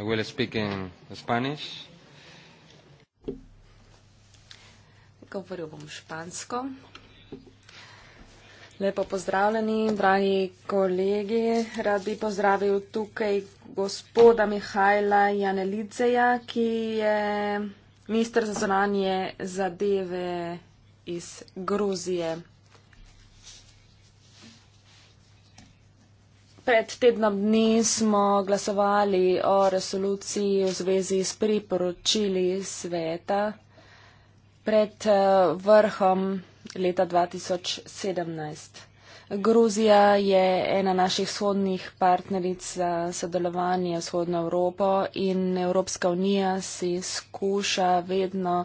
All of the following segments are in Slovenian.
I will speak in Spanish. Govoril bom špansko. Lepo pozdravljeni, dragi kolegi. Rad bi pozdravil tukaj gospoda Mihajla Janelidzeja, ki je ministr za zonanje zadeve iz Gruzije. pred tednom dni smo glasovali o resoluciji v zvezi s priporočili sveta pred eh, vrhom leta 2017. Gruzija je ena naših vzhodnih partneric za sodelovanje z vzhodno Evropo in Evropska unija si skuša vedno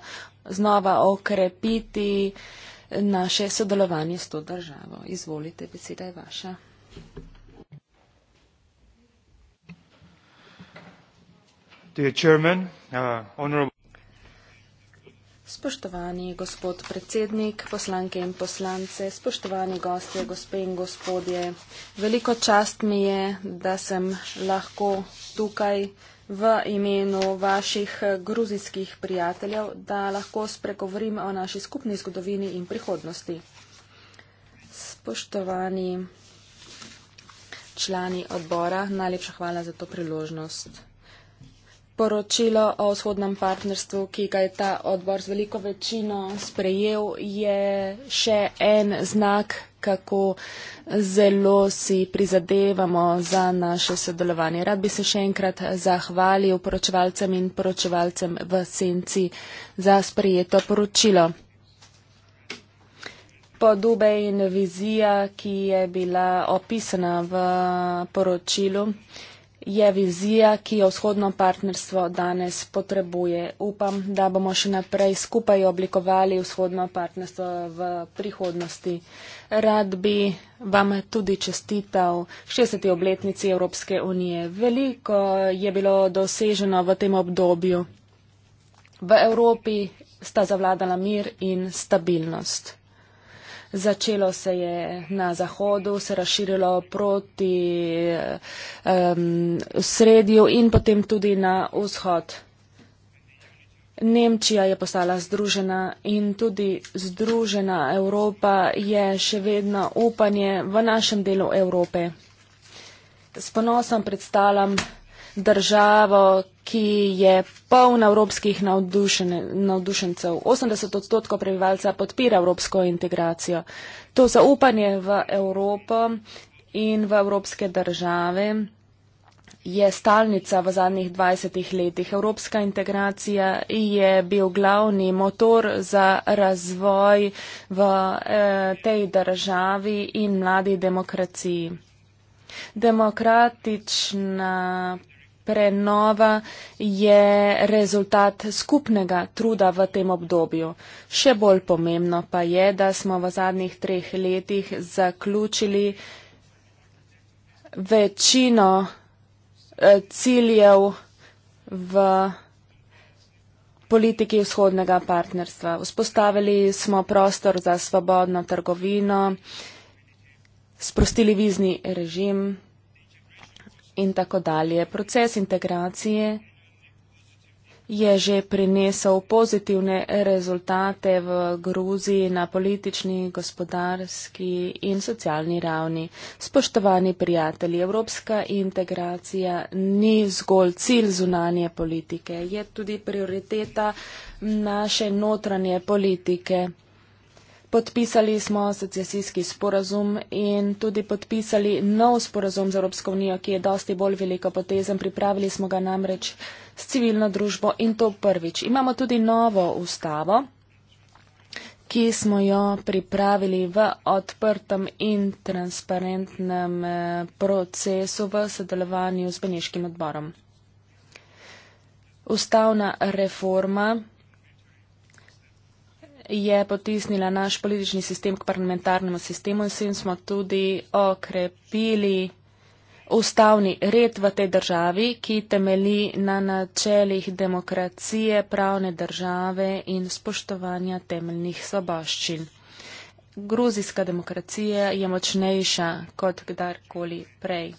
znova okrepiti naše sodelovanje s to državo. Izvolite, beseda je vaša. Thank you. Chairman, uh, honorable... Spoštovani gospod predsednik, poslanke in poslance, spoštovani gostje, gospe in gospodje. Veliko čast mi je, da sem lahko tukaj v imenu vaših eh, gruzijskih prijateljev, da lahko spregovorim o naši skupni zgodovini in prihodnosti. Spoštovani člani odbora, najlepša hvala za to priložnost poročilo o vzhodnem partnerstvu, ki ga je ta odbor z veliko večino sprejel, je še en znak, kako zelo si prizadevamo za naše sodelovanje. Rad bi se še enkrat zahvalil poročevalcem in poročevalcem v senci za sprejeto poročilo. Podube in vizija, ki je bila opisana v poročilu, je vizija, ki jo vzhodno partnerstvo danes potrebuje. Upam, da bomo še naprej skupaj oblikovali vzhodno partnerstvo v prihodnosti. Rad bi vam tudi čestital 60. obletnici Evropske unije. Veliko je bilo doseženo v tem obdobju. V Evropi sta zavladala mir in stabilnost začelo se je na zahodu, se razširilo proti um, sredju in potem tudi na vzhod. Nemčija je postala združena in tudi združena Evropa je še vedno upanje v našem delu Evrope. S ponosom predstavljam državo, ki je polna evropskih navdušencev. 80 odstotkov prebivalca podpira evropsko integracijo. To zaupanje v Evropo in v evropske države je stalnica v zadnjih 20 letih. Evropska integracija je bil glavni motor za razvoj v eh, tej državi in mladi demokraciji. Demokratična prenova je rezultat skupnega truda v tem obdobju. Še bolj pomembno pa je, da smo v zadnjih treh letih zaključili večino eh, ciljev v politiki vzhodnega partnerstva. Vzpostavili smo prostor za svobodno trgovino, sprostili vizni režim, in tako dalje. Proces integracije je že prinesel pozitivne rezultate v Gruziji na politični, gospodarski in socialni ravni. Spoštovani prijatelji, evropska integracija ni zgolj cilj zunanje politike, je tudi prioriteta naše notranje politike. Podpisali smo secesijski sporazum in tudi podpisali nov sporazum z Evropsko unijo, ki je dosti bolj veliko potezen. Pripravili smo ga namreč s civilno družbo in to prvič. Imamo tudi novo ustavo, ki smo jo pripravili v odprtem in transparentnem eh, procesu v sodelovanju z Beneškim odborom. Ustavna reforma je potisnila naš politični sistem k parlamentarnemu sistemu in s tem smo tudi okrepili ustavni red v tej državi, ki temeli na načelih demokracije, pravne države in spoštovanja temeljnih svoboščin. Gruzijska demokracija je močnejša kot kdarkoli prej.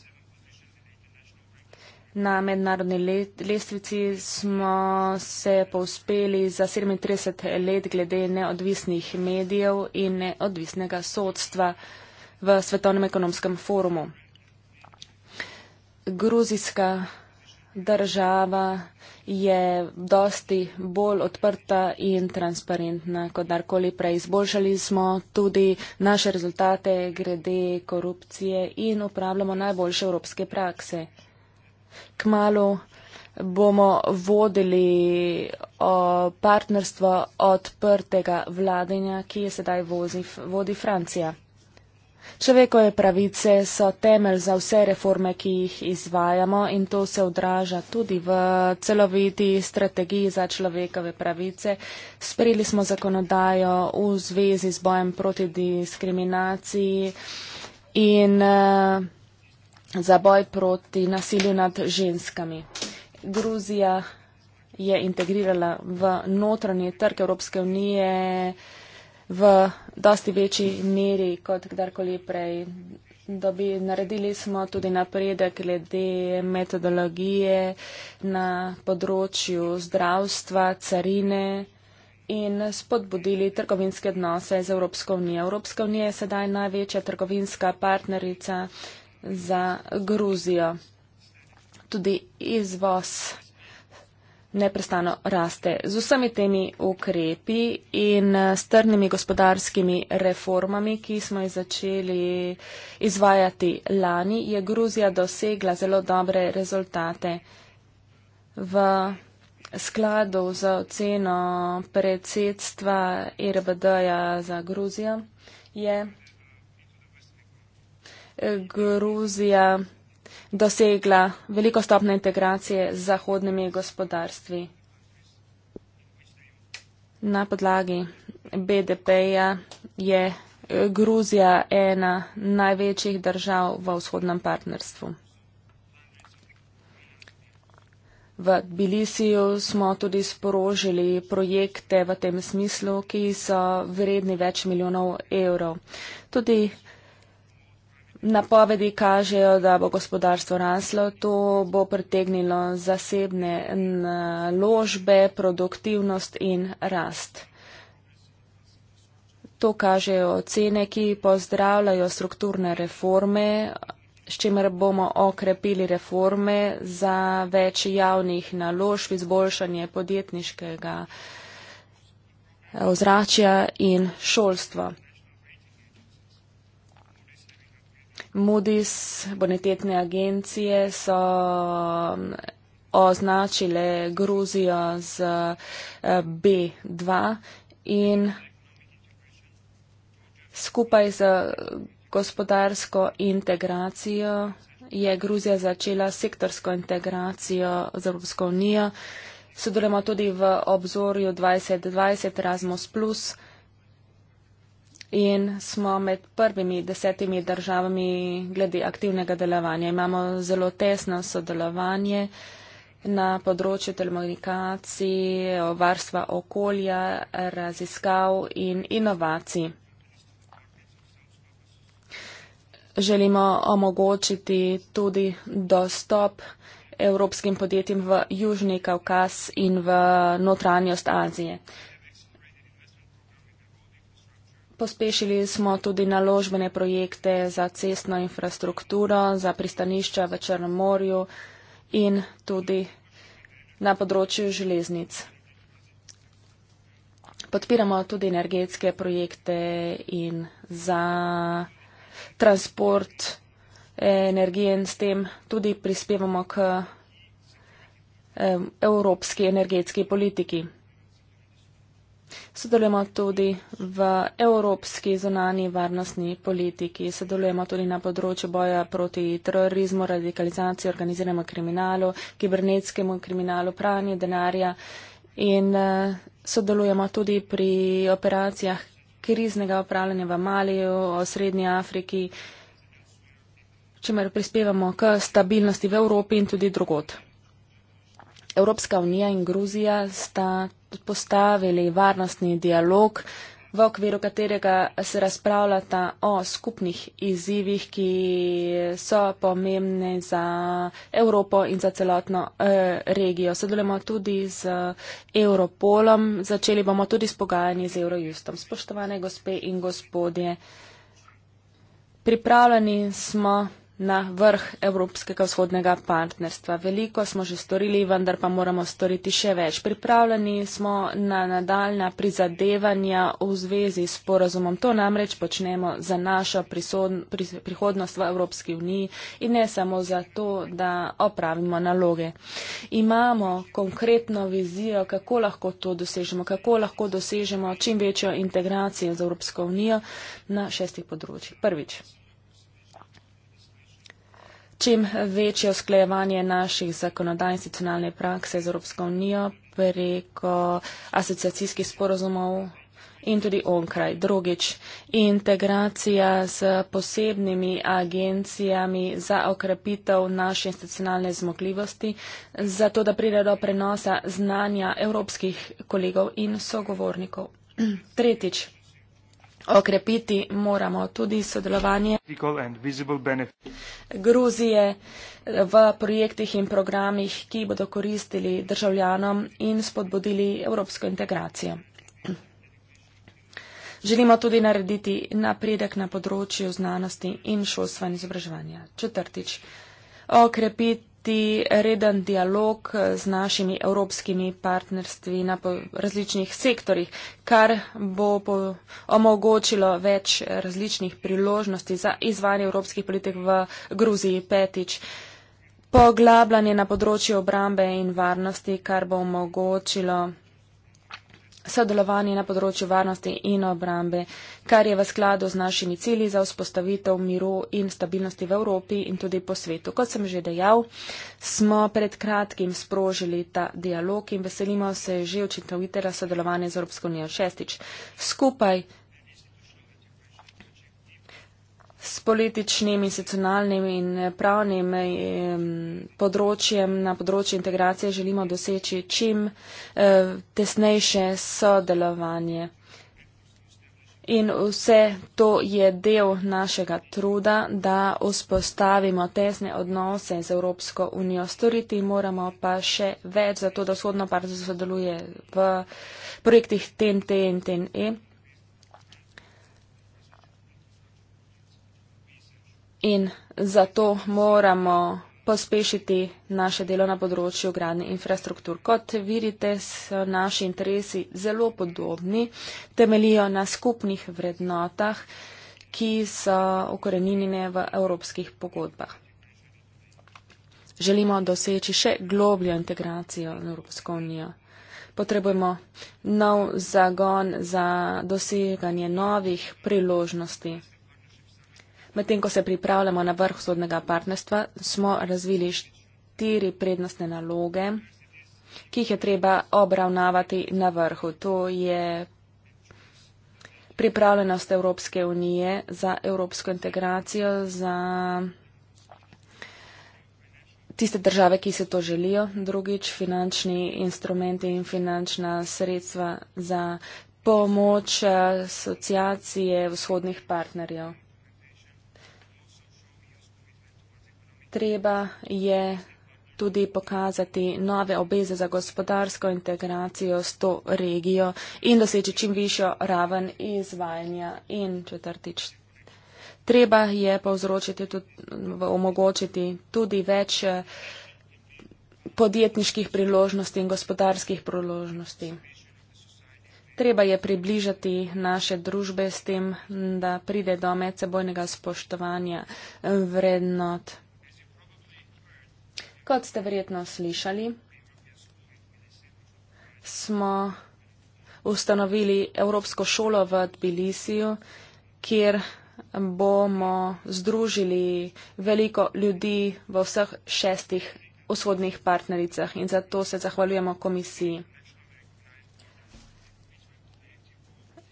Na mednarodni lestvici smo se povspeli za 37 let glede neodvisnih medijev in neodvisnega sodstva v Svetovnem ekonomskem forumu. Gruzijska država je dosti bolj odprta in transparentna kot narkoli prej. Izboljšali smo tudi naše rezultate glede korupcije in upravljamo najboljše evropske prakse kmalo bomo vodili partnerstvo odprtega vladanja, ki je sedaj vozi, vodi Francija. Človekove pravice so temelj za vse reforme, ki jih izvajamo in to se odraža tudi v celoviti strategiji za človekove pravice. Sprili smo zakonodajo v zvezi z bojem proti diskriminaciji in uh, za boj proti nasilju nad ženskami. Gruzija je integrirala v notranji trg Evropske unije v dosti večji meri kot kdarkoli prej. Da bi naredili smo tudi napredek glede metodologije na področju zdravstva, carine in spodbudili trgovinske odnose z Evropsko unijo. Evropska unija je sedaj največja trgovinska partnerica za Gruzijo. Tudi izvoz neprestano raste. Z vsemi temi ukrepi in eh, strnimi gospodarskimi reformami, ki smo jih začeli izvajati lani, je Gruzija dosegla zelo dobre rezultate v skladu z oceno predsedstva RBD-ja za Gruzijo. Je Gruzija dosegla veliko stopno integracije z zahodnimi gospodarstvi. Na podlagi BDP-ja je Gruzija ena največjih držav v vzhodnem partnerstvu. V Tbilisiju smo tudi sporožili projekte v tem smislu, ki so vredni več milijonov evrov. Tudi Napovedi kažejo, da bo gospodarstvo raslo, to bo pritegnilo zasebne ložbe, produktivnost in rast. To kažejo ocene, ki pozdravljajo strukturne reforme, s čimer bomo okrepili reforme za več javnih naložb, izboljšanje podjetniškega eh, ozračja in šolstva. Moody's bonitetne agencije so mm, označile Gruzijo z eh, B2 in skupaj z gospodarsko integracijo je Gruzija začela sektorsko integracijo z Evropsko unijo. Sodelujemo tudi v obzorju 2020 Erasmus in smo med prvimi desetimi državami glede aktivnega delovanja. Imamo zelo tesno sodelovanje na področju telekomunikacij, varstva okolja, raziskav in inovacij. Želimo omogočiti tudi dostop evropskim podjetjem v Južni Kaukas in v notranjost Azije. Pospešili smo tudi naložbene projekte za cestno infrastrukturo, za pristanišča v Črnem morju in tudi na področju železnic. Podpiramo tudi energetske projekte in za transport energije in s tem tudi prispevamo k evropski energetski politiki. Sodelujemo tudi v evropski zonani varnostni politiki. Sodelujemo tudi na področju boja proti terorizmu, radikalizaciji, organiziranemu kriminalu, kibernetskemu kriminalu, pranju denarja in eh, sodelujemo tudi pri operacijah kriznega upravljanja v Maliju, v Srednji Afriki, čemer prispevamo k stabilnosti v Evropi in tudi drugot. Evropska unija in Gruzija sta vzpostavili varnostni dialog, v okviru katerega se razpravljata o skupnih izzivih, ki so pomembni za Evropo in za celotno eh, regijo. Sodelujemo tudi z eh, Europolom, začeli bomo tudi s pogajanji z Eurojustom. Spoštovane gospe in gospodje, pripravljeni smo na vrh Evropskega vzhodnega partnerstva. Veliko smo že storili, vendar pa moramo storiti še več. Pripravljeni smo na nadaljna prizadevanja v zvezi s porazumom. To namreč počnemo za našo prihodnost v Evropski uniji in ne samo za to, da opravimo naloge. Imamo konkretno vizijo, kako lahko to dosežemo, kako lahko dosežemo čim večjo integracijo z Evropsko unijo na šestih področjih. Prvič čim večje usklejevanje naših zakonodaj in institucionalne prakse z Evropsko unijo preko asociacijskih sporozumov in tudi onkraj. Drugič, integracija z posebnimi agencijami za okrepitev naše institucionalne zmogljivosti, zato da pride do prenosa znanja evropskih kolegov in sogovornikov. Tretjič, Okrepiti moramo tudi sodelovanje Gruzije v projektih in programih, ki bodo koristili državljanom in spodbudili evropsko integracijo. Želimo tudi narediti napredek na področju znanosti in šolstva in izobraževanja. Četrtič, okrepiti imeti reden dialog z našimi evropskimi partnerstvi na različnih sektorjih, kar bo omogočilo več različnih priložnosti za izvanje evropskih politik v Gruziji petič. Poglabljanje na področju obrambe in varnosti, kar bo omogočilo sodelovanje na področju varnosti in obrambe, kar je v skladu z našimi cilji za vzpostavitev miru in stabilnosti v Evropi in tudi po svetu. Kot sem že dejal, smo pred kratkim sprožili ta dialog in veselimo se že učinkovitega sodelovanja z Evropsko unijo šestič. Skupaj s političnim, institucionalnim in pravnim področjem na področju integracije želimo doseči čim eh, tesnejše sodelovanje. In vse to je del našega truda, da vzpostavimo tesne odnose z Evropsko unijo. Storiti moramo pa še več za to, da vzhodno partnerstvo sodeluje v projektih TNT in TNE. in zato moramo pospešiti naše delo na področju gradne infrastruktur. Kot vidite, so naši interesi zelo podobni, temelijo na skupnih vrednotah, ki so ukorenjene v evropskih pogodbah. Želimo doseči še globljo integracijo v Evropsko unijo. Potrebujemo nov zagon za doseganje novih priložnosti. Medtem, ko se pripravljamo na vrh sodnega partnerstva, smo razvili štiri prednostne naloge, ki jih je treba obravnavati na vrhu. To je pripravljenost Evropske unije za evropsko integracijo, za tiste države, ki se to želijo. Drugič, finančni instrumenti in finančna sredstva za pomoč eh, asociacije vzhodnih partnerjev. treba je tudi pokazati nove obveze za gospodarsko integracijo s to regijo in doseči čim višjo raven izvajanja. In četrtič, treba je povzročiti, tudi, omogočiti tudi več eh, podjetniških priložnosti in gospodarskih priložnosti. Treba je približati naše družbe s tem, da pride do medsebojnega spoštovanja vrednot. Kot ste verjetno slišali, smo ustanovili Evropsko šolo v Tbilisiju, kjer bomo združili veliko ljudi v vseh šestih vzhodnih partnericah in zato se zahvaljujemo komisiji.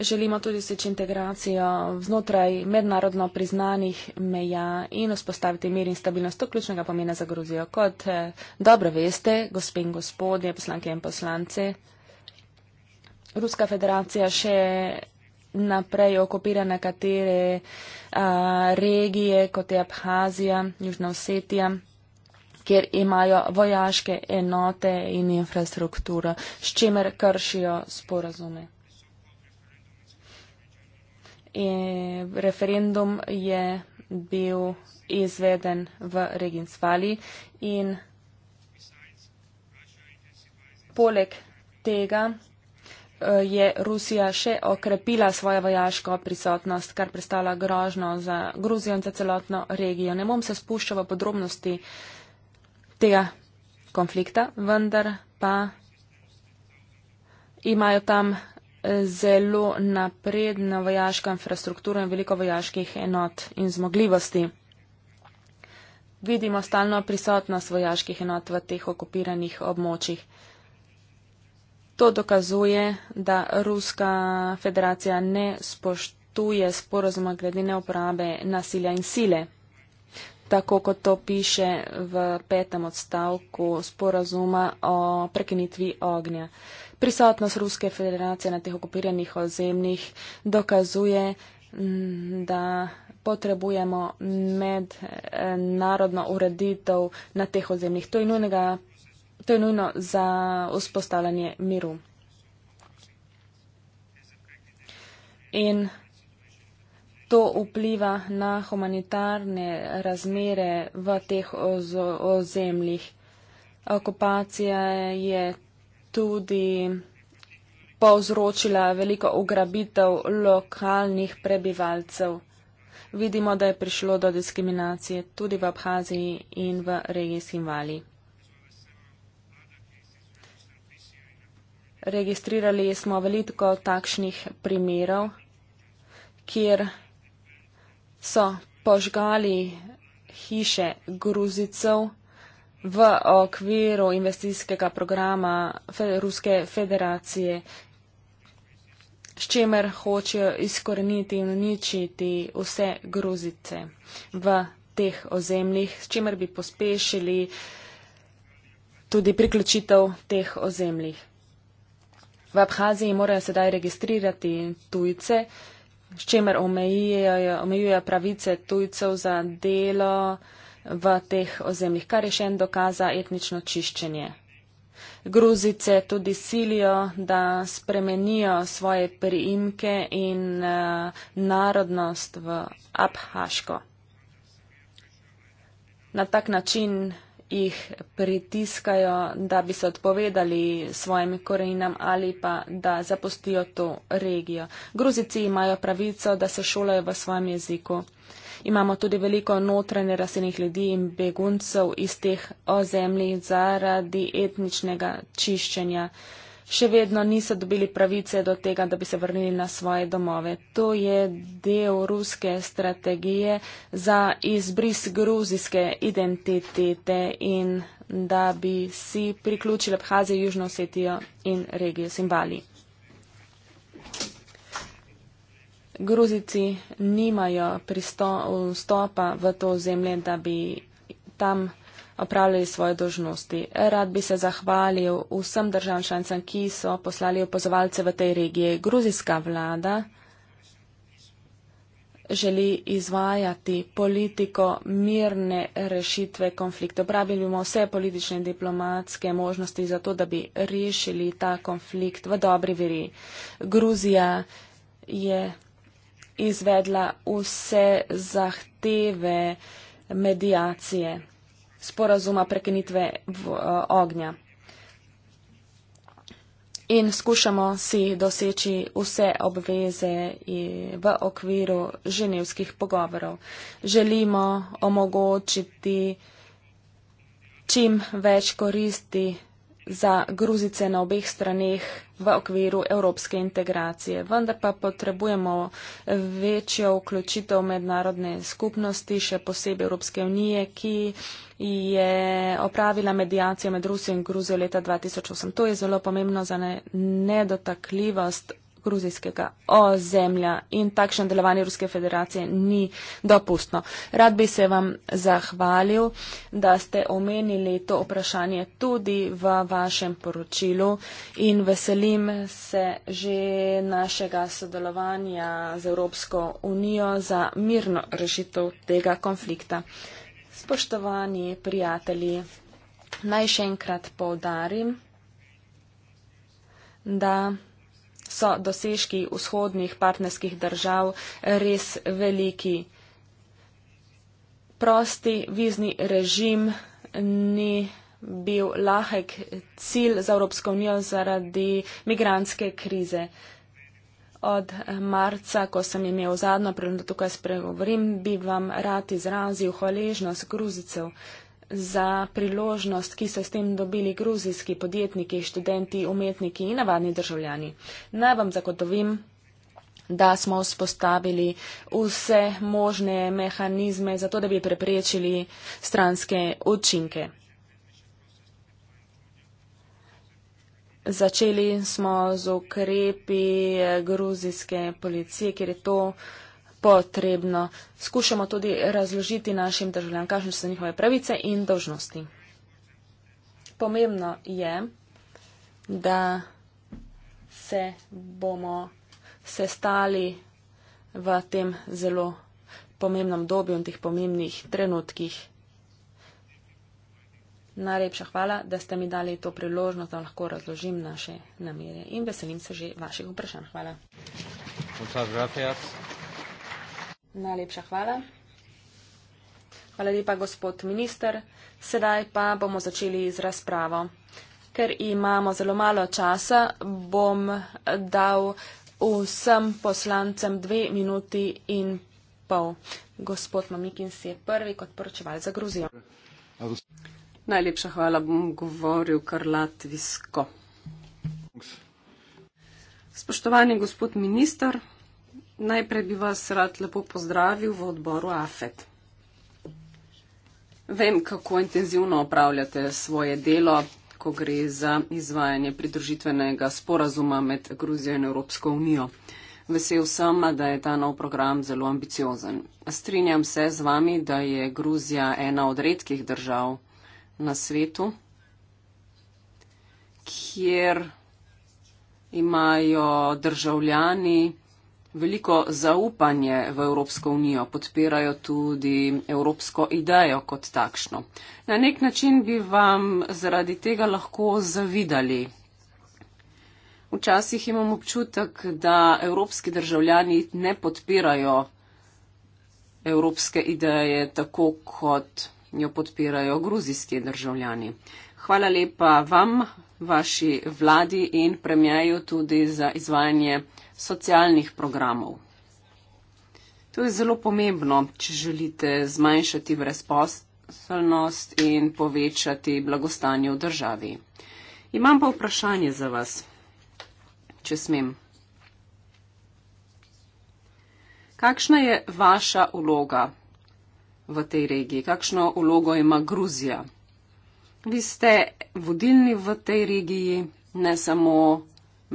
Želimo tudi seči integracijo znotraj mednarodno priznanih meja in vzpostaviti mir in stabilnost. To ključnega pomena za Gruzijo, kot eh, dobro veste, gospe in gospodje, poslanke in poslanci. Ruska federacija še naprej okupira nekatere a, regije, kot je Abhazija, Južna Osetija kjer imajo vojaške enote in infrastrukturo, s čimer kršijo sporazume. In referendum je bil izveden v Reginsvali in poleg tega eh, je Rusija še okrepila svojo vojaško prisotnost, kar predstavlja grožno za Gruzijo in za celotno regijo. Ne bom se spuščal v podrobnosti tega konflikta, vendar pa imajo tam zelo napredna vojaška infrastruktura in veliko vojaških enot in zmogljivosti. Vidimo stalno prisotnost vojaških enot v teh okupiranih območjih. To dokazuje, da Ruska federacija ne spoštuje sporozuma glede neuporabe nasilja in sile, tako kot to piše v petem odstavku sporozuma o prekinitvi ognja prisotnost Ruske federacije na teh okupiranih ozemljih dokazuje, mm, da potrebujemo mednarodno ureditev na teh ozemljih. To je, nujnega, to je nujno za vzpostavljanje miru. In to vpliva na humanitarne razmere v teh ozemljih. Okupacija je tudi povzročila veliko ugrabitev lokalnih prebivalcev. Vidimo, da je prišlo do diskriminacije tudi v Abhaziji in v regijskim vali. Registrirali smo veliko takšnih primerov, kjer so požgali hiše gruzicov v okviru investicijskega programa Ruske federacije, s čemer hočejo izkoreniti in uničiti vse gruzice v teh ozemljih, s čimer bi pospešili tudi priključitev teh ozemljih. V Abhaziji morajo sedaj registrirati tujce, s čimer omejujejo, omejujejo pravice tujcev za delo, v teh ozemljih, kar je še en dokaz za etnično čiščenje. Gruzice tudi silijo, da spremenijo svoje priimke in uh, narodnost v abhaško. Na tak način jih pritiskajo, da bi se odpovedali svojim koreninam ali pa da zapustijo to regijo. Gruzici imajo pravico, da se šolajo v svojem jeziku. Uh, imamo tudi veliko notranje rasenih ljudi in beguncev iz teh ozemlji zaradi etničnega čiščenja. Še vedno niso dobili pravice do tega, da bi se vrnili na svoje domove. To je del ruske strategije za izbris gruzijske identitete in da bi si priključili Abhazijo, Južno Osetijo in regijo Simbali. Gruzici nimajo vstopa v to zemlje, da bi tam opravljali svoje dožnosti. Rad bi se zahvalil vsem državam šancem, ki so poslali opozovalce v tej regiji. Gruzijska vlada želi izvajati politiko mirne rešitve konflikta. Pravili bomo vse politične in diplomatske možnosti za to, da bi rešili ta konflikt v dobri veri. Gruzija je izvedla vse zahteve medijacije sporazuma prekenitve v, uh, ognja. In skušamo si doseči vse obveze v okviru ženevskih pogovorov. Želimo omogočiti čim več koristi za gruzice na obeh straneh v okviru evropske integracije. Vendar pa potrebujemo večjo vključitev mednarodne skupnosti, še posebej Evropske unije, ki je opravila medijacijo med Rusijo in Gruzijo leta 2008. To je zelo pomembno za nedotakljivost gruzijskega ozemlja in takšno delovanje Ruske federacije ni dopustno. Rad bi se vam zahvalil, da ste omenili to vprašanje tudi v vašem poročilu in veselim se že našega sodelovanja z Evropsko unijo za mirno rešitev tega konflikta. Spoštovani prijatelji, naj še enkrat povdarim, da so dosežki vzhodnih partnerskih držav res veliki. Prosti vizni režim ni bil lahek cilj za Evropsko unijo zaradi migranske krize. Od marca, ko sem imel zadnjo priložnost tukaj spregovorim, bi vam rad izrazil hvaležnost Gruzicev za priložnost, ki so s tem dobili gruzijski podjetniki, študenti, umetniki in navadni državljani. Naj vam zagotovim, da smo vzpostavili vse možne mehanizme za to, da bi preprečili stranske učinke. Začeli smo z ukrepi gruzijske policije, kjer je to uh, potrebno. Skušamo tudi razložiti našim državljanom, kakšne so njihove pravice in dožnosti. Pomembno je, da se bomo sestali v tem zelo pomembnem dobju in tih pomembnih trenutkih. Najlepša hvala, da ste mi dali to priložnost, da lahko razložim naše namere in veselim se že vaših vprašanj. Hvala. Muchas gracias. Najlepša hvala. Hvala lepa, gospod minister. Sedaj pa bomo začeli z razpravo. Ker imamo zelo malo časa, bom dal vsem poslancem dve minuti in pol. Gospod Mamikin si je prvi kot poročeval za Gruzijo. Najlepša hvala, bom govoril kar latvijsko. Spoštovani gospod minister, Najprej bi vas rad lepo pozdravil v odboru AFET. Vem, kako intenzivno opravljate svoje delo, ko gre za izvajanje pridružitvenega sporazuma med Gruzijo in Evropsko unijo. Vesel sem, da je ta nov program zelo ambiciozen. Strinjam se z vami, da je Gruzija ena od redkih držav na svetu, kjer imajo državljani, Veliko zaupanje v Evropsko unijo podpirajo tudi evropsko idejo kot takšno. Na nek način bi vam zaradi tega lahko zavidali. Včasih imam občutek, da evropski državljani ne podpirajo evropske ideje tako, kot jo podpirajo gruzijski državljani. Hvala lepa vam, vaši vladi in premijeju tudi za izvajanje socialnih programov. To je zelo pomembno, če želite zmanjšati brezposelnost in povečati blagostanje v državi. Imam pa vprašanje za vas, če smem. Kakšna je vaša vloga v tej regiji? Kakšno vlogo ima Gruzija? Vi ste vodilni v tej regiji, ne samo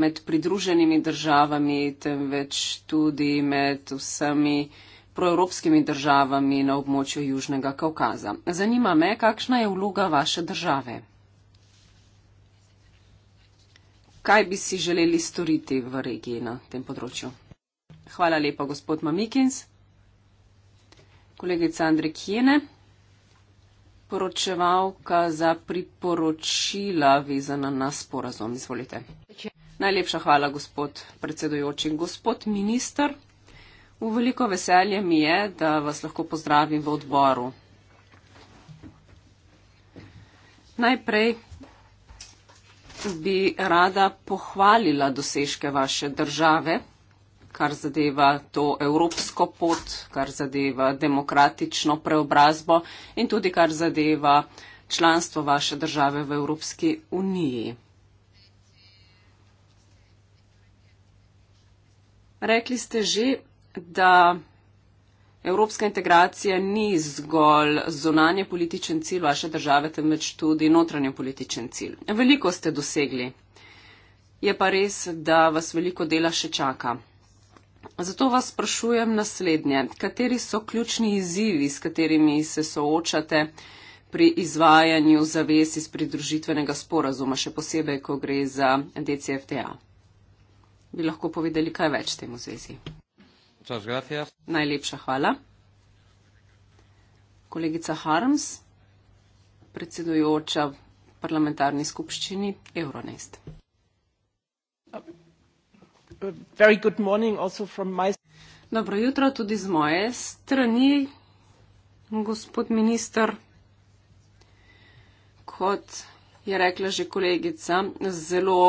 med pridruženimi državami, temveč tudi med vsemi proevropskimi državami na območju Južnega Kaukaza. Zanima me, kakšna je vloga vaše države? Kaj bi si želeli storiti v regiji na tem področju? Hvala lepa, gospod Mamikins. Kolegica Andre Kjene, poročevalka za priporočila vezana na sporazum. Izvolite. Najlepša hvala, gospod predsedujoči in gospod minister. V veliko veselje mi je, da vas lahko pozdravim v odboru. Najprej bi rada pohvalila dosežke vaše države, kar zadeva to evropsko pot, kar zadeva demokratično preobrazbo in tudi kar zadeva članstvo vaše države v Evropski uniji. Rekli ste že, da evropska integracija ni zgolj zunanje političen cilj vaše države, temveč tudi notranje političen cilj. Veliko ste dosegli. Je pa res, da vas veliko dela še čaka. Zato vas sprašujem naslednje. Kateri so ključni izzivi, s katerimi se soočate pri izvajanju zavez iz pridružitvenega sporazuma, še posebej, ko gre za DCFTA? bi lahko povedali kaj več temu zvezi. Najlepša hvala. Kolegica Harms, predsedujoča parlamentarni skupščini Euronest. Dobro jutro tudi z moje strani, gospod minister. Kot je rekla že kolegica, zelo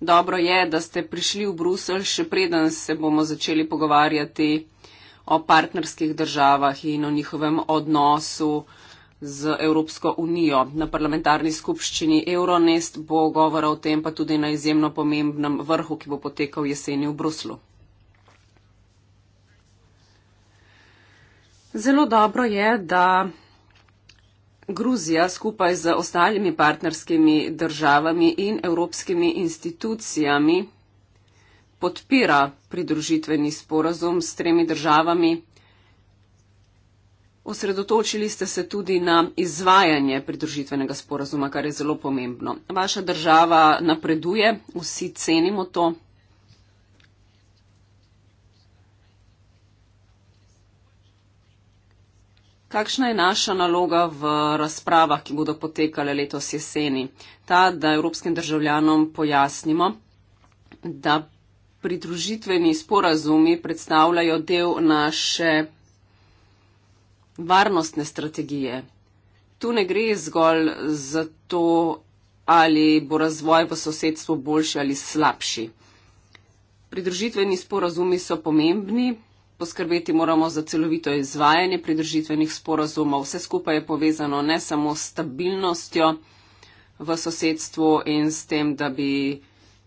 Dobro je, da ste prišli v Bruselj, še preden se bomo začeli pogovarjati o partnerskih državah in o njihovem odnosu z Evropsko unijo. Na parlamentarni skupščini Euronest bo govora o tem pa tudi na izjemno pomembnem vrhu, ki bo potekal jeseni v Bruslu. Zelo dobro je, da Gruzija skupaj z ostalimi partnerskimi državami in evropskimi institucijami podpira pridružitveni sporazum s tremi državami. Osredotočili ste se tudi na izvajanje pridružitvenega sporazuma, kar je zelo pomembno. Vaša država napreduje, vsi cenimo to. kakšna je naša naloga v razpravah, ki bodo potekale letos jeseni? Ta, da evropskim državljanom pojasnimo, da pridružitveni sporazumi predstavljajo del naše varnostne strategije. Tu ne gre zgolj za to, ali bo razvoj v sosedstvu boljši ali slabši. Pridružitveni sporazumi so pomembni, Poskrbeti moramo za celovito izvajanje pridržitvenih sporazumov. Vse skupaj je povezano ne samo s stabilnostjo v sosedstvu in s tem, da bi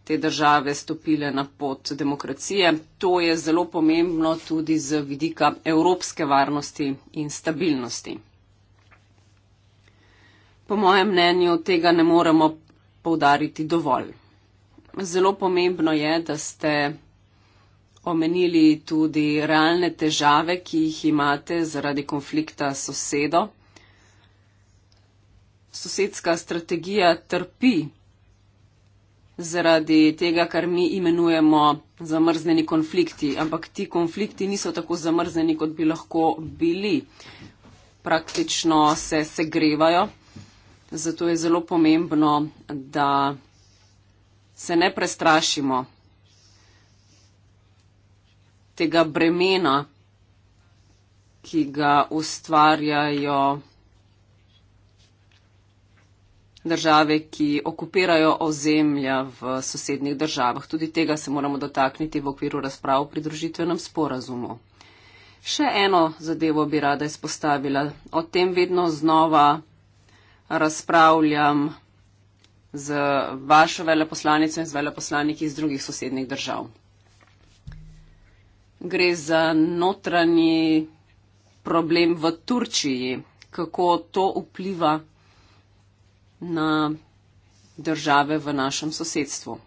te države stopile na pot demokracije. To je zelo pomembno tudi z vidika evropske varnosti in stabilnosti. Po mojem mnenju tega ne moremo povdariti dovolj. Zelo pomembno je, da ste omenili tudi realne težave, ki jih imate zaradi konflikta s sosedo. Sosedska strategija trpi zaradi tega, kar mi imenujemo zamrzneni konflikti, ampak ti konflikti niso tako zamrzneni, kot bi lahko bili. Praktično se segrevajo, zato je zelo pomembno, da se ne prestrašimo tega bremena, ki ga ustvarjajo države, ki okupirajo ozemlja v sosednjih državah. Tudi tega se moramo dotakniti v okviru razprav pri družitvenem sporazumu. Še eno zadevo bi rada izpostavila. O tem vedno znova razpravljam z vašo veleposlanico in z veleposlaniki iz drugih sosednjih držav gre za notranji problem v Turčiji, kako to vpliva na države v našem sosedstvu.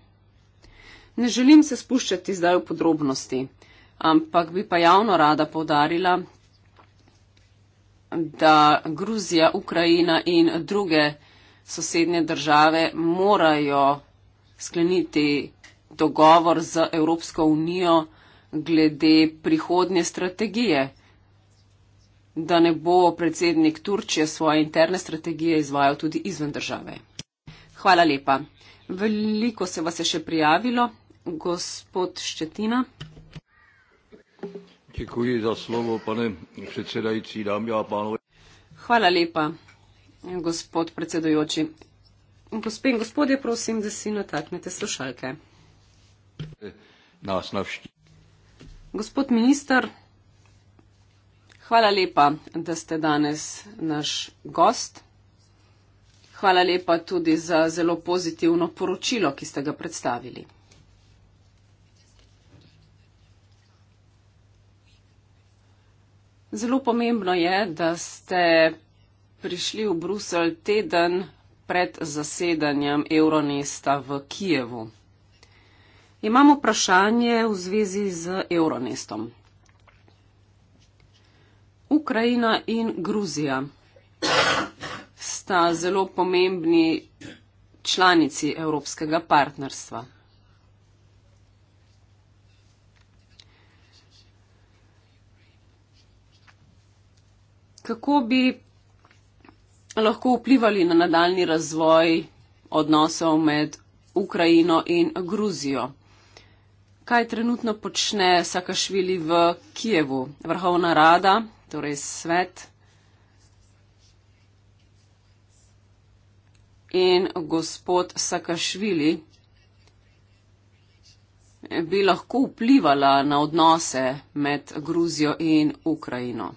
Ne želim se spuščati zdaj v podrobnosti, ampak bi pa javno rada povdarila, da Gruzija, Ukrajina in druge sosednje države morajo skleniti dogovor z Evropsko unijo glede prihodnje strategije, da ne bo predsednik Turčije svoje interne strategije izvajal tudi izven države. Hvala lepa. Veliko se vas je še prijavilo. Gospod Ščetina. Čekuji za slovo, pane predsedajci, dam ja, panove. Hvala lepa, gospod predsedojoči. Gospe in gospodje, prosim, da si nataknete slušalke. Nas navštevajo. Gospod minister, hvala lepa, da ste danes naš gost. Hvala lepa tudi za zelo pozitivno poročilo, ki ste ga predstavili. Zelo pomembno je, da ste prišli v Bruselj teden pred zasedanjem Euronesta v Kijevu. Imam vprašanje v zvezi z Euronestom. Ukrajina in Gruzija sta zelo pomembni članici evropskega partnerstva. Kako bi lahko vplivali na nadaljni razvoj odnosov med Ukrajino in Gruzijo? kaj trenutno počne Sakašvili v Kijevu, vrhovna rada, torej svet. In gospod Sakašvili bi lahko vplivala na odnose med Gruzijo in Ukrajino.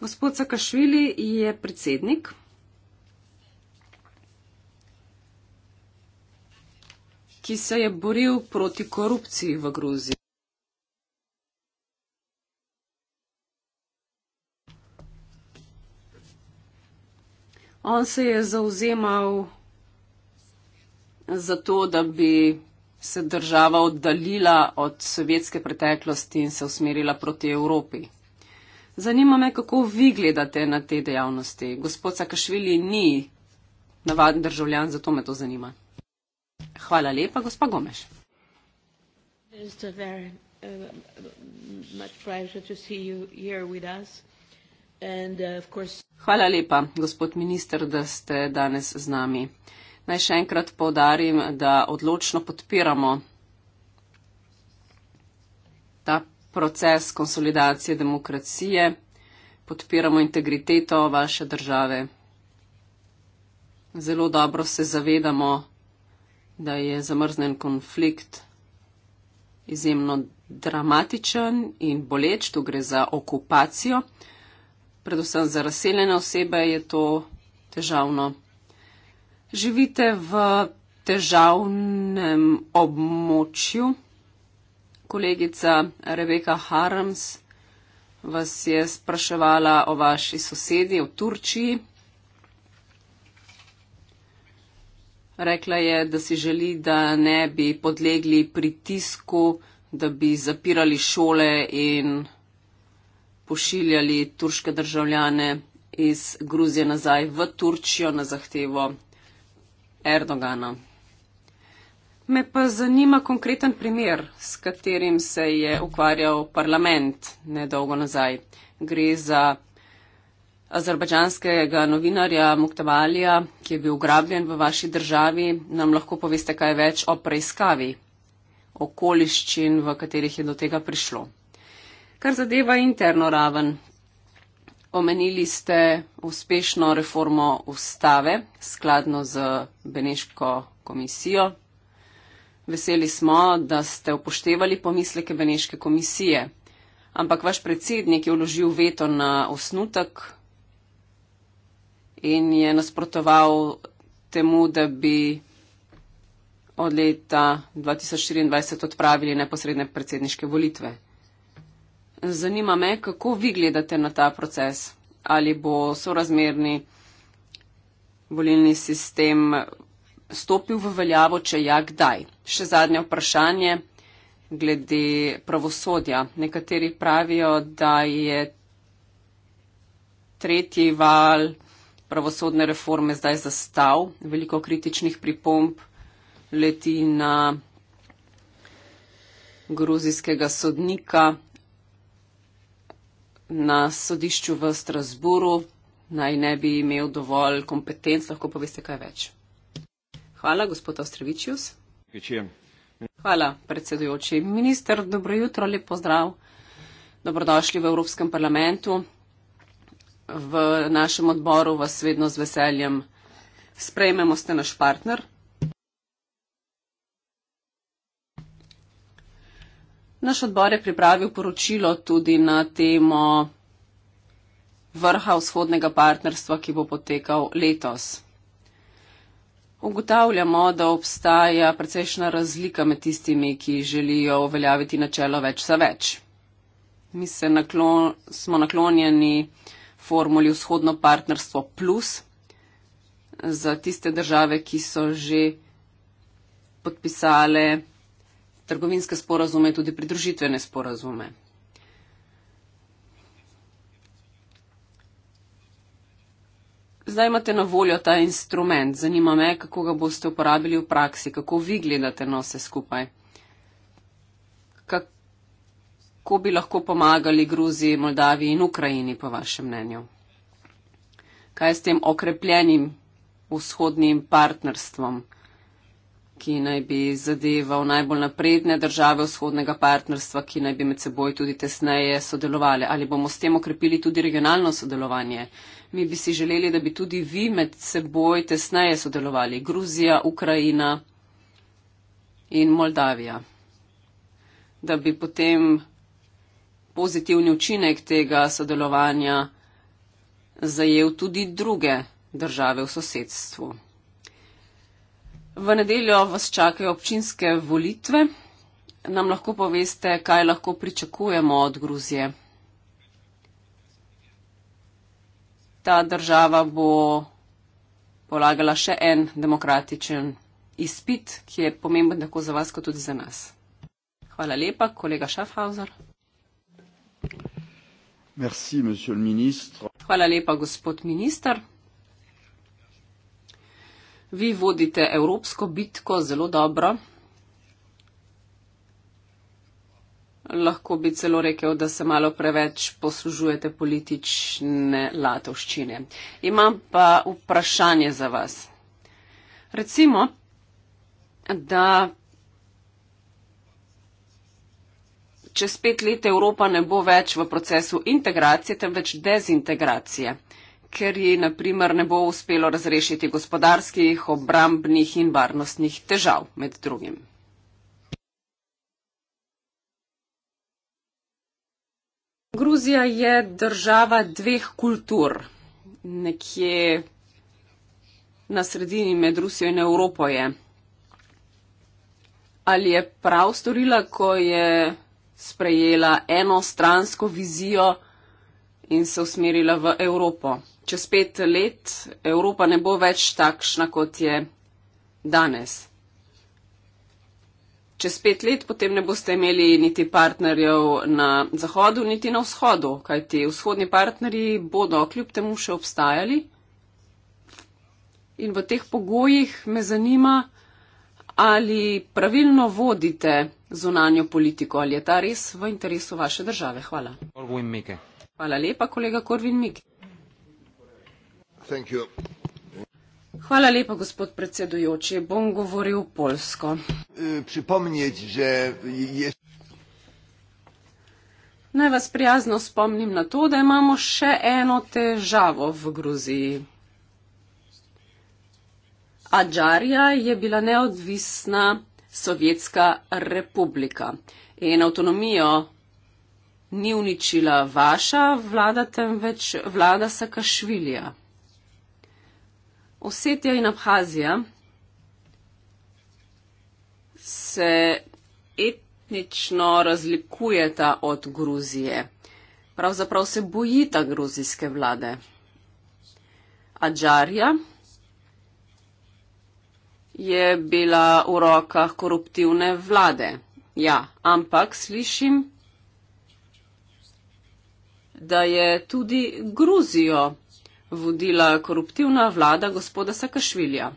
Gospod Sakašvili je predsednik ki se je boril proti korupciji v Gruziji. On se je zauzemal za to, da bi se država oddaljila od sovjetske preteklosti in se usmerila proti Evropi. Zanima me, kako vi gledate na te dejavnosti. Gospod Sakašvili ni navaden državljan, zato me to zanima. Hvala lepa, gospa Gomeš. Uh, uh, Hvala lepa, gospod minister, da ste danes z nami. Naj še enkrat povdarim, da odločno podpiramo ta proces konsolidacije demokracije, podpiramo integriteto vaše države. Zelo dobro se zavedamo da je zamrznen konflikt izjemno dramatičen in boleč, tu gre za okupacijo. Predvsem za razseljene osebe je to težavno. Živite v težavnem območju. Kolegica Rebeka Harms vas je spraševala o vaši sosedi v Turčiji, Rekla je, da si želi, da ne bi podlegli pritisku, da bi zapirali šole in pošiljali turške državljane iz Gruzije nazaj v Turčijo na zahtevo Erdogana. Me pa zanima konkreten primer, s katerim se je ukvarjal parlament nedolgo nazaj. Gre za azerbajdžanskega novinarja Muktavalija, ki je bil ugrabljen v vaši državi, nam lahko poveste kaj več o preiskavi okoliščin, v katerih je do tega prišlo. Kar zadeva interno raven, omenili ste uspešno reformo ustave skladno z Beneško komisijo. Veseli smo, da ste upoštevali pomisleke Beneške komisije, ampak vaš predsednik je vložil veto na osnutek in je nasprotoval temu, da bi od leta 2024 odpravili neposredne predsedniške volitve. Zanima me, kako vi gledate na ta proces, ali bo sorazmerni volilni sistem stopil v veljavo, če ja, kdaj. Še zadnje vprašanje glede pravosodja. Nekateri pravijo, da je tretji val pravosodne reforme zdaj zastav. Veliko kritičnih pripomb leti na gruzijskega sodnika na sodišču v Strasburu. Naj ne bi imel dovolj kompetenc, lahko poveste kaj več. Hvala, gospod Ostrevičius. Hvala, predsedujoči minister. Dobro jutro, lep pozdrav. Dobrodošli v Evropskem parlamentu v našem odboru vas vedno z veseljem sprejmemo, ste naš partner. Naš odbor je pripravil poročilo tudi na temo vrha vzhodnega partnerstva, ki bo potekal letos. Ugotavljamo, da obstaja precejšna razlika med tistimi, ki želijo uveljaviti načelo več za več. Mi se naklon, smo naklonjeni formuli vzhodno partnerstvo plus za tiste države, ki so že podpisale trgovinske sporazume, tudi pridružitvene sporazume. Zdaj imate na voljo ta instrument. Zanima me, kako ga boste uporabili v praksi, kako vi gledate na vse skupaj. Kako kako bi lahko pomagali Gruziji, Moldaviji in Ukrajini, po vašem mnenju? Kaj je s tem okrepljenim vzhodnim partnerstvom, ki naj bi zadeval najbolj napredne države vzhodnega partnerstva, ki naj bi med seboj tudi tesneje sodelovali? Ali bomo s tem okrepili tudi regionalno sodelovanje? Mi bi si želeli, da bi tudi vi med seboj tesneje sodelovali, Gruzija, Ukrajina in Moldavija. Da bi potem pozitivni učinek tega sodelovanja zajel tudi druge države v sosedstvu. V nedeljo vas čakajo občinske volitve. Nam lahko poveste, kaj lahko pričakujemo od Gruzije. Ta država bo polagala še en demokratičen izpit, ki je pomemben tako za vas, kot tudi za nas. Hvala lepa, kolega Schaffhauser. Merci, monsieur le ministre. Hvala lepa, gospod minister. Vi vodite evropsko bitko zelo dobro. Lahko bi celo rekel, da se malo preveč poslužujete politične latovščine. Imam pa vprašanje za vas. Recimo, da čez pet let Evropa ne bo več v procesu integracije, temveč dezintegracije, ker ji naprimer ne bo uspelo razrešiti gospodarskih, obrambnih in varnostnih težav med drugim. Gruzija je država dveh kultur. Nekje na sredini med Rusijo in Evropo je. Ali je prav storila, ko je sprejela enostransko vizijo in se usmerila v Evropo. Čez pet let Evropa ne bo več takšna, kot je danes. Čez pet let potem ne boste imeli niti partnerjev na zahodu, niti na vzhodu, kajti vzhodni partnerji bodo kljub temu še obstajali. In v teh pogojih me zanima, ali pravilno vodite zunanjo politiko. Ali je ta res v interesu vaše države? Hvala. Hvala lepa, kolega Korvin Mik. Hvala lepa, gospod predsedujoči. Bom govoril polsko. E, pripomniti, že je. Naj vas prijazno spomnim na to, da imamo še eno težavo v Gruziji. Adžarija je bila neodvisna Sovjetska republika. In avtonomijo ni uničila vaša vlada, temveč vlada Sakašvilija. Osetja in Abhazija se etnično razlikujeta od Gruzije. Pravzaprav se bojita gruzijske vlade. Ađarja je bila v rokah koruptivne vlade. Ja, ampak slišim, da je tudi Gruzijo vodila koruptivna vlada gospoda Sakašvilja.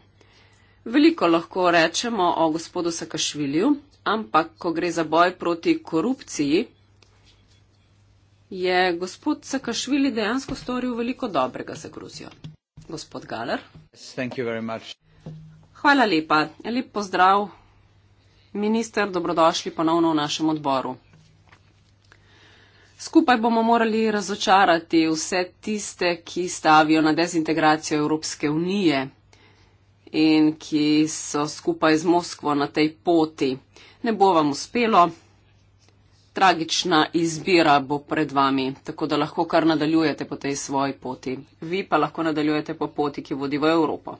Veliko lahko rečemo o gospodu Sakašvilju, ampak ko gre za boj proti korupciji, je gospod Sakašvili dejansko storil veliko dobrega za Gruzijo. Gospod Galer. Thank you very much. Hvala lepa. Lep pozdrav, minister, dobrodošli ponovno v našem odboru. Skupaj bomo morali razočarati vse tiste, ki stavijo na dezintegracijo Evropske unije in ki so skupaj z Moskvo na tej poti. Ne bo vam uspelo, tragična izbira bo pred vami, tako da lahko kar nadaljujete po tej svoji poti. Vi pa lahko nadaljujete po poti, ki vodi v Evropo.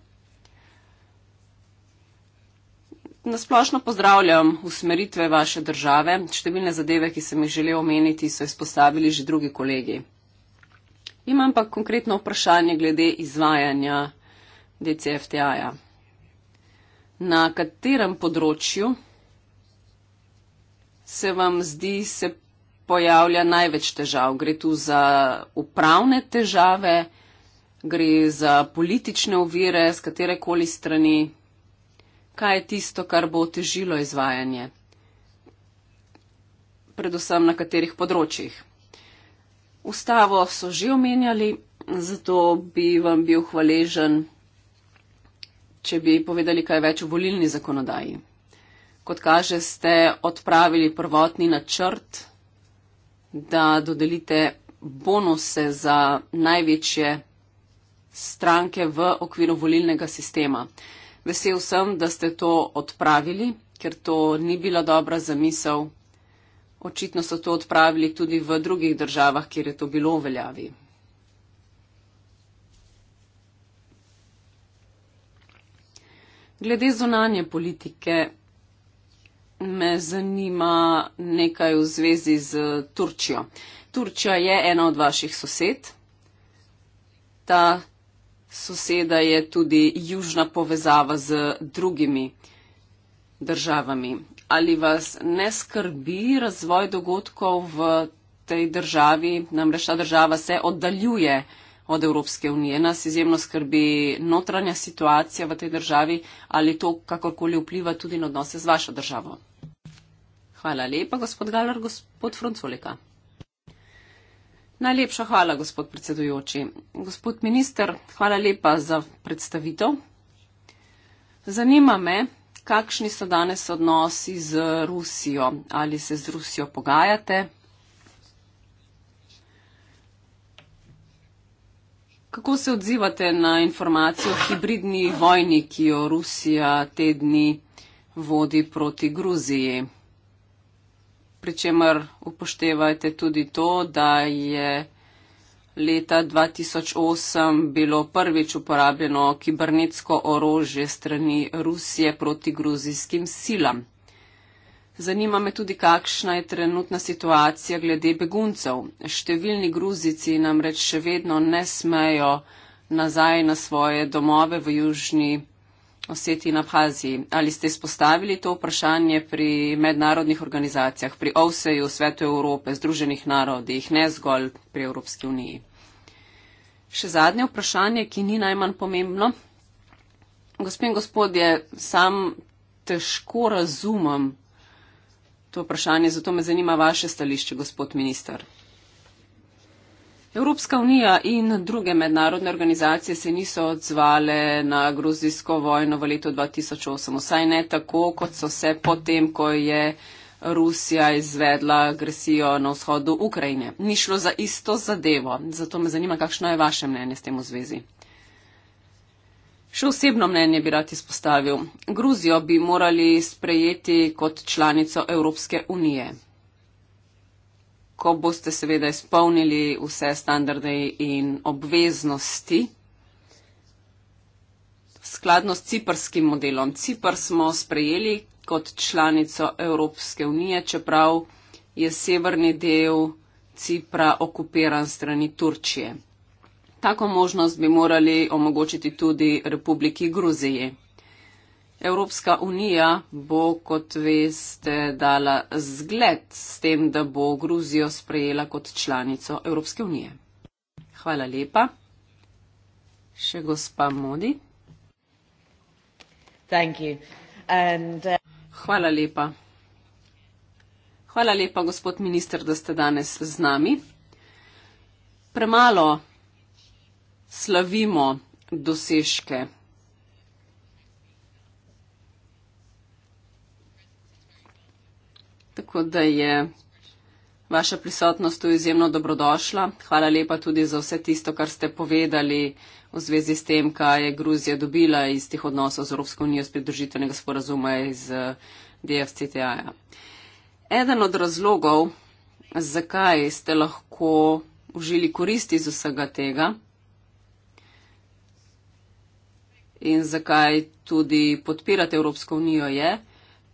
Nasplošno pozdravljam usmeritve vaše države. Številne zadeve, ki sem jih želel omeniti, so izpostavili že drugi kolegi. Imam pa konkretno vprašanje glede izvajanja DCFTA-ja. Na katerem področju se vam zdi se pojavlja največ težav? Gre tu za upravne težave, gre za politične ovire z katerekoli strani? kaj je tisto, kar bo otežilo izvajanje, predvsem na katerih področjih. Ustavo so že omenjali, zato bi vam bil hvaležen, če bi povedali kaj več o volilni zakonodaji. Kot kaže, ste odpravili prvotni načrt, da dodelite bonuse za največje stranke v okviru volilnega sistema. Uh, Vesel sem, da ste to odpravili, ker to ni bila dobra zamisel. Očitno so to odpravili tudi v drugih državah, kjer je to bilo v veljavi. Glede zunanje politike me zanima nekaj v zvezi z Turčijo. Turčija je ena od vaših sosed. Ta soseda je tudi južna povezava z drugimi državami. Ali vas ne skrbi razvoj dogodkov v tej državi, namreč ta država se oddaljuje od Evropske unije, nas izjemno skrbi notranja situacija v tej državi, ali to kakorkoli vpliva tudi na odnose z vašo državo? Hvala lepa, gospod Galar, gospod Francolika. Najlepša hvala, gospod predsedujoči. Gospod minister, hvala lepa za predstavitev. Zanima me, kakšni so danes odnosi z Rusijo. Ali se z Rusijo pogajate? Kako se odzivate na informacijo o hibridni vojni, ki jo Rusija te dni vodi proti Gruziji? pri čemer upoštevajte tudi to, da je leta 2008 bilo prvič uporabljeno kibernetsko orožje strani Rusije proti gruzijskim silam. Zanima me tudi, kakšna je trenutna situacija glede beguncev. Številni gruzici namreč še vedno ne smejo nazaj na svoje domove v južni Gruziji oseti in Abhaziji. Ali ste izpostavili to vprašanje pri mednarodnih organizacijah, pri OVSE-ju, Svetu Evrope, Združenih narodih, ne zgolj pri Evropski uniji? Še zadnje vprašanje, ki ni najmanj pomembno. Gospod in gospodje, sam težko razumem to vprašanje, zato me zanima vaše stališče, gospod minister. Evropska unija in druge mednarodne organizacije se niso odzvale na gruzijsko vojno v letu 2008, vsaj ne tako, kot so se potem, ko je Rusija izvedla agresijo na vzhodu Ukrajine. Ni šlo za isto zadevo, zato me zanima, kakšno je vaše mnenje s tem v zvezi. Še osebno mnenje bi rad izpostavil. Gruzijo bi morali sprejeti kot članico Evropske unije ko boste seveda izpolnili vse standarde in obveznosti. Skladno s ciprskim modelom. Cipr smo sprejeli kot članico Evropske unije, čeprav je severni del Cipra okupiran strani Turčije. Tako možnost bi morali omogočiti tudi Republiki Gruziji. Evropska unija bo, kot veste, dala zgled s tem, da bo Gruzijo sprejela kot članico Evropske unije. Hvala lepa. Še gospa Modi. And, uh... Hvala lepa. Hvala lepa, gospod minister, da ste danes z nami. Premalo slavimo dosežke Tako da je vaša prisotnost tu izjemno dobrodošla. Hvala lepa tudi za vse tisto, kar ste povedali v zvezi s tem, kaj je Gruzija dobila iz tih odnosov z Evropsko unijo, z pridružitvenega sporazuma iz eh, DFCTA. Eden od razlogov, zakaj ste lahko užili koristi iz vsega tega in zakaj tudi podpirate Evropsko unijo je,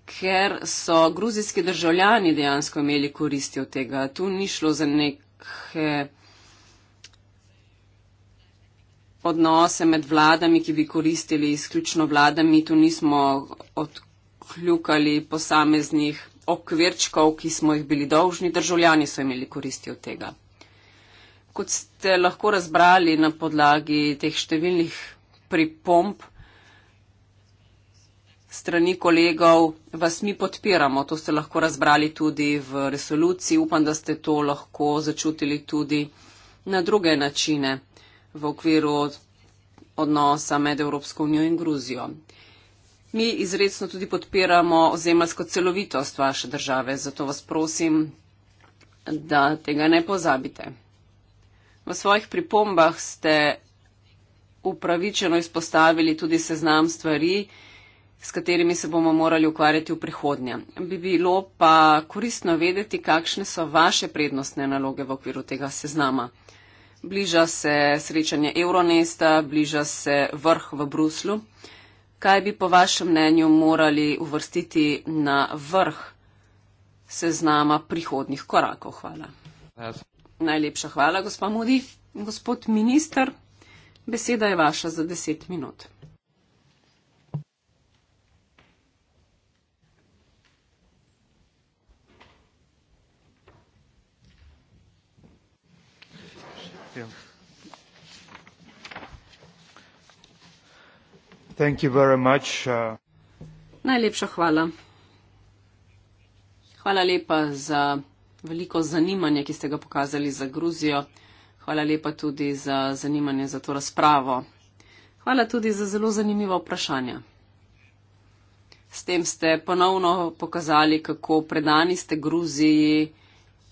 ker so gruzijski državljani dejansko imeli koristi od tega. Tu ni šlo za neke odnose med vladami, ki bi koristili izključno vladami. Tu nismo odkljukali posameznih okvirčkov, ki smo jih bili dolžni. Državljani so imeli koristi od tega. Kot ste lahko razbrali na podlagi teh številnih pripomp, strani kolegov vas mi podpiramo. To ste lahko razbrali tudi v resoluciji. Upam, da ste to lahko začutili tudi na druge načine v okviru odnosa med Evropsko unijo in Gruzijo. Mi izredno tudi podpiramo ozemalsko celovitost vaše države, zato vas prosim, da tega ne pozabite. V svojih pripombah ste upravičeno izpostavili tudi seznam stvari, s katerimi se bomo morali ukvarjati v prihodnje. Bi bilo pa koristno vedeti, kakšne so vaše prednostne naloge v okviru tega seznama. Bliža se srečanje Euronesta, bliža se vrh v Bruslu. Kaj bi po vašem mnenju morali uvrstiti na vrh seznama prihodnih korakov? Hvala. Yes. Najlepša hvala, gospa Mudi. Gospod minister, beseda je vaša za deset minut. Yeah. Thank you very much. Uh, Najlepša hvala. Hvala lepa za veliko zanimanje, ki ste ga pokazali za Gruzijo. Hvala lepa tudi za zanimanje za to razpravo. Hvala tudi za zelo zanimiva vprašanja. S tem ste ponovno pokazali, kako predani ste Gruziji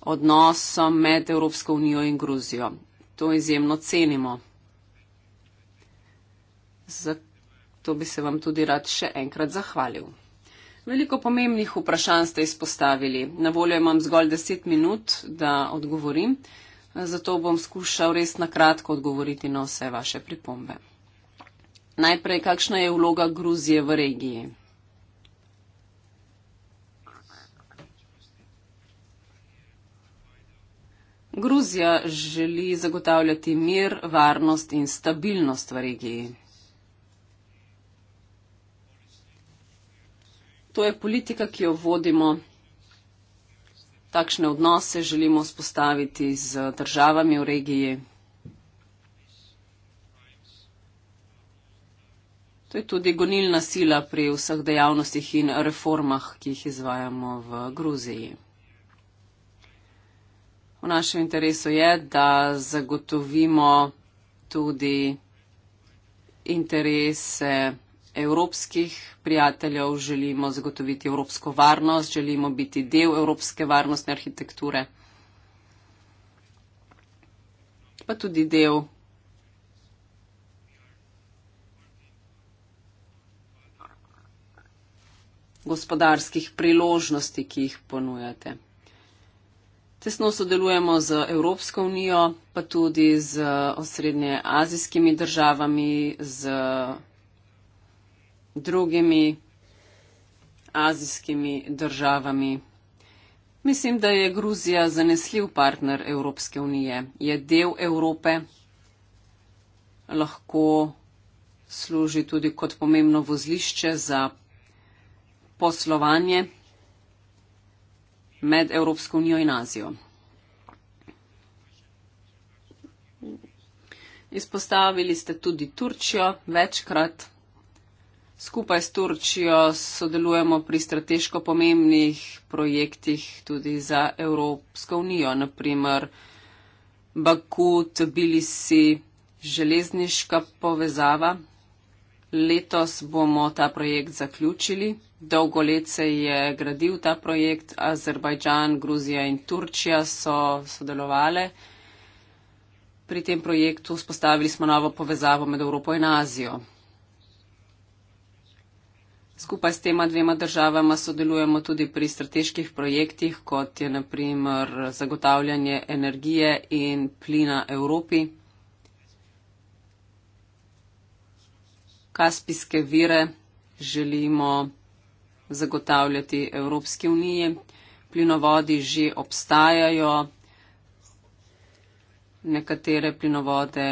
odnosom med Evropsko unijo in Gruzijo to izjemno cenimo. Zato bi se vam tudi rad še enkrat zahvalil. Veliko pomembnih vprašanj ste izpostavili. Na voljo imam zgolj deset minut, da odgovorim, zato bom skušal res na kratko odgovoriti na vse vaše pripombe. Najprej, kakšna je vloga Gruzije v regiji? Gruzija želi zagotavljati mir, varnost in stabilnost v regiji. To je politika, ki jo vodimo. Takšne odnose želimo spostaviti z državami v regiji. To je tudi gonilna sila pri vseh dejavnostih in reformah, ki jih izvajamo v Gruziji. V našem interesu je, da zagotovimo tudi interese evropskih prijateljev, želimo zagotoviti evropsko varnost, želimo biti del evropske varnostne arhitekture, pa tudi del. gospodarskih priložnosti, ki jih ponujate. Tesno sodelujemo z Evropsko unijo, pa tudi z osrednje azijskimi državami, z drugimi azijskimi državami. Mislim, da je Gruzija zanesljiv partner Evropske unije. Je del Evrope, lahko služi tudi kot pomembno vozlišče za poslovanje med Evropsko unijo in Azijo. Izpostavili ste tudi Turčijo večkrat. Skupaj s Turčijo sodelujemo pri strateško pomembnih projektih tudi za Evropsko unijo, naprimer Bakut, Bilisi, železniška povezava, Letos bomo ta projekt zaključili. Dolgo let se je gradil ta projekt. Azerbajdžan, Gruzija in Turčija so sodelovali. Pri tem projektu spostavili smo novo povezavo med Evropo in Azijo. Skupaj s tema dvema državama sodelujemo tudi pri strateških projektih, kot je naprimer zagotavljanje energije in plina Evropi. kaspijske vire želimo zagotavljati Evropski uniji. Plinovodi že obstajajo, nekatere plinovode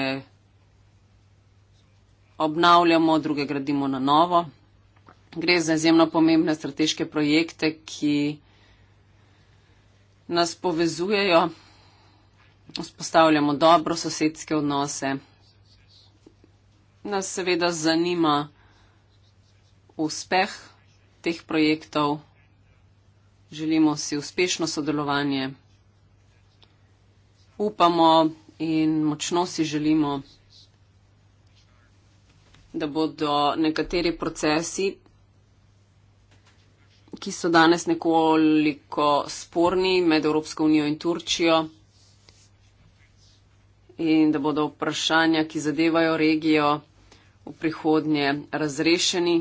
obnavljamo, druge gradimo na novo. Gre za izjemno pomembne strateške projekte, ki nas povezujejo, vzpostavljamo dobro sosedske odnose nas seveda zanima uspeh teh projektov, želimo si uspešno sodelovanje, upamo in močno si želimo, da bodo nekateri procesi, ki so danes nekoliko sporni med Evropsko unijo in Turčijo, in da bodo vprašanja, ki zadevajo regijo, v prihodnje razrešeni.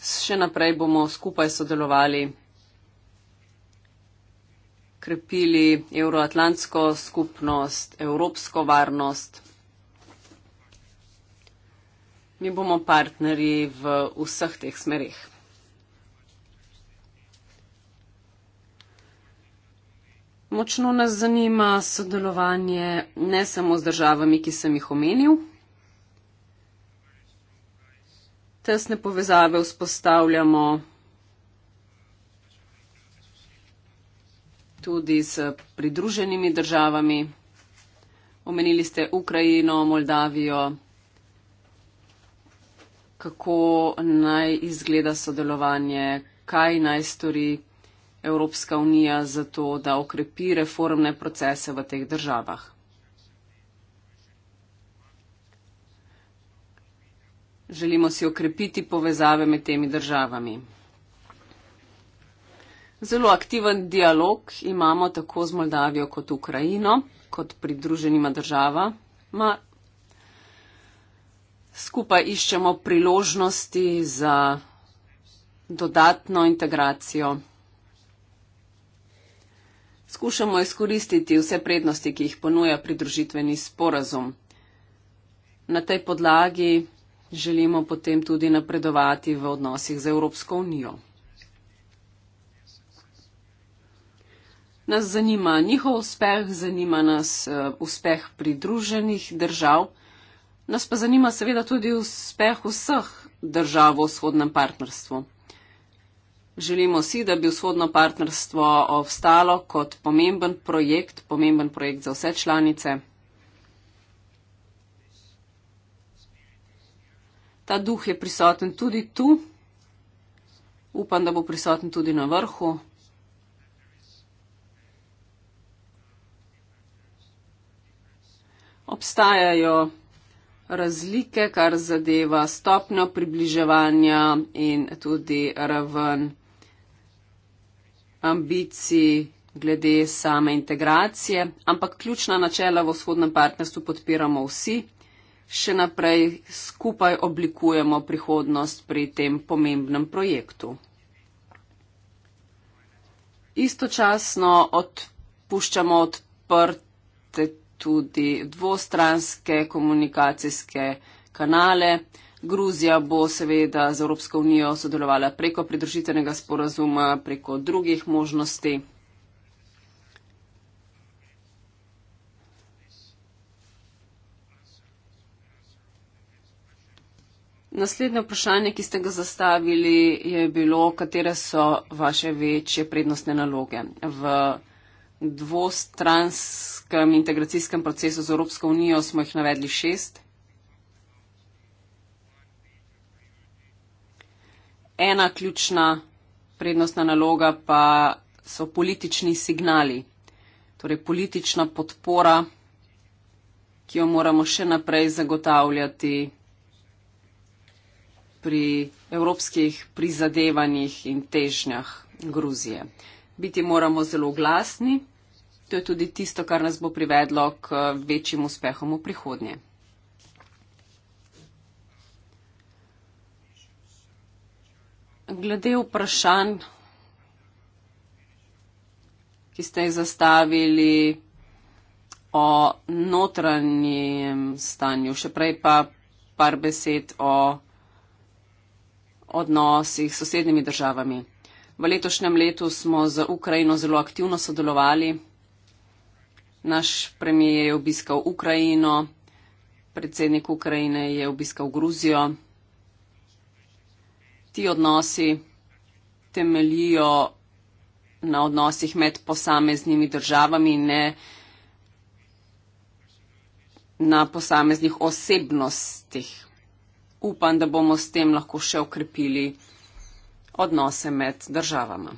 Še naprej bomo skupaj sodelovali, krepili euroatlantsko skupnost, evropsko varnost. Mi bomo partnerji v vseh teh smerih. Močno nas zanima sodelovanje ne samo z državami, ki sem jih omenil, tesne povezave vzpostavljamo tudi s pridruženimi državami. Omenili ste Ukrajino, Moldavijo. Kako naj izgleda sodelovanje, kaj naj stori Evropska unija za to, da okrepi reformne procese v teh državah? Želimo si okrepiti povezave med temi državami. Zelo aktiven dialog imamo tako z Moldavijo kot Ukrajino, kot pridruženima državama. Skupaj iščemo priložnosti za dodatno integracijo. Skušamo izkoristiti vse prednosti, ki jih ponuja pridružitveni sporazum. Na tej podlagi želimo potem tudi napredovati v odnosih z Evropsko unijo. Nas zanima njihov uspeh, zanima nas eh, uspeh pridruženih držav, nas pa zanima seveda tudi uspeh vseh držav v vzhodnem partnerstvu. Želimo si, da bi vzhodno partnerstvo obstalo kot pomemben projekt, pomemben projekt za vse članice. Ta duh je prisoten tudi tu. Upam, da bo prisoten tudi na vrhu. Obstajajo razlike, kar zadeva stopnjo približevanja in tudi raven ambicij glede same integracije, ampak ključna načela v vzhodnem partnerstvu podpiramo vsi še naprej skupaj oblikujemo prihodnost pri tem pomembnem projektu. Istočasno odpuščamo odprte tudi dvostranske komunikacijske kanale. Gruzija bo seveda z Evropsko unijo sodelovala preko pridružitenega sporazuma, preko drugih možnosti. Naslednje vprašanje, ki ste ga zastavili, je bilo, katere so vaše večje prednostne naloge v dvostranskem integracijskem procesu z Evropsko unijo smo jih navedli šest. Ena ključna prednostna naloga pa so politični signali, torej politična podpora, ki jo moramo še naprej zagotavljati pri evropskih prizadevanjih in težnjah Gruzije. Biti moramo zelo glasni. To je tudi tisto, kar nas bo privedlo k eh, večjim uspehom v prihodnje. Glede vprašanj, ki ste jih zastavili o notranjem stanju, še prej pa par besed o odnosih s sosednjimi državami. V letošnjem letu smo z Ukrajino zelo aktivno sodelovali. Naš premijer je obiskal Ukrajino, predsednik Ukrajine je obiskal Gruzijo. Ti odnosi temelijo na odnosih med posameznimi državami, ne na posameznih osebnostih upam, da bomo s tem lahko še okrepili odnose med državama.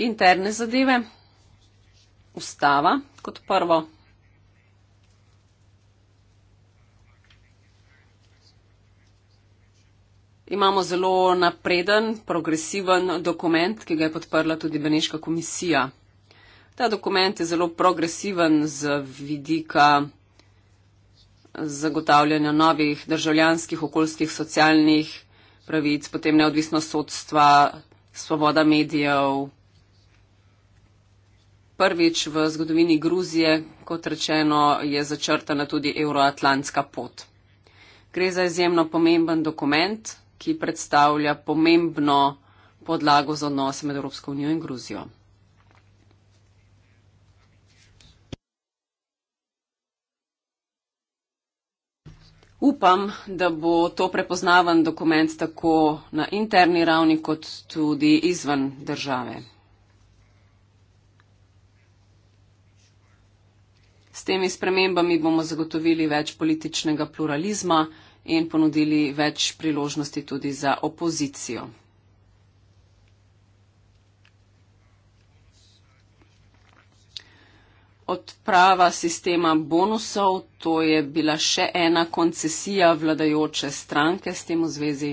Interne zadeve, ustava kot prvo. Imamo zelo napreden, progresiven dokument, ki ga je podprla tudi Beneška komisija. Ta dokument je zelo progresiven z vidika zagotavljanja novih državljanskih, okoljskih, socialnih pravic, potem neodvisnost sodstva, svoboda medijev. Prvič v zgodovini Gruzije, kot rečeno, je začrtana tudi euroatlantska pot. Gre za izjemno pomemben dokument, ki predstavlja pomembno podlago za odnose med Evropsko unijo in Gruzijo. Upam, da bo to prepoznaven dokument tako na interni ravni, kot tudi izven države. S temi spremembami bomo zagotovili več političnega pluralizma in ponudili več priložnosti tudi za opozicijo. odprava sistema bonusov, to je bila še ena koncesija vladajoče stranke s tem v zvezi.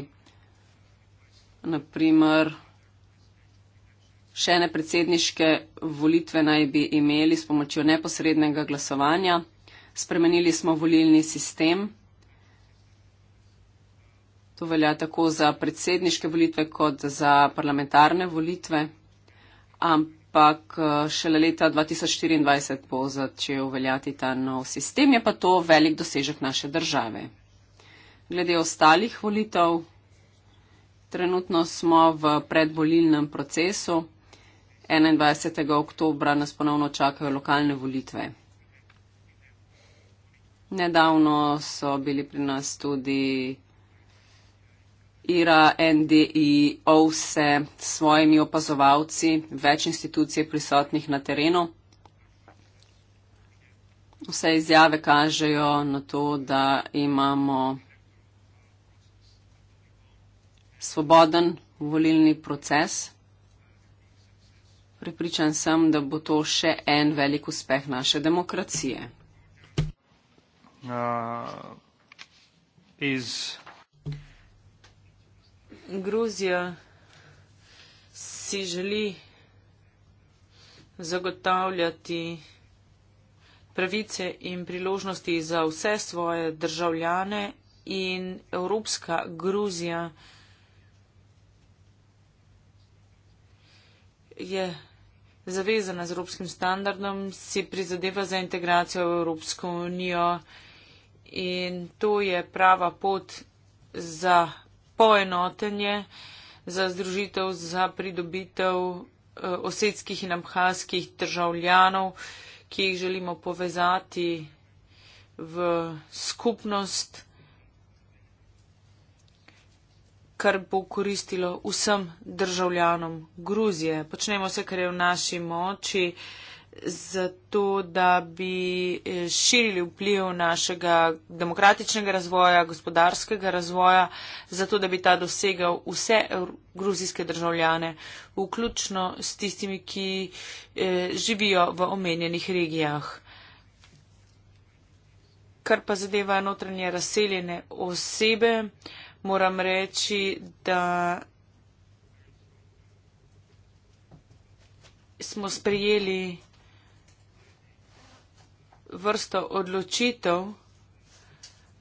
Naprimer, še ene predsedniške volitve naj bi imeli s pomočjo neposrednega glasovanja. Spremenili smo volilni sistem. To velja tako za predsedniške volitve kot za parlamentarne volitve. Ampak ampak eh, šele leta 2024 bo začel veljati ta nov sistem, je pa to velik dosežek naše države. Glede ostalih volitev, trenutno smo v predvolilnem procesu. 21. oktobra nas ponovno čakajo lokalne volitve. Nedavno so bili pri nas tudi IRA, NDI, OVSE, s svojimi opazovalci, več institucij prisotnih na terenu. Vse izjave kažejo na to, da imamo svoboden volilni proces. Pripričan sem, da bo to še en velik uspeh naše demokracije. Uh, iz Gruzija si želi zagotavljati pravice in priložnosti za vse svoje državljane in Evropska Gruzija je zavezana z evropskim standardom, si prizadeva za integracijo v Evropsko unijo in to je prava pot za poenotenje, za združitev, za pridobitev eh, osetskih in abhaskih državljanov, ki jih želimo povezati v skupnost, kar bo koristilo vsem državljanom Gruzije. Počnemo vse, kar je v naši moči zato, da bi eh, širili vpliv našega demokratičnega razvoja, gospodarskega razvoja, zato, da bi ta dosegal vse gruzijske državljane, vključno s tistimi, ki eh, živijo v omenjenih regijah. Kar pa zadeva notranje razseljene osebe, moram reči, da. smo sprejeli vrsto odločitev.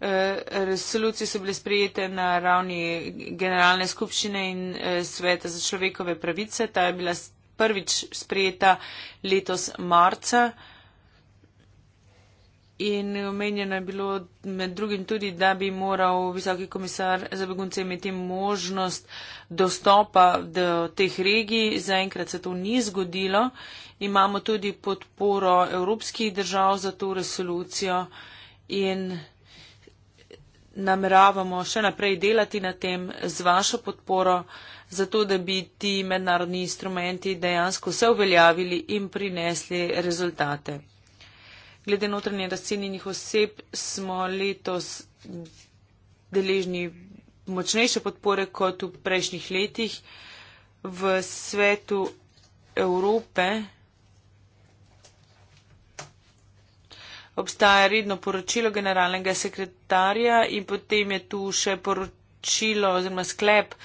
Eh, resolucije so bile sprejete na ravni Generalne skupščine in eh, Sveta za človekove pravice. Ta je bila prvič sprejeta letos marca. In omenjeno je bilo med drugim tudi, da bi moral visoki komisar za begunce imeti možnost dostopa do teh regij. Zaenkrat se to ni zgodilo. Imamo tudi podporo evropskih držav za to resolucijo in nameravamo še naprej delati na tem z vašo podporo, zato da bi ti mednarodni instrumenti dejansko se uveljavili in prinesli rezultate. Glede notranje razcenjenih oseb smo letos deležni močnejše podpore kot v prejšnjih letih. V svetu Evrope obstaja redno poročilo generalnega sekretarja in potem je tu še poročilo oziroma sklep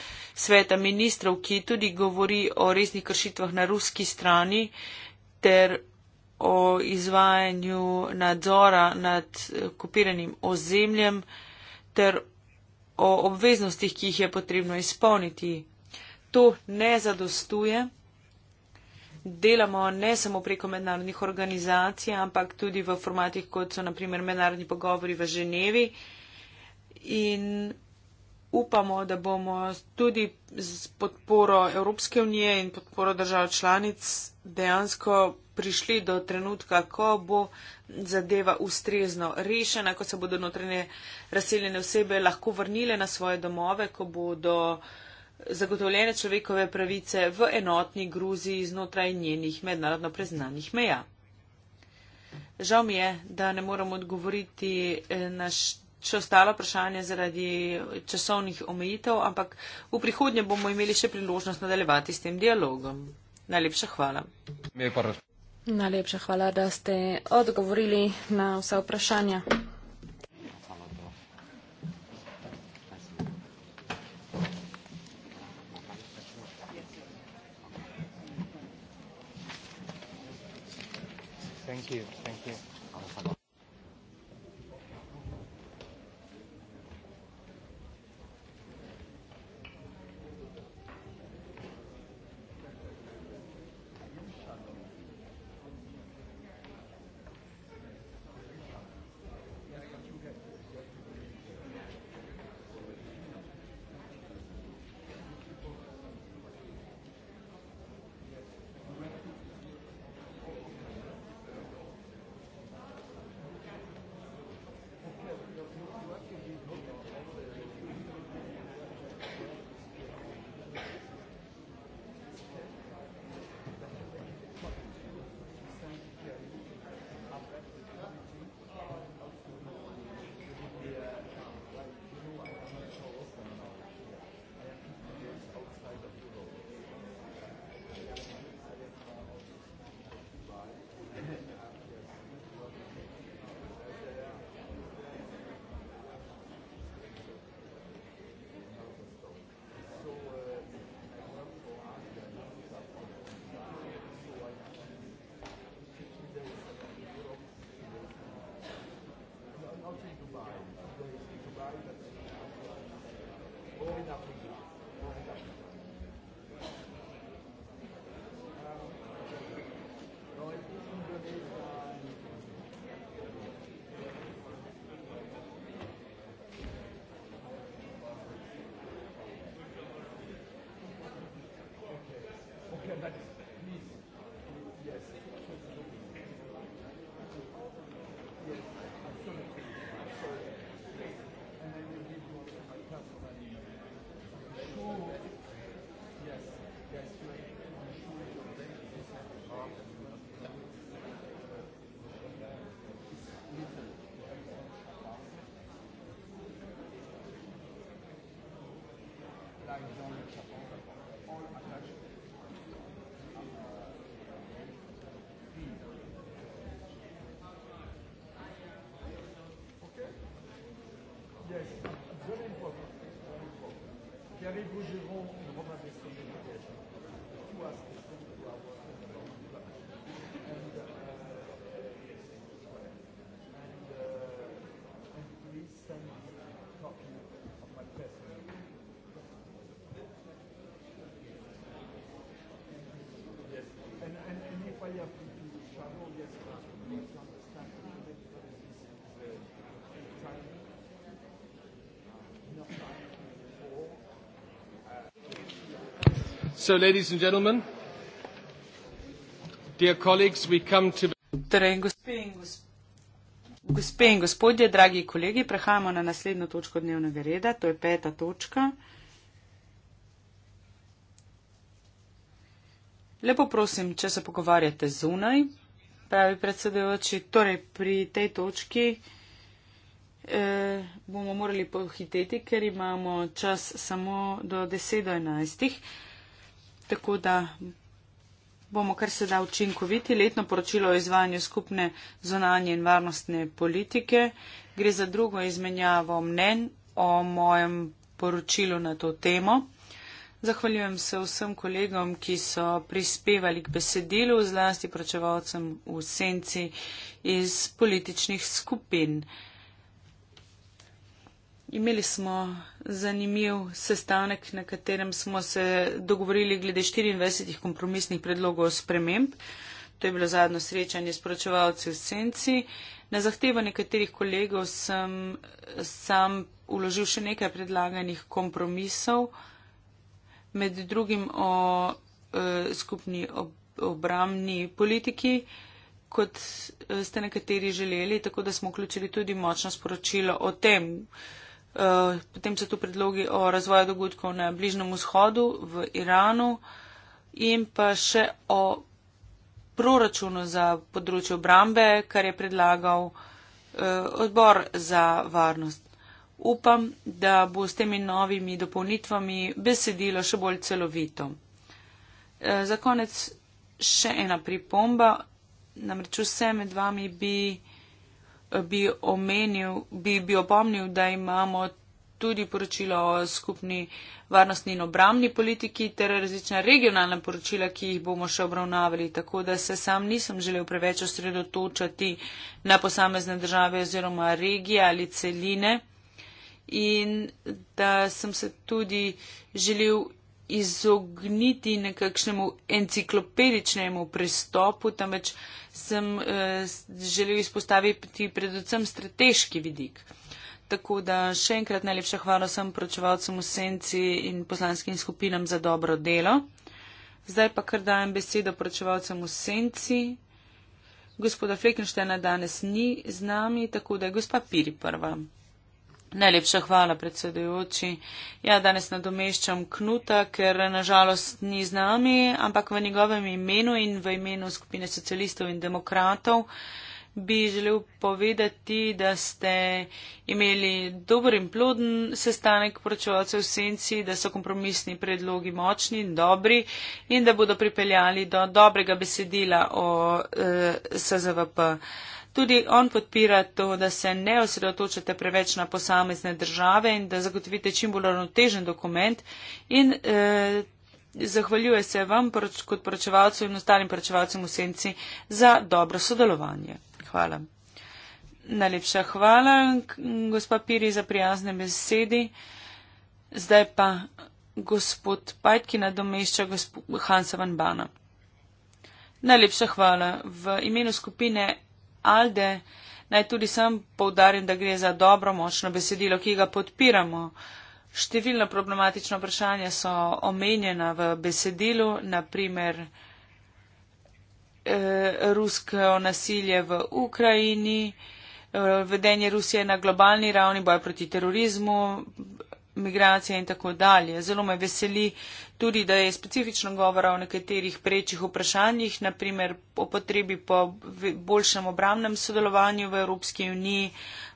sveta ministrov, ki tudi govori o resnih kršitvah na ruski strani ter o izvajanju nadzora nad eh, kopiranim ozemljem ter o obveznostih, ki jih je potrebno izpolniti. To ne zadostuje. Delamo ne samo preko mednarodnih organizacij, ampak tudi v formatih, kot so naprimer mednarodni pogovori v Ženevi. In upamo, da bomo tudi s podporo Evropske unije in podporo držav članic dejansko prišli do trenutka, ko bo zadeva ustrezno rešena, ko se bodo notranje razseljene osebe lahko vrnile na svoje domove, ko bodo zagotovljene človekove pravice v enotni Gruziji znotraj njenih mednarodno preznanih meja. Žal mi je, da ne moram odgovoriti eh, na št še ostalo vprašanje zaradi časovnih omejitev, ampak v prihodnje bomo imeli še priložnost nadaljevati s tem dialogom. Najlepša hvala. Najlepša hvala, da ste odgovorili na vsa vprašanja. Thank you. Carré Bougeron. Ladies and gentlemen, dear colleagues, we come to. Torej, gospe in gospodje, dragi kolegi, prehajamo na naslednjo točko dnevnega reda, to je peta točka. Lepo prosim, če se pogovarjate zunaj, pravi predsedujoči, torej pri tej točki eh, bomo morali pohiteti, ker imamo čas samo do 10.11 tako da bomo kar se da učinkoviti. Letno poročilo o izvajanju skupne zonanje in varnostne politike gre za drugo izmenjavo mnen o mojem poročilu na to temo. Zahvaljujem se vsem kolegom, ki so prispevali k besedilu, zlasti pročevalcem v senci iz političnih skupin. Imeli smo zanimiv sestanek, na katerem smo se dogovorili glede 24 kompromisnih predlogov sprememb. To je bilo zadnjo srečanje s poročevalci v Senci. Na zahtevo nekaterih kolegov sem sam uložil še nekaj predlaganih kompromisov, med drugim o e, skupni ob, obramni politiki, kot e, ste nekateri želeli, tako da smo vključili tudi močno sporočilo o tem, Eh, potem so tu predlogi o razvoju dogodkov na Bližnem vzhodu, v Iranu in pa še o proračunu za področje obrambe, kar je predlagal eh, odbor za varnost. Upam, da bo s temi novimi dopolnitvami besedilo še bolj celovito. Eh, za konec še ena pripomba. Namreč vse med vami bi bi omenil, bi, bi opomnil, da imamo tudi poročilo o skupni varnostni in obramni politiki ter različna regionalna poročila, ki jih bomo še obravnavali. Tako da se sam nisem želel preveč osredotočati na posamezne države oziroma regije ali celine in da sem se tudi želel izogniti nekakšnemu enciklopedičnemu pristopu, temveč sem eh, želel izpostaviti predvsem strateški vidik. Tako da še enkrat najlepša hvala vsem pročevalcem v senci in poslanskim skupinam za dobro delo. Zdaj pa kar dajem besedo pročevalcem v senci. Gospoda Flekenštena danes ni z nami, tako da je gospa Piri prva. Najlepša hvala, predsedujoči. Ja, danes nadomeščam Knuta, ker nažalost ni z nami, ampak v njegovem imenu in v imenu skupine socialistov in demokratov bi želel povedati, da ste imeli dober in ploden sestanek poročevalcev v senci, da so kompromisni predlogi močni in dobri in da bodo pripeljali do dobrega besedila o e, eh, SZVP. E, Tudi on podpira to, da se ne osredotočate preveč na posamezne države in da zagotovite čim bolj ravnotežen dokument. In, eh, Zahvaljuje se vam kot poročevalcu in ostalim poročevalcem v Senci za dobro sodelovanje. Hvala. Najlepša hvala, gospa Piri, za prijazne besedi. Zdaj pa gospod Pajt, ki nadomešča gospod Hansa Van Bana. Najlepša hvala. V imenu skupine Alde. Naj tudi sem povdarim, da gre za dobro močno besedilo, ki ga podpiramo. Številna problematična vprašanja so omenjena v besedilu, naprimer eh, rusko nasilje v Ukrajini, eh, vedenje Rusije na globalni ravni, boj proti terorizmu, migracije in tako dalje. Zelo me veseli tudi, da je specifično govora o nekaterih prejčih vprašanjih, naprimer o potrebi po boljšem obramnem sodelovanju v Evropski uniji.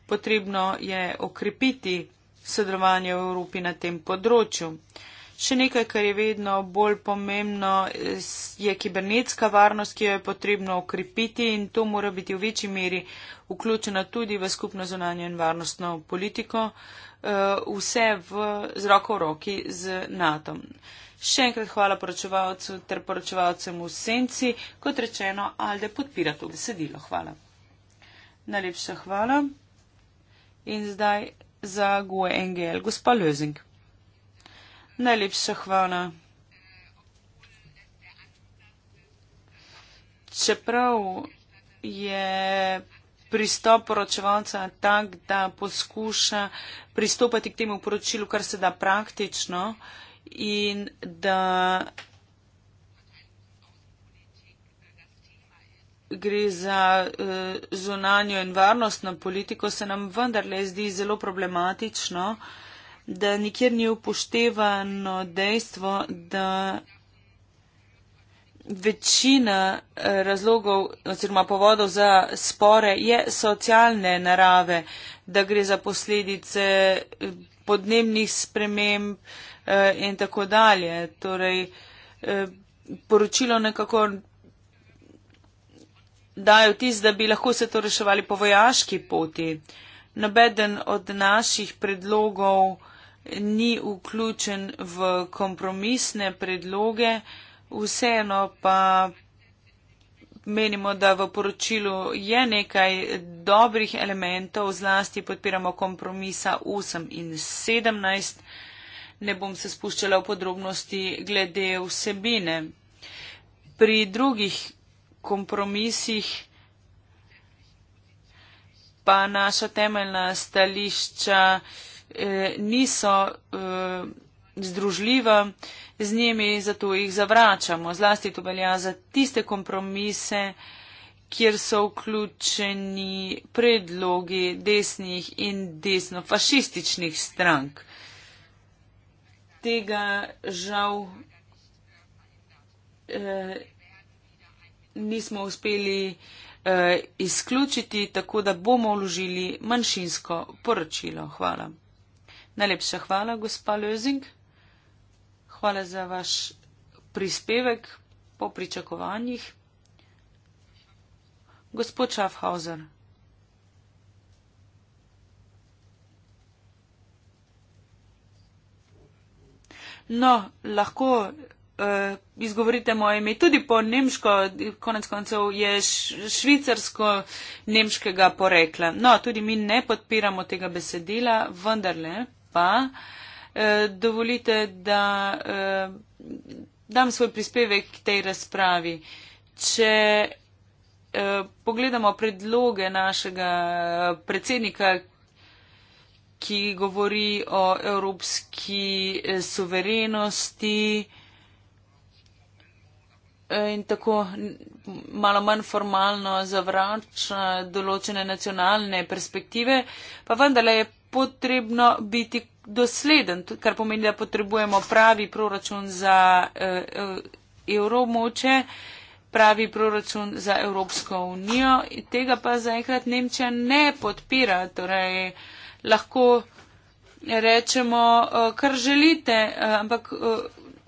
Potrebno je okrepiti sodelovanje v Evropi na tem področju. Še nekaj, kar je vedno bolj pomembno, je kibernetska varnost, ki jo je potrebno okrepiti in to mora biti v večji meri vključena tudi v skupno zonanje in varnostno politiko, eh, vse v zroko v roki z NATO. Še enkrat hvala poročevalcu ter poročevalcem v senci, kot rečeno, Alde podpira to besedilo. Hvala. Najlepša hvala. In zdaj za GUE NGL, gospa Lözing. Najlepša hvala. Čeprav je pristop poročevalca tak, da poskuša pristopati k temu poročilu, kar se da praktično in da gre za eh, zunanjo in varnostno politiko, se nam vendarle zdi zelo problematično, da nikjer ni upoštevano dejstvo, da večina eh, razlogov oziroma povodov za spore je socialne narave, da gre za posledice eh, podnebnih sprememb eh, in tako dalje. Torej, poročilo nekako dajo tist, da bi lahko se to reševali po vojaški poti. Nobeden od naših predlogov, ni vključen v kompromisne predloge, vseeno pa menimo, da v poročilu je nekaj dobrih elementov, zlasti podpiramo kompromisa 8 in 17. Ne bom se spuščala v podrobnosti glede vsebine. Pri drugih kompromisih pa naša temeljna stališča Eh, niso eh, združljiva z njimi, zato jih zavračamo. Zlasti to velja za tiste kompromise, kjer so vključeni predlogi desnih in desnofašističnih strank. Tega žal eh, nismo uspeli eh, izključiti, tako da bomo vložili manjšinsko poročilo. Hvala. Najlepša hvala, gospa Lözing. Hvala za vaš prispevek po pričakovanjih. Gospod Schaffhauser. No, lahko uh, izgovorite moje ime tudi po nemško, konec koncev je švicarsko-nemškega porekla. No, tudi mi ne podpiramo tega besedila, vendarle pa eh, dovolite, da eh, dam svoj prispevek k tej razpravi. Če eh, pogledamo predloge našega predsednika, ki govori o evropski eh, suverenosti, eh, In tako malo manj formalno zavrača določene nacionalne perspektive, pa vendarle je potrebno biti dosleden, kar pomeni, da potrebujemo pravi proračun za eh, eh, evromoče, pravi proračun za Evropsko unijo. Tega pa zaenkrat Nemčija ne podpira. Torej, lahko rečemo, eh, kar želite, ampak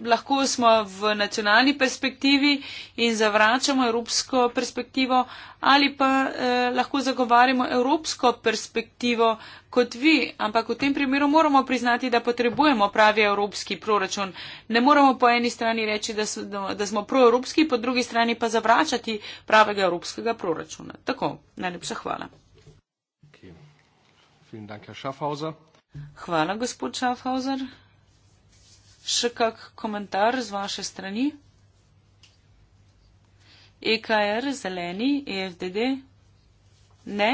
lahko smo v nacionalni perspektivi in zavračamo evropsko perspektivo ali pa eh, lahko zagovarjamo evropsko perspektivo kot vi. Ampak v tem primeru moramo priznati, da potrebujemo pravi evropski proračun. Ne moremo po eni strani reči, da, so, da, da smo proevropski, po drugi strani pa zavračati pravega evropskega proračuna. Tako, najlepša hvala. Okay. Hvala, gospod Schaffhauser še kak komentar z vaše strani? EKR, zeleni, EFDD? Ne?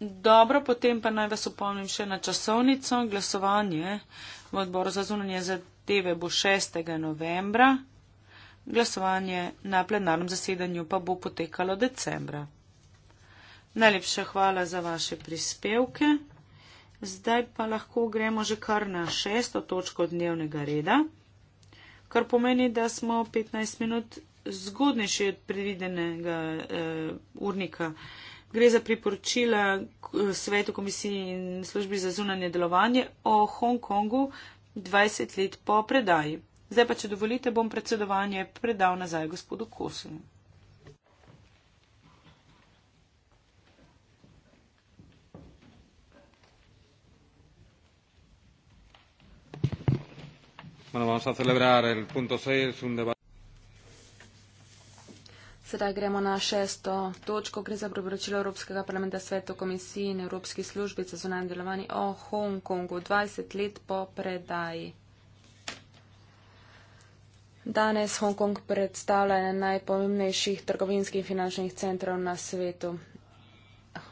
Dobro, potem pa naj vas upomnim še na časovnico. Glasovanje v odboru za zunanje zadeve bo 6. novembra. Glasovanje na plenarnem zasedanju pa bo potekalo decembra. Najlepša hvala za vaše prispevke. Zdaj pa lahko gremo že kar na šesto točko dnevnega reda, kar pomeni, da smo 15 minut zgodnejši od predvidenega uh, urnika. Gre za priporočila eh, Svetu komisiji in službi za zunanje delovanje o Hongkongu 20 let po predaji. Zdaj pa, če dovolite, bom predsedovanje predal nazaj gospodu Kosovu. Bueno, vamos a celebrar el punto 6, un debate. Sedaj gremo na šesto točko, gre za priporočilo Evropskega parlamenta svetu komisiji in Evropski službi za zunanje delovanje o Hongkongu 20 let po predaji. Danes Hongkong predstavlja en najpomembnejših trgovinskih in finančnih centrov na svetu.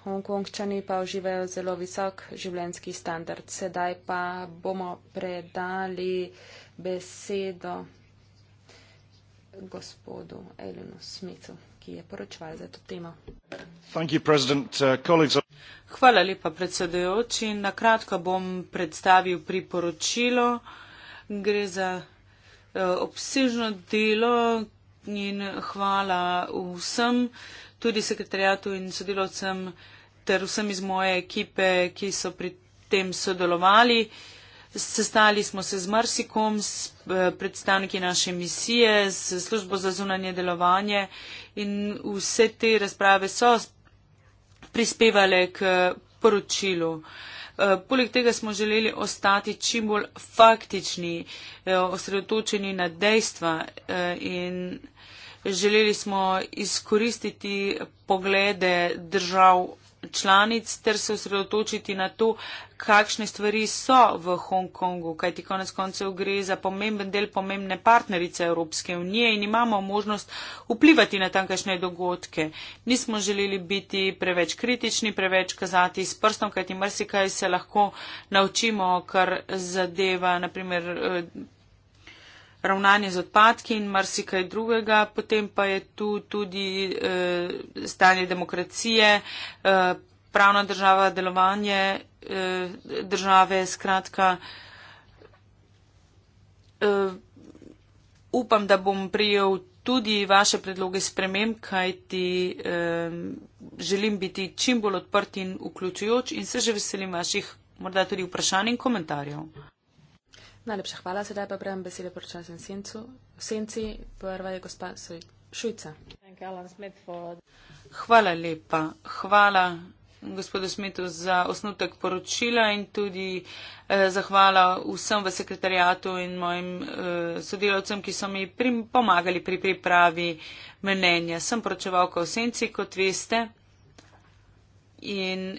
Hongkongčani pa uživajo zelo visok življenski standard. Sedaj pa bomo predali besedo gospodu Elinu Smithu, ki je poročval za to temo. Uh, hvala lepa predsedujoči. Na kratko bom predstavil priporočilo. Gre za eh, obsežno delo in hvala vsem, tudi sekretarjatu in sodelovcem ter vsem iz moje ekipe, ki so pri tem sodelovali. Uh, Sestali smo se z Marsikom, s eh, predstavniki naše misije, s službo za zunanje delovanje in vse te razprave so prispevale k poročilu. Eh, poleg tega smo želeli ostati čim bolj faktični, eh, osredotočeni na dejstva in želeli smo izkoristiti poglede držav članic ter se osredotočiti na to, kakšne stvari so v Hongkongu, kajti konec koncev gre za pomemben del pomembne partnerice Evropske unije in imamo možnost vplivati na tankašne dogodke. Nismo želeli biti preveč kritični, preveč kazati s prstom, kajti marsikaj se lahko naučimo, kar zadeva, naprimer, eh, ravnanje z odpadki in marsikaj drugega. Potem pa je tu tudi eh, stanje demokracije, eh, pravna država, delovanje eh, države. Skratka, eh, upam, da bom prijel tudi vaše predloge sprememb, kajti eh, želim biti čim bolj odprt in vključujoč in se že veselim vaših morda tudi vprašanj in komentarjev. Najlepša hvala, sedaj pa prejem besede pri časnem sencu. V senci prva je gospa Šujca. Hvala lepa. Hvala gospodu Smetu za osnutek poročila in tudi eh, zahvala vsem v sekretarijatu in mojim eh, sodelavcem, ki so mi pri, pomagali pri pripravi mnenja. Sem poročevalka v senci, kot veste. In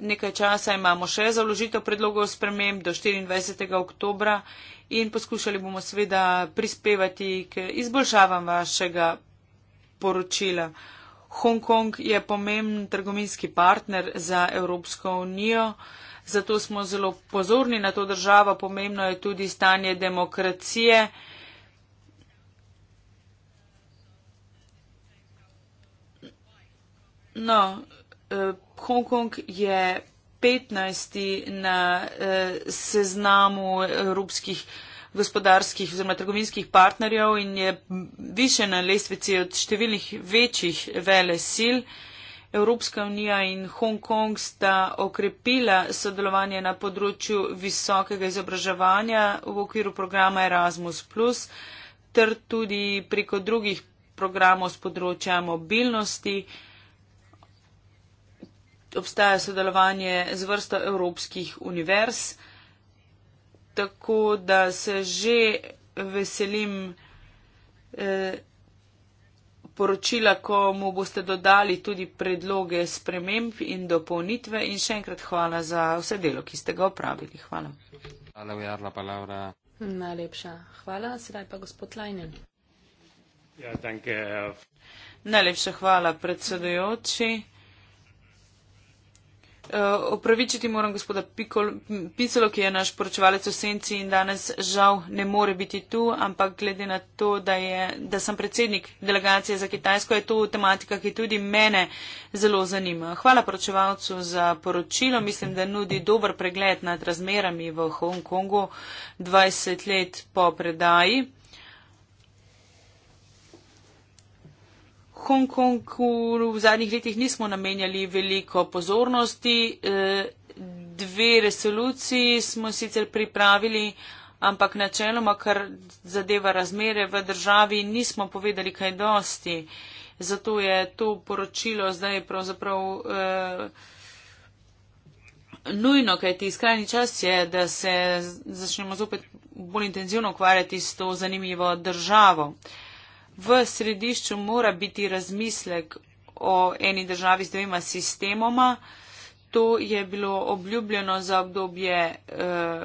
nekaj časa imamo še za vložitev predlogov sprememb do 24. oktobra in poskušali bomo seveda prispevati k izboljšavam vašega poročila. Hongkong je pomemben trgovinski partner za Evropsko unijo, zato smo zelo pozorni na to državo, pomembno je tudi stanje demokracije. No, eh, Hongkong je 15. na eh, seznamu evropskih gospodarskih oziroma trgovinskih partnerjev in je više na lestvici od številnih večjih vele sil. Evropska unija in Hongkong sta okrepila sodelovanje na področju visokega izobraževanja v okviru programa Erasmus, ter tudi preko drugih programov z področja mobilnosti. Eh, obstaja sodelovanje z vrsto evropskih univerz, tako da se že veselim eh, poročila, ko mu boste dodali tudi predloge sprememb in dopolnitve. In še enkrat hvala za vse delo, ki ste ga opravili. Hvala. Hvala, Jarla Palavra. Najlepša hvala, sedaj pa gospod Lajnen. Ja, eh. Najlepša hvala, predsedujoči. Uh, opravičiti moram gospoda Picolo, ki je naš poročevalec v senci in danes žal ne more biti tu, ampak glede na to, da, je, da sem predsednik delegacije za Kitajsko, je to tematika, ki tudi mene zelo zanima. Hvala poročevalcu za poročilo. Mislim, da nudi dober pregled nad razmerami v Hongkongu 20 let po predaji. Hongkongu v zadnjih letih nismo namenjali veliko pozornosti. E, dve resoluciji smo sicer pripravili, ampak načeloma, kar zadeva razmere v državi, nismo povedali kaj dosti. Zato je to poročilo zdaj pravzaprav e, nujno, kaj ti skrajni čas je, da se začnemo zopet bolj intenzivno ukvarjati s to zanimivo državo. Uh, v središču mora biti razmislek o eni državi z dvema sistemoma. To je bilo obljubljeno za obdobje eh,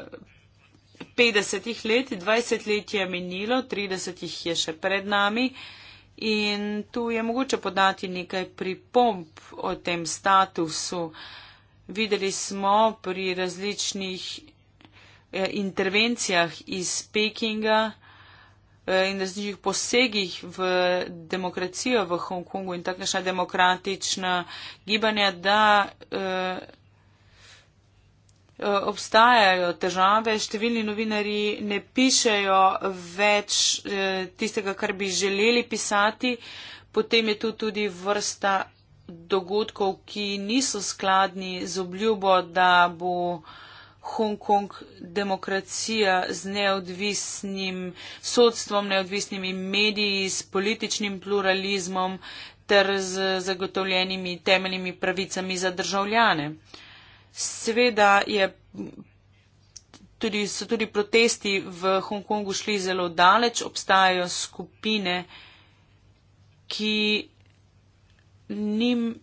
50-ih let, 20 let je minilo, 30 jih je še pred nami. In tu je mogoče podati nekaj pripomp o tem statusu. Videli smo pri različnih eh, intervencijah iz Pekinga, Eh, in različnih posegih v demokracijo v Hongkongu in takšna demokratična gibanja, da eh, eh, obstajajo težave, številni novinari ne pišejo več tistega, kar bi želeli pisati, potem je tu tudi vrsta dogodkov, ki niso skladni z obljubo, da bo Hongkong demokracija z neodvisnim sodstvom, neodvisnimi mediji, s političnim pluralizmom ter z zagotovljenimi temeljnimi pravicami za državljane. Sveda je tudi, so tudi protesti v Hongkongu šli zelo daleč, obstajajo skupine, ki nim,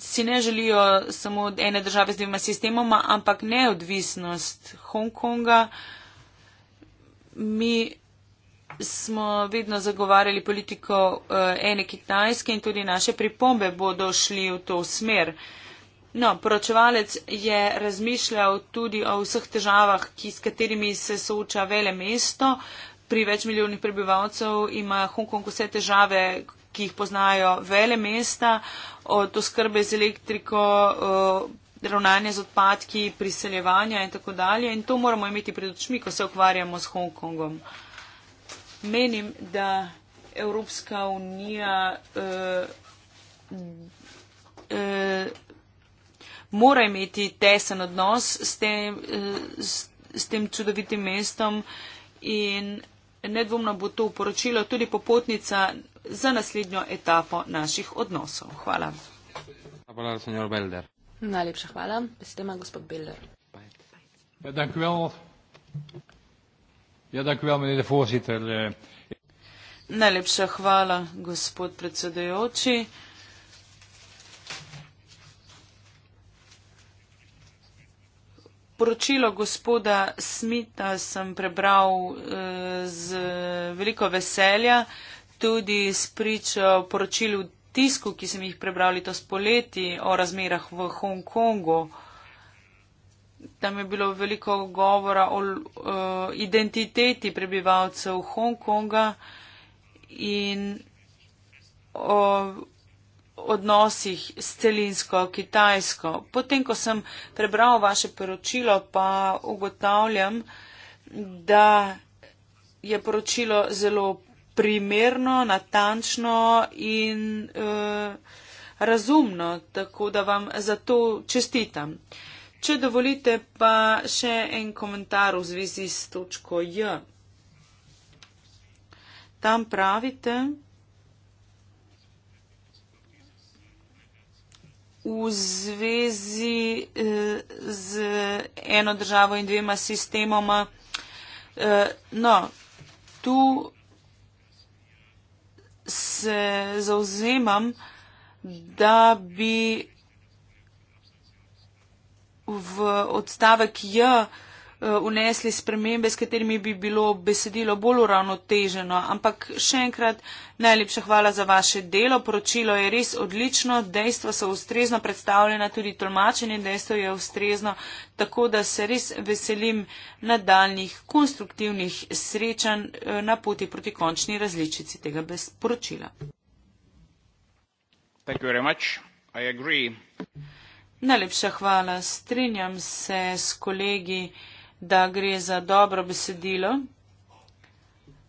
si ne želijo samo ene države z dvema sistemoma, ampak neodvisnost Hongkonga. Mi smo vedno zagovarjali politiko uh, ene kitajske in tudi naše pripombe bodo šli v to smer. No, poročevalec je razmišljal tudi o vseh težavah, ki, s katerimi se sooča vele mesto. Pri več milijonih prebivalcev ima Hongkong vse težave, ki jih poznajo vele mesta, od oskrbe z elektriko, ravnanje z odpadki, priseljevanja in tako dalje. In to moramo imeti pred očmi, ko se ukvarjamo s Hongkongom. Menim, da Evropska unija uh, uh, mora imeti tesen odnos s tem, uh, s, s tem čudovitim mestom in nedvomno bo to uporočilo tudi popotnica za naslednjo etapo naših odnosov. Hvala. Hvala, senjor Belder. Najlepša hvala. Besedema gospod Belder. Ja, ja, Najlepša hvala, gospod predsedajoči. Poročilo gospoda Smita sem prebral eh, z veliko veselja tudi sprič poročil v tisku, ki sem jih prebrali to spoleti o razmerah v Hongkongu. Tam je bilo veliko govora o uh, identiteti prebivalcev Hongkonga in o odnosih s celinsko Kitajsko. Potem, ko sem prebral vaše poročilo, pa ugotavljam, da je poročilo zelo primerno, natančno in uh, razumno, tako da vam za to čestitam. Če dovolite, pa še en komentar v zvezi s točko J. Tam pravite. V zvezi eh, z eno državo in dvema sistemoma. Eh, no, tu se zauzemam, da bi v odstavek J uh, Eh, unesli spremembe, s katerimi bi bilo besedilo bolj uravnoteženo. Ampak še enkrat najlepša hvala za vaše delo. Poročilo je res odlično, dejstva so ustrezno predstavljena, tudi tolmačenje dejstva je ustrezno, tako da se res veselim nadaljnih konstruktivnih srečanj eh, na poti proti končni različici tega poročila. Najlepša hvala. Strinjam se s kolegi da gre za dobro besedilo.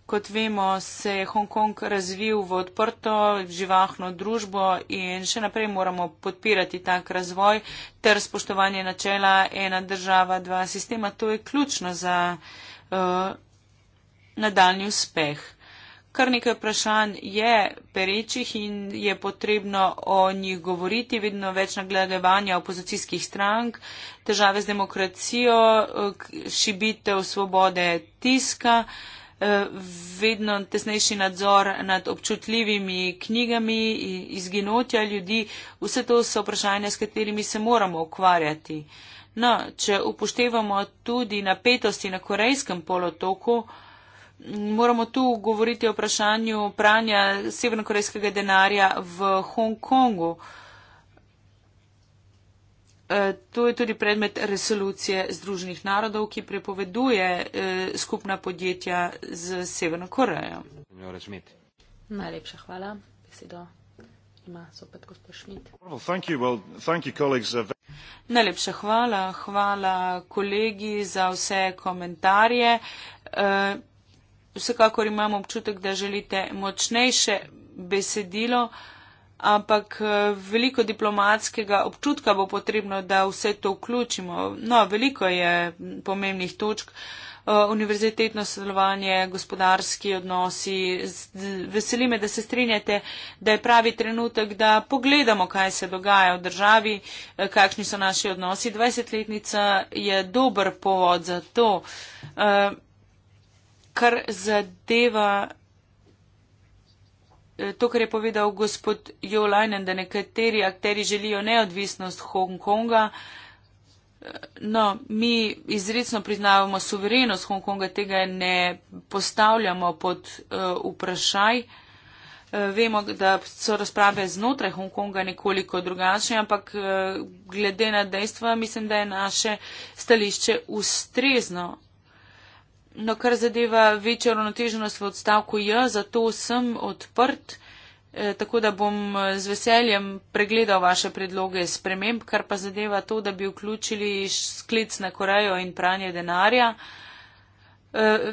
Kot vemo, se je Hongkong razvil v odprto živahno družbo in še naprej moramo podpirati tak razvoj ter spoštovanje načela ena država, dva sistema. To je ključno za uh, eh, nadaljni uspeh kar nekaj vprašanj je perečih in je potrebno o njih govoriti, vedno več nagledevanja opozicijskih strank, težave z demokracijo, šibitev svobode tiska, eh, vedno tesnejši nadzor nad občutljivimi knjigami, izginotja ljudi, vse to so vprašanja, s katerimi se moramo ukvarjati. No, če upoštevamo tudi napetosti na korejskem polotoku, moramo tu govoriti o vprašanju pranja severnokorejskega denarja v Hongkongu. E, to je tudi predmet resolucije Združenih narodov, ki prepoveduje e, skupna podjetja z Severno Korejo. Najlepša hvala. Besedo ima sopet gospod Šmit. Uh, Najlepša hvala. Hvala kolegi za vse komentarje. Uh, vsekakor imam občutek, da želite močnejše besedilo, ampak eh, veliko diplomatskega občutka bo potrebno, da vse to vključimo. No, veliko je pomembnih točk. Eh, univerzitetno sodelovanje, gospodarski odnosi. Veseli me, da se strinjate, da je pravi trenutek, da pogledamo, kaj se dogaja v državi, eh, kakšni so naši odnosi. 20-letnica je dober povod za to kar zadeva eh, to, kar je povedal gospod Jolajnen, da nekateri akteri želijo neodvisnost Hongkonga. Eh, no, mi izredno priznavamo suverenost Hongkonga, tega ne postavljamo pod uh, vprašaj. Vemo, da so razprave znotraj Hongkonga nekoliko drugačne, ampak glede na dejstva mislim, da je naše stališče ustrezno No, kar zadeva večjo ravnoteženost v odstavku J, zato sem odprt, eh, tako da bom eh, z veseljem pregledal vaše predloge sprememb, kar pa zadeva to, da bi vključili sklic na Korejo in pranje denarja. Eh,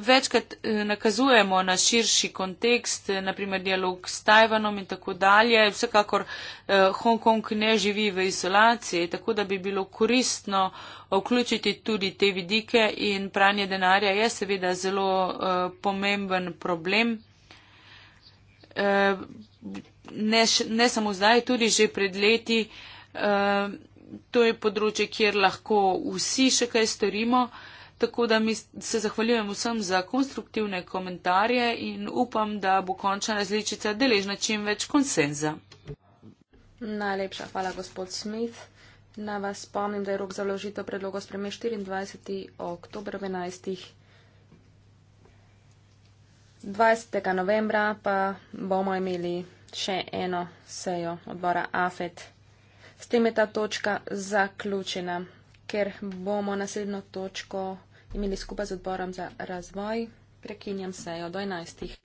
večkrat eh, nakazujemo na širši kontekst, eh, naprimer dialog s Tajvanom in tako dalje. Vsekakor eh, Hongkong ne živi v izolaciji, tako da bi bilo koristno vključiti tudi te vidike in pranje denarja je seveda zelo pomemben problem. Ne, ne samo zdaj, tudi že pred leti. To je področje, kjer lahko vsi še kaj storimo. Tako da mi se zahvaljujem vsem za konstruktivne komentarje in upam, da bo končna različica deležna čim več konsenza. Najlepša hvala, gospod Smith. Na vas spomnim, da je rok za vložitev predloga spreme 24. oktober 11. 20. novembra pa bomo imeli še eno sejo odbora AFET. S tem je ta točka zaključena, ker bomo naslednjo točko imeli skupaj z odborom za razvoj. Prekinjam sejo do 11.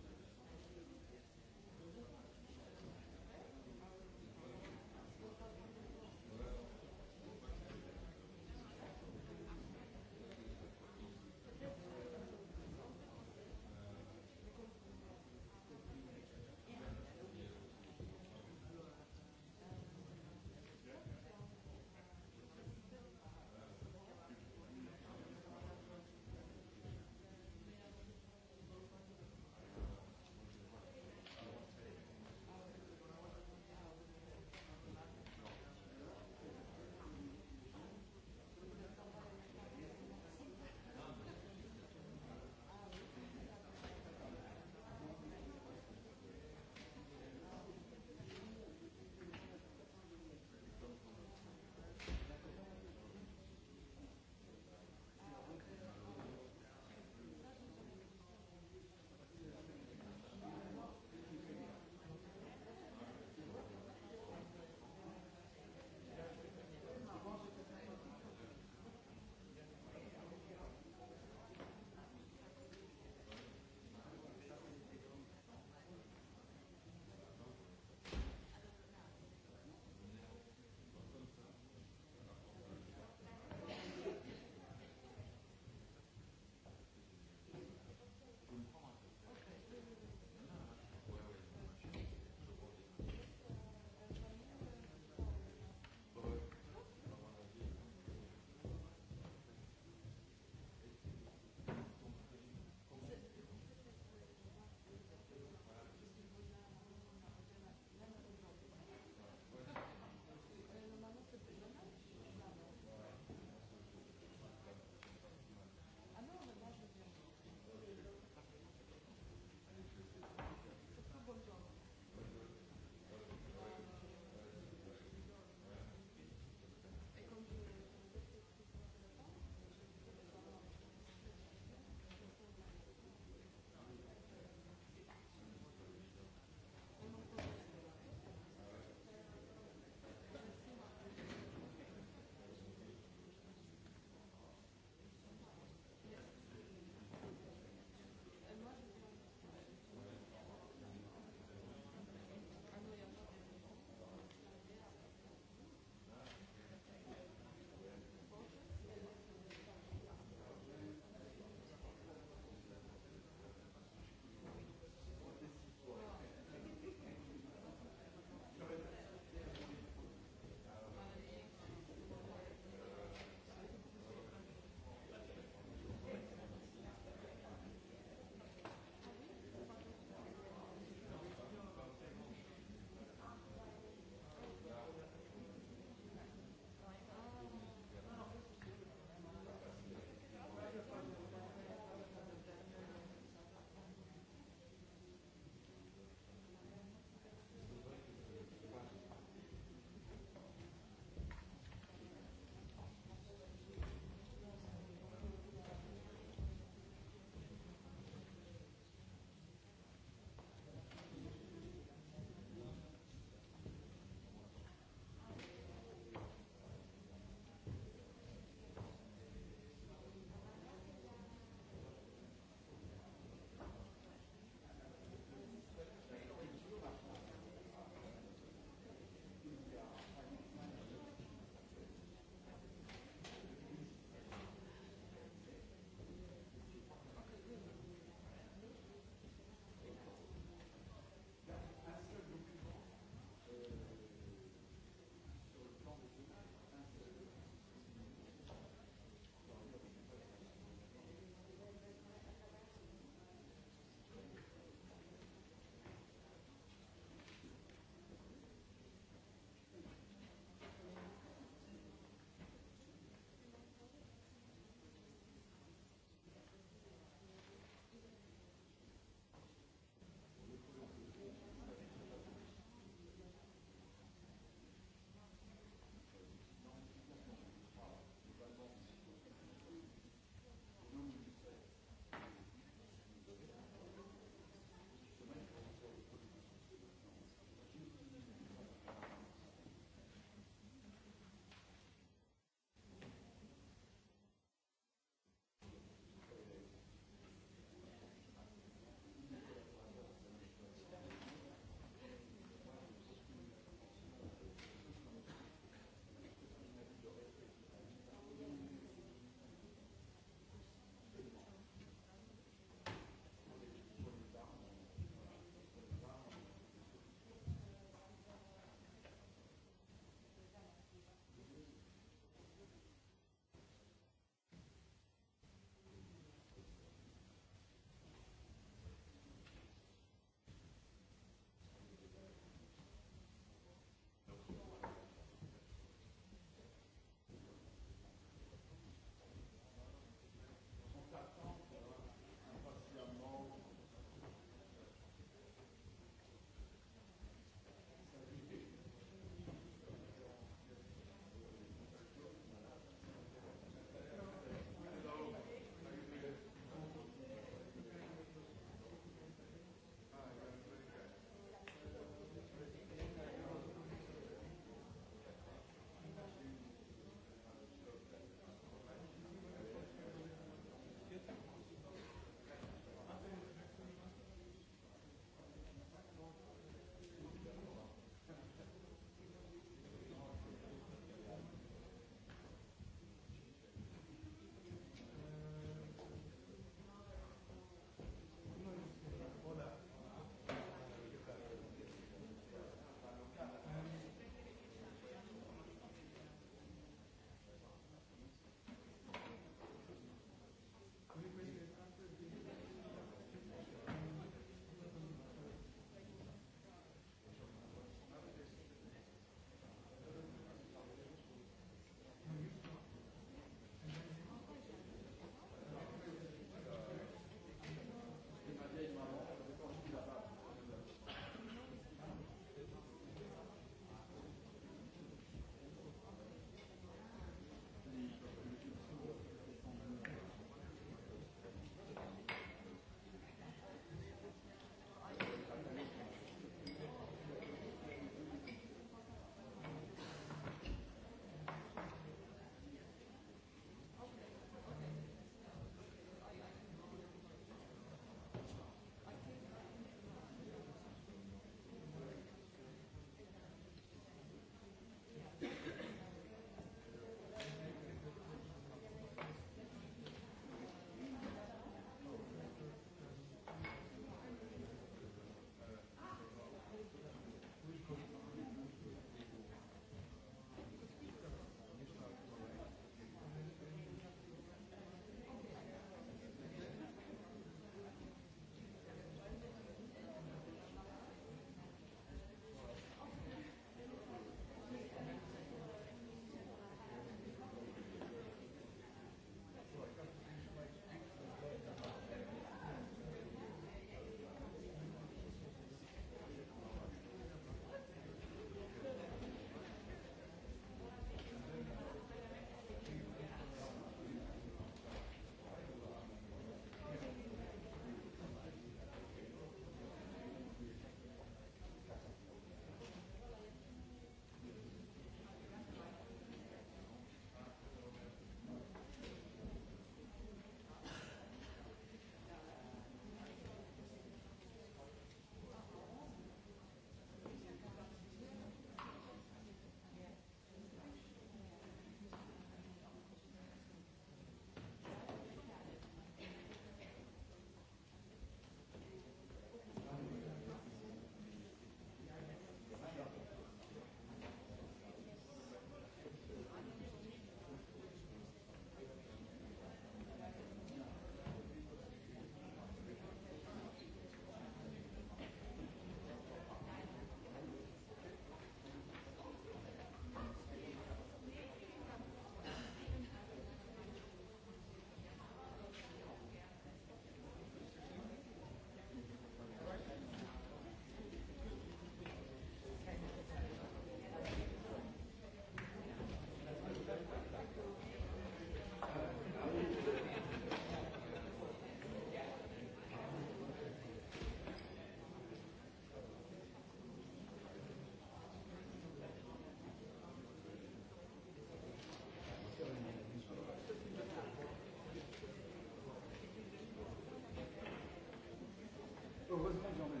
Heureusement, j'en ai.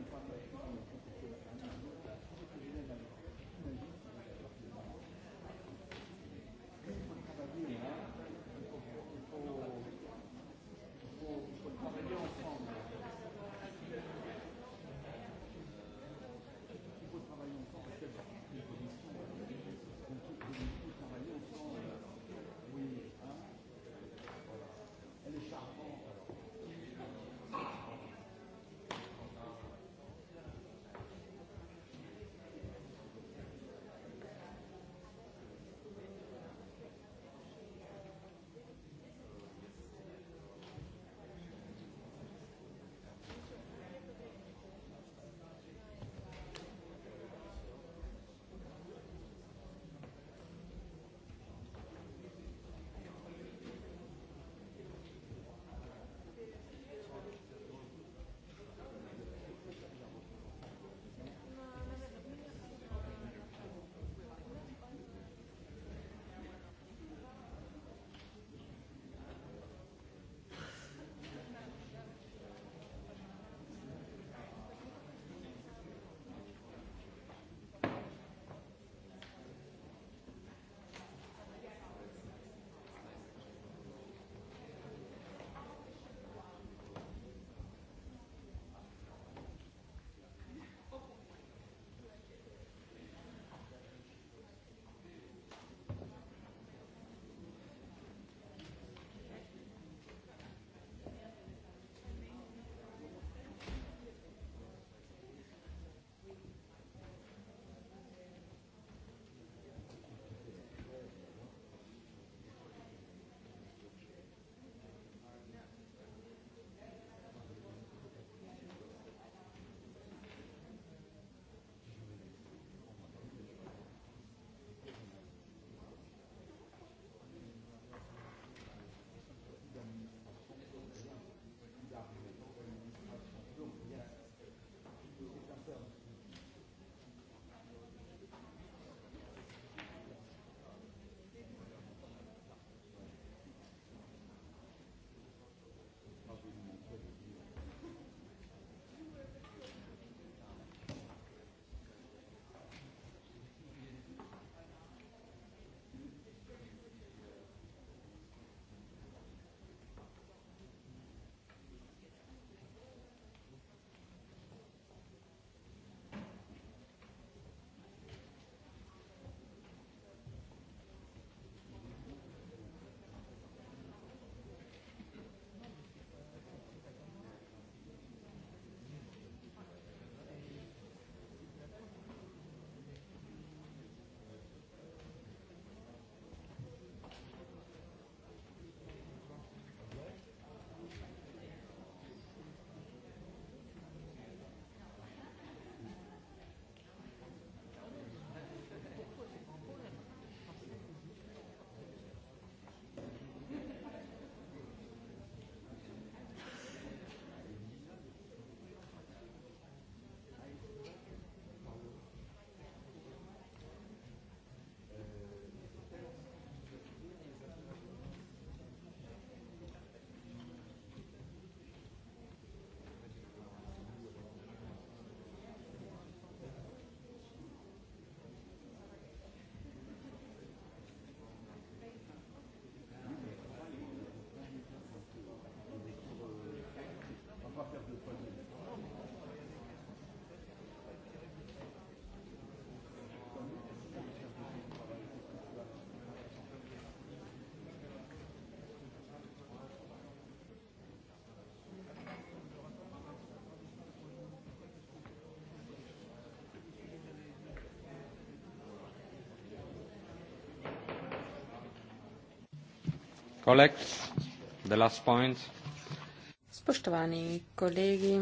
Spoštovani kolegi,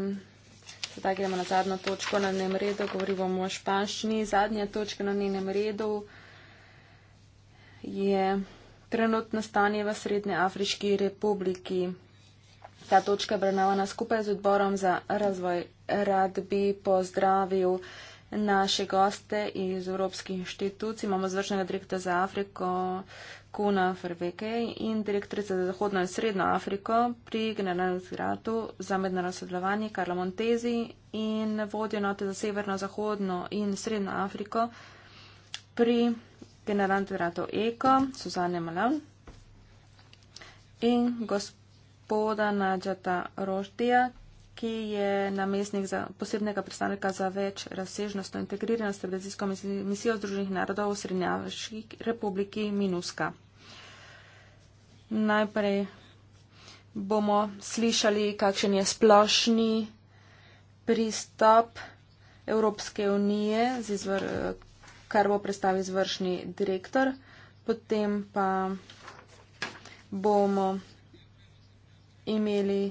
zdaj gremo na zadnjo točko na dnevnem redu, govorimo o španščini. Zadnja točka na dnevnem redu je trenutno stanje v Srednje Afriški republiki. Ta točka je obravnavana skupaj z odborom za razvoj. Rad bi pozdravil naše goste iz Evropskih inštitucij. Imamo zvršnega direktorja za Afriko Kuna Ferveke in direktorica za Zahodno in Srednjo Afriko pri Generalnem zgradu za mednarodno sodelovanje Karla Montezi in vodjo note za Severno, Zahodno in Srednjo Afriko pri Generalnem zgradu Eko Suzane Malan in gospoda Nadžata Roždija, ki je namestnik za posebnega predstavnika za več razsežnostno integriranost Evrazijsko misijo Združenih narodov v Srednjaški republiki Minuska. Najprej bomo slišali, kakšen je splošni pristop Evropske unije, izvr, kar bo predstavil izvršni direktor. Potem pa bomo imeli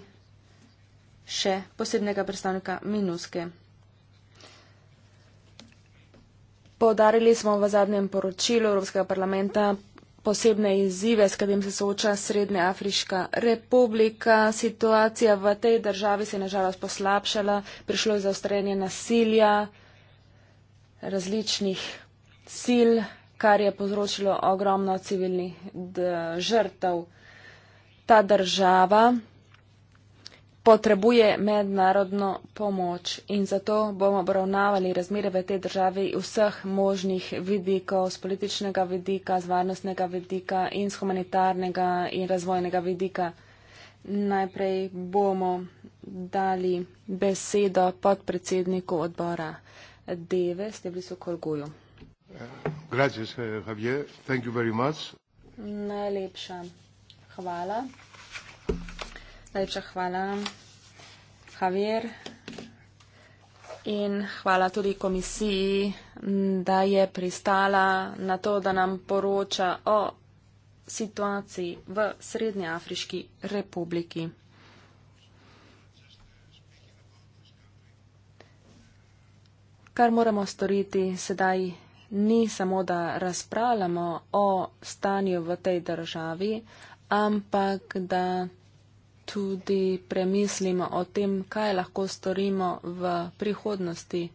še posebnega predstavnika Minuske. Podarili smo v zadnjem poročilu Evropskega parlamenta posebne izzive, s katerim se sooča Srednja Afriška republika. Situacija v tej državi se je nažalost poslabšala, prišlo je zaostrenje nasilja različnih sil, kar je povzročilo ogromno civilnih žrtev. Ta država potrebuje mednarodno pomoč in zato bomo obravnavali razmere v tej državi vseh možnih vidikov, z političnega vidika, z varnostnega vidika in z humanitarnega in razvojnega vidika. Najprej bomo dali besedo podpredsedniku odbora Deve, Steblisu Kolguju. Gracias, eh, Javier. Thank you very much. Najlepša hvala. Najlepša hvala, Javier. In hvala tudi komisiji, da je pristala na to, da nam poroča o situaciji v Srednjeafriški republiki. Kar moramo storiti sedaj ni samo, da razpravljamo o stanju v tej državi, ampak da tudi premislimo o tem, kaj lahko storimo v prihodnosti.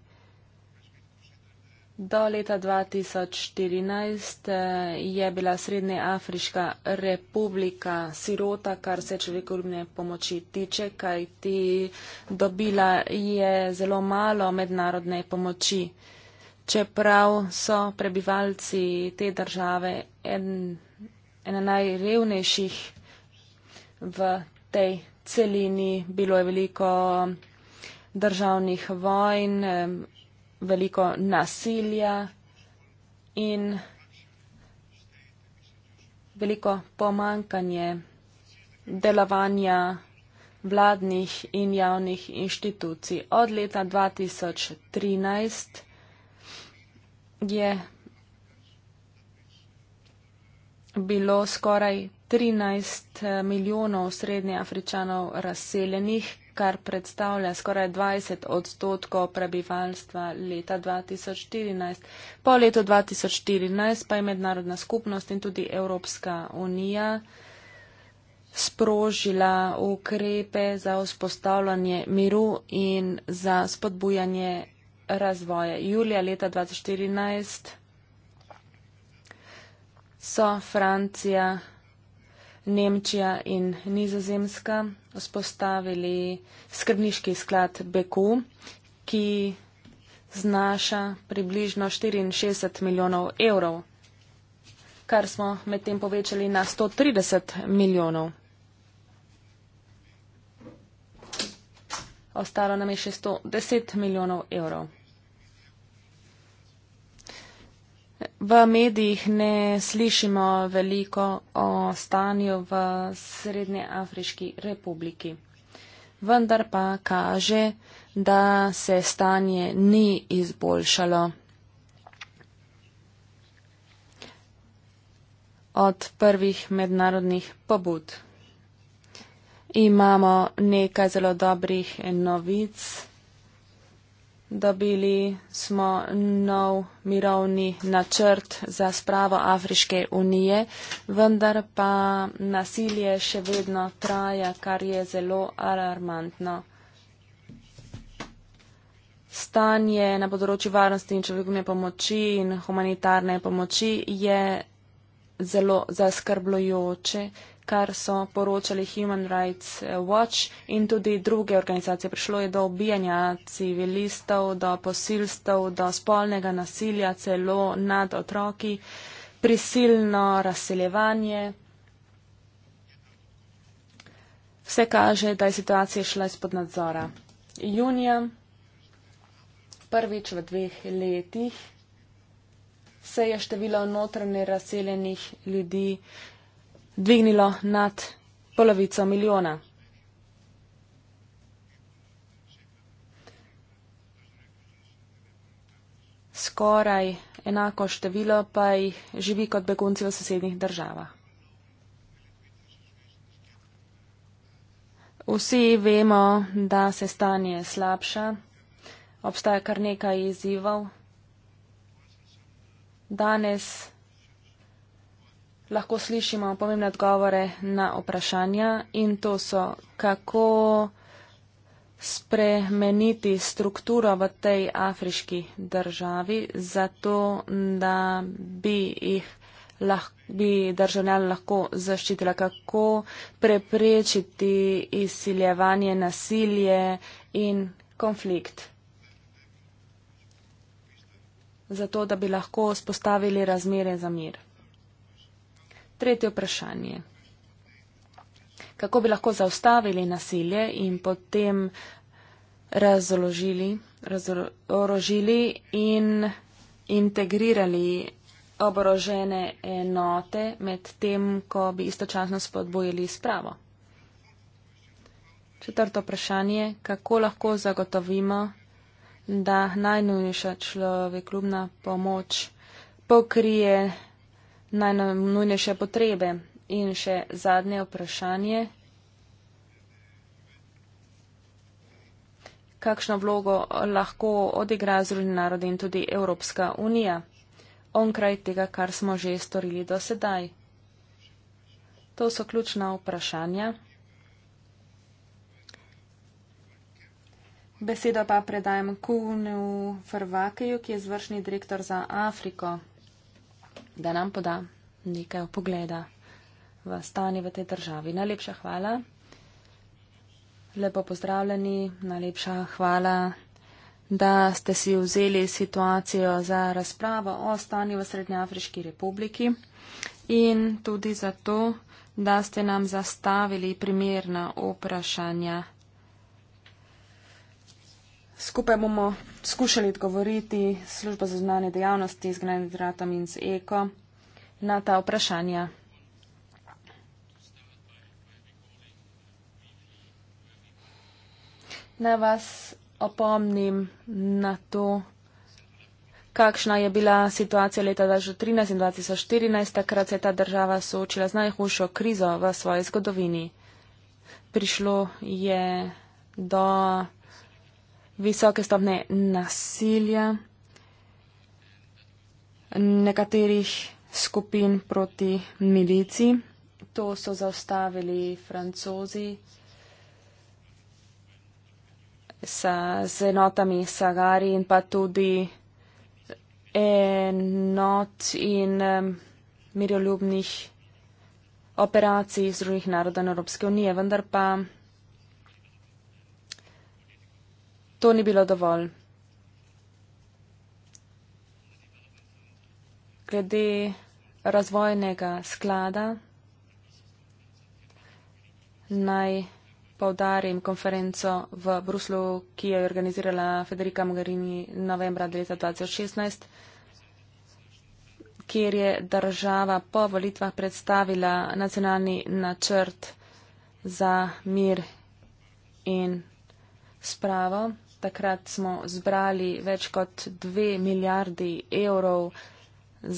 Do leta 2014 eh, je bila Srednje Afriška republika sirota, kar se človekovne pomoči tiče, kaj ti dobila je zelo malo mednarodne pomoči. Čeprav so prebivalci te države en, ena najrevnejših v tej celini. Bilo je veliko državnih vojn, veliko nasilja in veliko pomankanje delovanja vladnih in javnih inštitucij. Od leta 2013 je bilo skoraj 13 eh, milijonov srednjeafričanov razseljenih, kar predstavlja skoraj 20 odstotkov prebivalstva leta 2014. Po letu 2014 pa je mednarodna skupnost in tudi Evropska unija sprožila ukrepe za vzpostavljanje miru in za spodbujanje razvoja. Julija leta 2014 so Francija, Nemčija in Nizozemska vzpostavili skrbniški sklad BQ, ki znaša približno 64 milijonov evrov, kar smo medtem povečali na 130 milijonov. Ostalo nam je 610 milijonov evrov. V medijih ne slišimo veliko o stanju v Srednje Afriški republiki. Vendar pa kaže, da se stanje ni izboljšalo. Od prvih mednarodnih pobud. Imamo nekaj zelo dobrih novic da bili smo nov mirovni načrt za spravo Afriške unije, vendar pa nasilje še vedno traja, kar je zelo alarmantno. Stanje na področju varnosti in človekovne pomoči in humanitarne pomoči je zelo zaskrbljujoče kar so poročali Human Rights eh, Watch in tudi druge organizacije. Prišlo je do obijanja civilistov, do posilstev, do spolnega nasilja, celo nad otroki, prisilno razseljevanje. Vse kaže, da je situacija šla izpod nadzora. Junija, prvič v dveh letih, se je število notranje razseljenih ljudi dvignilo nad polovico milijona. Skoraj enako število pa jih živi kot begunci v sosednjih državah. Vsi vemo, da se stanje slabša, obstaja kar nekaj izzivov. Danes lahko slišimo pomembne odgovore na vprašanja in to so, kako spremeniti strukturo v tej afriški državi, zato da bi jih bi državljane lahko zaščitila, kako preprečiti izsiljevanje, nasilje in konflikt. Zato, da bi lahko spostavili razmere za mir. Tretje vprašanje. Kako bi lahko zaustavili nasilje in potem razložili, razorožili in integrirali oborožene enote med tem, ko bi istočasno spodbojili spravo? Četrto vprašanje. Kako lahko zagotovimo, da najnujnejša človekljubna pomoč pokrije najnujnejše potrebe. In še zadnje vprašanje. Kakšno vlogo lahko odigra Združeni narodi in tudi Evropska unija onkraj tega, kar smo že storili do sedaj? To so ključna vprašanja. Besedo pa predajam Kunu Frvakeju, ki je zvršni direktor za Afriko da nam poda nekaj opogleda v stanje v tej državi. Najlepša hvala. Lepo pozdravljeni, najlepša hvala, da ste si vzeli situacijo za razpravo o stanju v Srednjeafriški republiki in tudi zato, da ste nam zastavili primerna vprašanja. Skupaj bomo skušali odgovoriti službo za znane dejavnosti z Grand Ratom in z Eko na ta vprašanja. Naj vas opomnim na to, kakšna je bila situacija leta 2013 in 2014, takrat se je ta država soočila z najhujšo krizo v svoji zgodovini. Prišlo je do visoke stopne nasilja nekaterih skupin proti miliciji. To so zaustavili francozi sa, z enotami Sagari in pa tudi enot in um, miroljubnih operacij iz drugih narodov Evropske unije, vendar pa to ni bilo dovolj. Glede razvojnega sklada naj povdarim konferenco v Bruslu, ki je organizirala Federica Mogherini novembra leta 2016, kjer je država po volitvah predstavila nacionalni načrt za mir in spravo takrat smo zbrali več kot dve milijardi evrov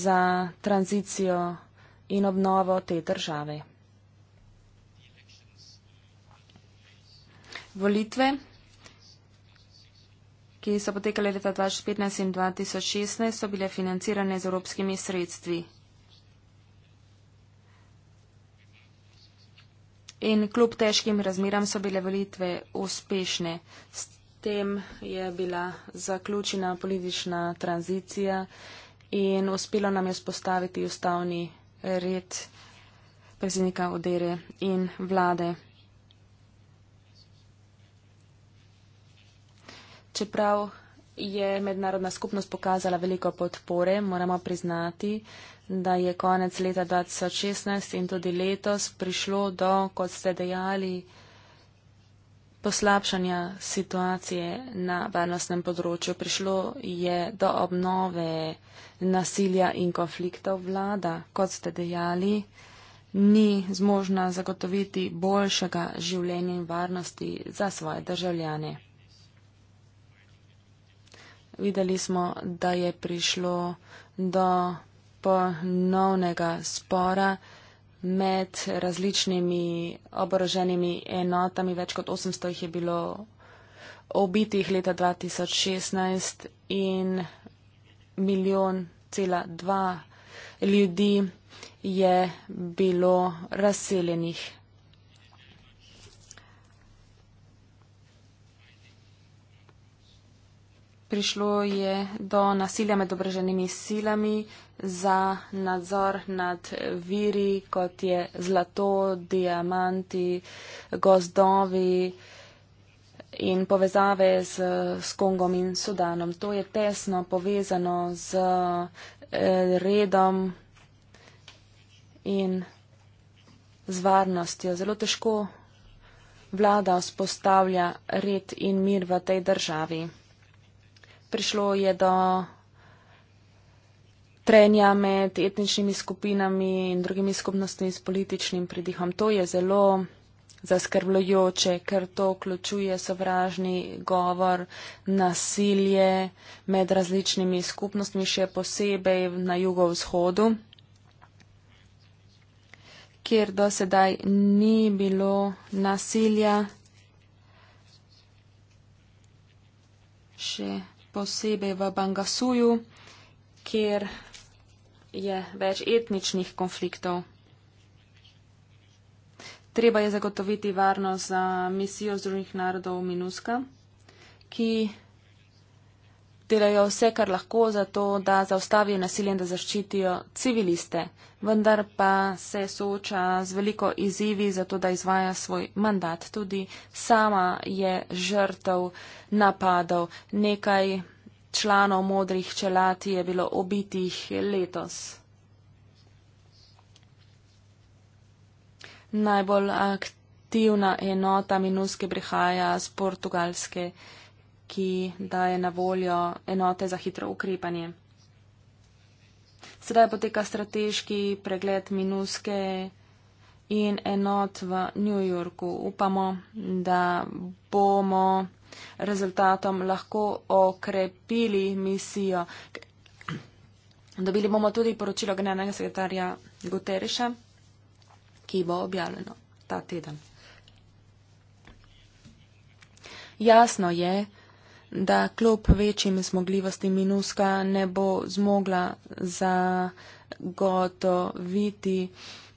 za tranzicijo in obnovo te države. Volitve, ki so potekale leta 2015 in 2016, so bile financirane z evropskimi sredstvi. In kljub težkim razmeram so bile volitve uspešne. S potem je bila zaključena politična tranzicija in uspelo nam je spostaviti ustavni red predsednika odere in vlade. Čeprav je mednarodna skupnost pokazala veliko podpore, moramo priznati, da je konec leta 2016 in tudi letos prišlo do, kot ste dejali, poslabšanja situacije na varnostnem področju. Prišlo je do obnove nasilja in konfliktov. Vlada, kot ste dejali, ni zmožna zagotoviti boljšega življenja in varnosti za svoje državljane. Videli smo, da je prišlo do ponovnega spora med različnimi oboroženimi enotami, več kot 800 jih je bilo obitih leta 2016 in milijon cela dva ljudi je bilo razseljenih. Prišlo je do nasilja med obraženimi silami, za nadzor nad viri, kot je zlato, diamanti, gozdovi in povezave z, s Kongom in Sudanom. To je tesno povezano z eh, redom in z varnostjo. Zelo težko vlada vzpostavlja red in mir v tej državi. Prišlo je do trenja med etničnimi skupinami in drugimi skupnostmi s političnim pridihom. To je zelo zaskrbljujoče, ker to vključuje sovražni govor, nasilje med različnimi skupnostmi, še posebej na jugovzhodu, kjer do sedaj ni bilo nasilja. Še posebej v Bangasuju, kjer je več etničnih konfliktov. Treba je zagotoviti varnost za misijo Združenih narodov Minuska, ki delajo vse, kar lahko, zato da zaustavijo nasilje in da zaščitijo civiliste, vendar pa se sooča z veliko izzivi, zato da izvaja svoj mandat. Tudi sama je žrtev napadov. Nekaj članov modrih čelati je bilo obitih letos. Najbolj aktivna enota Minuske prihaja z Portugalske, ki daje na voljo enote za hitro ukrepanje. Sedaj poteka strateški pregled Minuske in enot v New Yorku. Upamo, da bomo rezultatom lahko okrepili misijo. Dobili bomo tudi poročilo generalnega sekretarja Guterreša, ki bo objavljeno ta teden. Jasno je, da kljub večjim zmogljivosti Minuska ne bo zmogla zagotoviti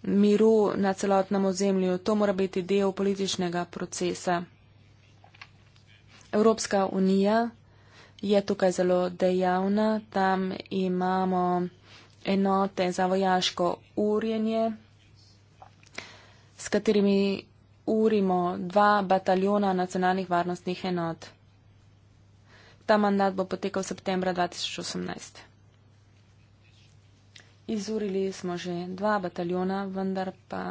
miru na celotnem ozemlju. To mora biti del političnega procesa. Evropska unija je tukaj zelo dejavna, tam imamo enote za vojaško urjenje, s katerimi urimo dva bataljona nacionalnih varnostnih enot. Ta mandat bo potekal v septembra 2018. Izurili smo že dva bataljona, vendar pa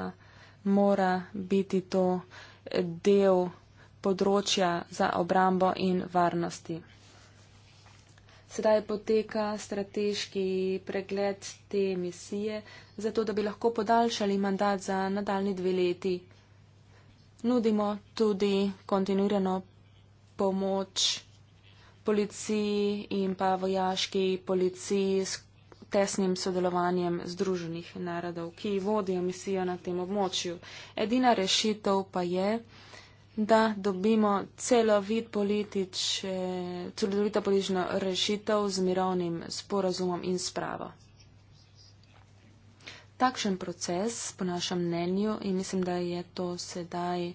mora biti to del področja za obrambo in varnosti. Sedaj poteka strateški pregled te misije, zato da bi lahko podaljšali mandat za nadaljni dve leti. Nudimo tudi kontinuirano pomoč policiji in pa vojaški policiji s tesnim sodelovanjem Združenih narodov, ki vodijo misijo na tem območju. Edina rešitev pa je, da dobimo celovit politič, celovita politična rešitev z mirovnim sporazumom in spravo. Takšen proces, po našem mnenju, in mislim, da je to sedaj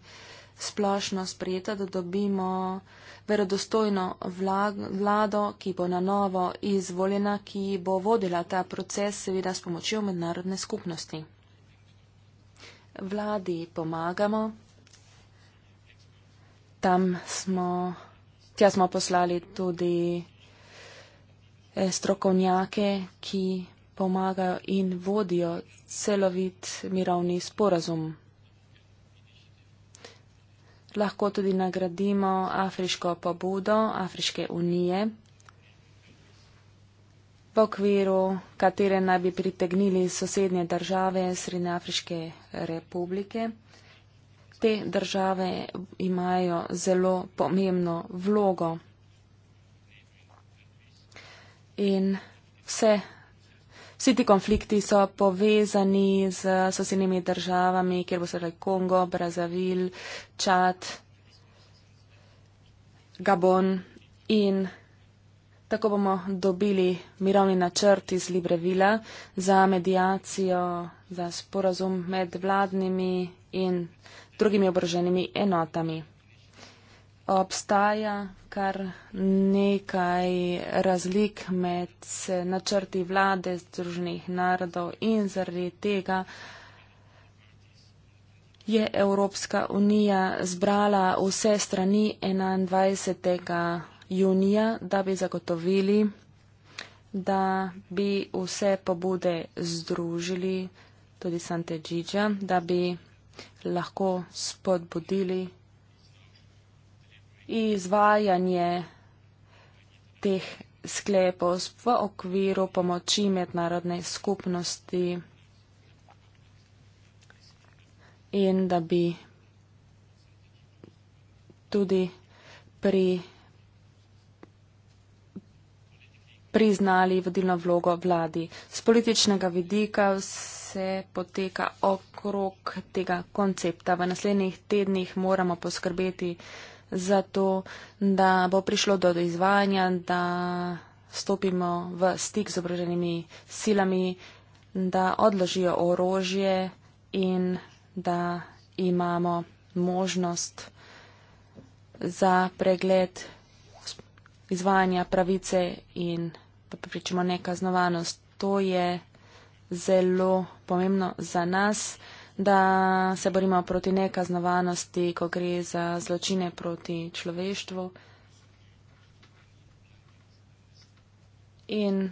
splošno sprijeta, da dobimo verodostojno vlado, ki bo na novo izvoljena, ki bo vodila ta proces, seveda s pomočjo mednarodne skupnosti. Vladi pomagamo, tam smo, tja smo poslali tudi eh, strokovnjake, ki pomagajo in vodijo celovit mirovni sporazum. Lahko tudi nagradimo afriško pobudo Afriške unije, v okviru katere naj bi pritegnili sosednje države Srednje Afriške republike te države imajo zelo pomembno vlogo. In vse, vsi ti konflikti so povezani z sosednjimi državami, kjer bo sedaj Kongo, Brazavil, Čad, Gabon in tako bomo dobili mirovni načrt iz Librevila za medijacijo, za sporazum med vladnimi in drugimi oboroženimi enotami. Obstaja kar nekaj razlik med načrti vlade Združenih narodov in zaradi tega je Evropska unija zbrala vse strani 21. junija, da bi zagotovili, da bi vse pobude združili, tudi Sante Džidža, da bi lahko spodbudili izvajanje teh sklepov v okviru pomoči mednarodne skupnosti in da bi tudi pri priznali vodilno vlogo vladi. Z političnega vidika se poteka okrog tega koncepta. V naslednjih tednih moramo poskrbeti za to, da bo prišlo do izvajanja, da stopimo v stik z obroženimi silami, da odložijo orožje in da imamo možnost za pregled izvajanja pravice in pa pričemo nekaznovanost. To je zelo pomembno za nas, da se borimo proti nekaznovanosti, ko gre za zločine proti človeštvu. In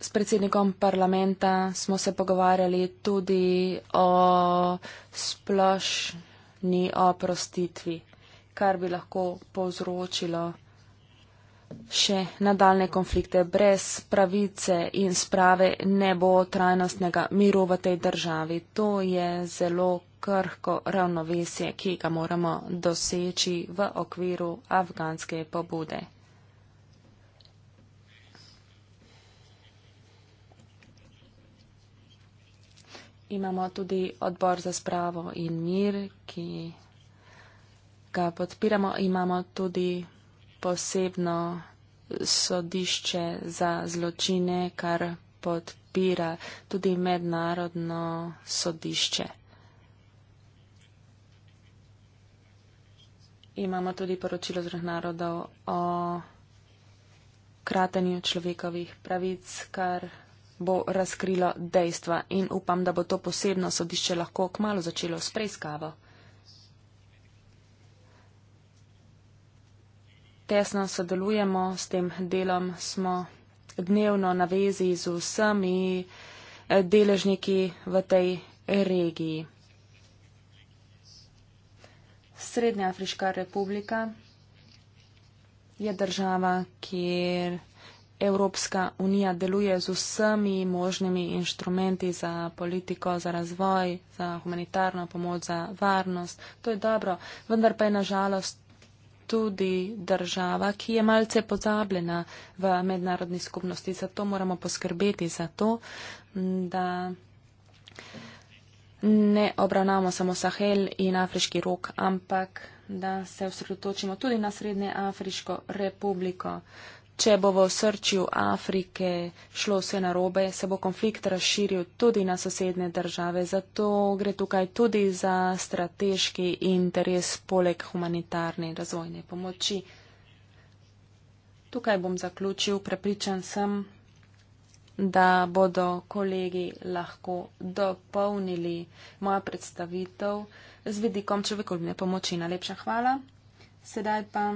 s predsednikom parlamenta smo se pogovarjali tudi o splošni oprostitvi, kar bi lahko povzročilo še nadaljne konflikte brez pravice in sprave ne bo trajnostnega miru v tej državi. To je zelo krhko ravnovesje, ki ga moramo doseči v okviru afganske pobude. Imamo tudi odbor za spravo in mir, ki ga podpiramo. Imamo tudi posebno sodišče za zločine, kar podpira tudi mednarodno sodišče. Imamo tudi poročilo zrah narodov o kratenju človekovih pravic, kar bo razkrilo dejstva in upam, da bo to posebno sodišče lahko kmalo začelo s preiskavo. tesno sodelujemo s tem delom, smo dnevno na vezi z vsemi eh, deležniki v tej regiji. Srednja Afriška republika je država, kjer Evropska unija deluje z vsemi možnimi inštrumenti za politiko, za razvoj, za humanitarno pomoč, za varnost. To je dobro, vendar pa je nažalost tudi država, ki je malce pozabljena v mednarodni skupnosti. Zato moramo poskrbeti za to, da ne obravnamo samo Sahel in afriški rok, ampak da se osredotočimo tudi na Srednje Afriško republiko. Če bo v srčju Afrike šlo vse narobe, se bo konflikt razširil tudi na sosedne države, zato gre tukaj tudi za strateški interes poleg humanitarne razvojne pomoči. Tukaj bom zaključil, prepričan sem, da bodo kolegi lahko dopolnili moja predstavitev z vidikom človekovne pomoči. Najlepša hvala. Sedaj pa.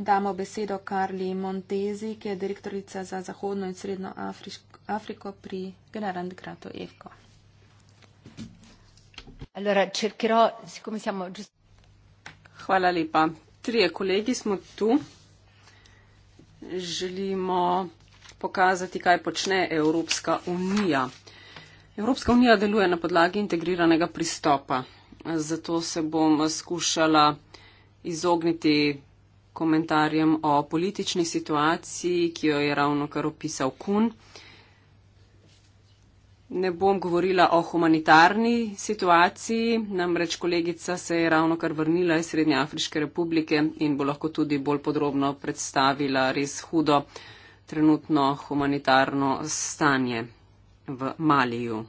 Damo besedo Karli Montezi, ki je direktorica za Zahodno in Srednjo Afriko pri Generand Grato Eko. Hvala lepa. Trije kolegi smo tu. Želimo pokazati, kaj počne Evropska unija. Evropska unija deluje na podlagi integriranega pristopa. Zato se bom skušala izogniti komentarjem o politični situaciji, ki jo je ravno kar opisal Kun. Ne bom govorila o humanitarni situaciji, namreč kolegica se je ravno kar vrnila iz Srednje Afriške republike in bo lahko tudi bolj podrobno predstavila res hudo trenutno humanitarno stanje v Maliju.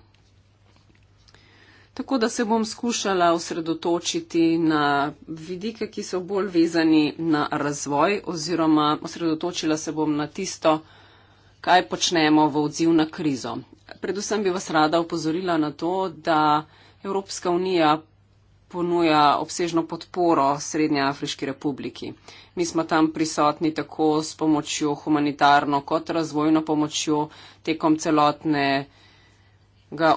Tako da se bom skušala osredotočiti na vidike, ki so bolj vezani na razvoj oziroma osredotočila se bom na tisto, kaj počnemo v odziv na krizo. Predvsem bi vas rada upozorila na to, da Evropska unija ponuja obsežno podporo Srednje Afriški republiki. Mi smo tam prisotni tako s pomočjo humanitarno kot razvojno pomočjo tekom celotne krize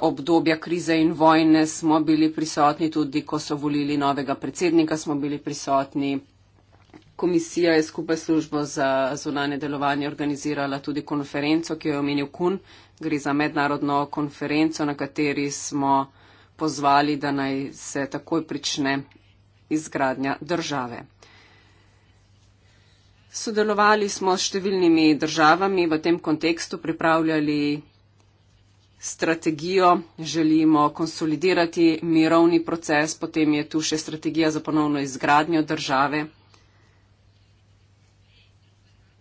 obdobja krize in vojne smo bili prisotni tudi, ko so volili novega predsednika, smo bili prisotni. Komisija je skupaj službo za zunanje delovanje organizirala tudi konferenco, ki jo je omenil Kun. Gre za mednarodno konferenco, na kateri smo pozvali, da naj se takoj prične izgradnja države. Sodelovali smo s številnimi državami v tem kontekstu, pripravljali strategijo želimo konsolidirati mirovni proces, potem je tu še strategija za ponovno izgradnjo države.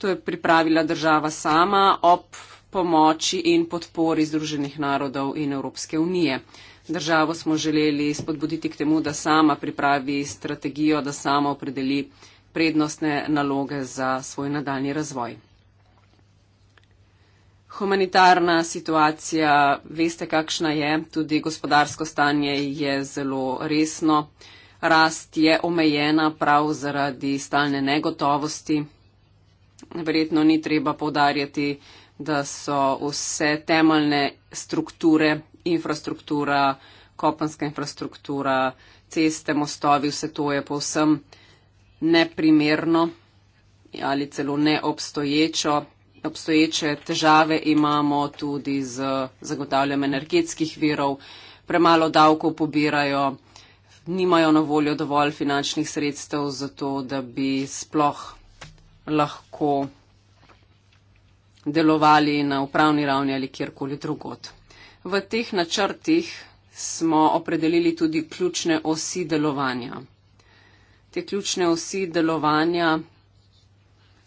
To je pripravila država sama ob pomoči in podpori Združenih narodov in Evropske unije. Državo smo želeli spodbuditi k temu, da sama pripravi strategijo, da sama opredeli prednostne naloge za svoj nadaljni razvoj. Humanitarna situacija, veste kakšna je, tudi gospodarsko stanje je zelo resno. Rast je omejena prav zaradi stalne negotovosti. Verjetno ni treba povdarjati, da so vse temeljne strukture, infrastruktura, kopanska infrastruktura, ceste, mostovi, vse to je povsem neprimerno ali celo neobstoječo obstoječe težave imamo tudi z zagotavljanjem energetskih virov, premalo davkov pobirajo, nimajo na voljo dovolj finančnih sredstev za to, da bi sploh lahko delovali na upravni ravni ali kjerkoli drugot. V teh načrtih smo opredelili tudi ključne osi delovanja. Te ključne osi delovanja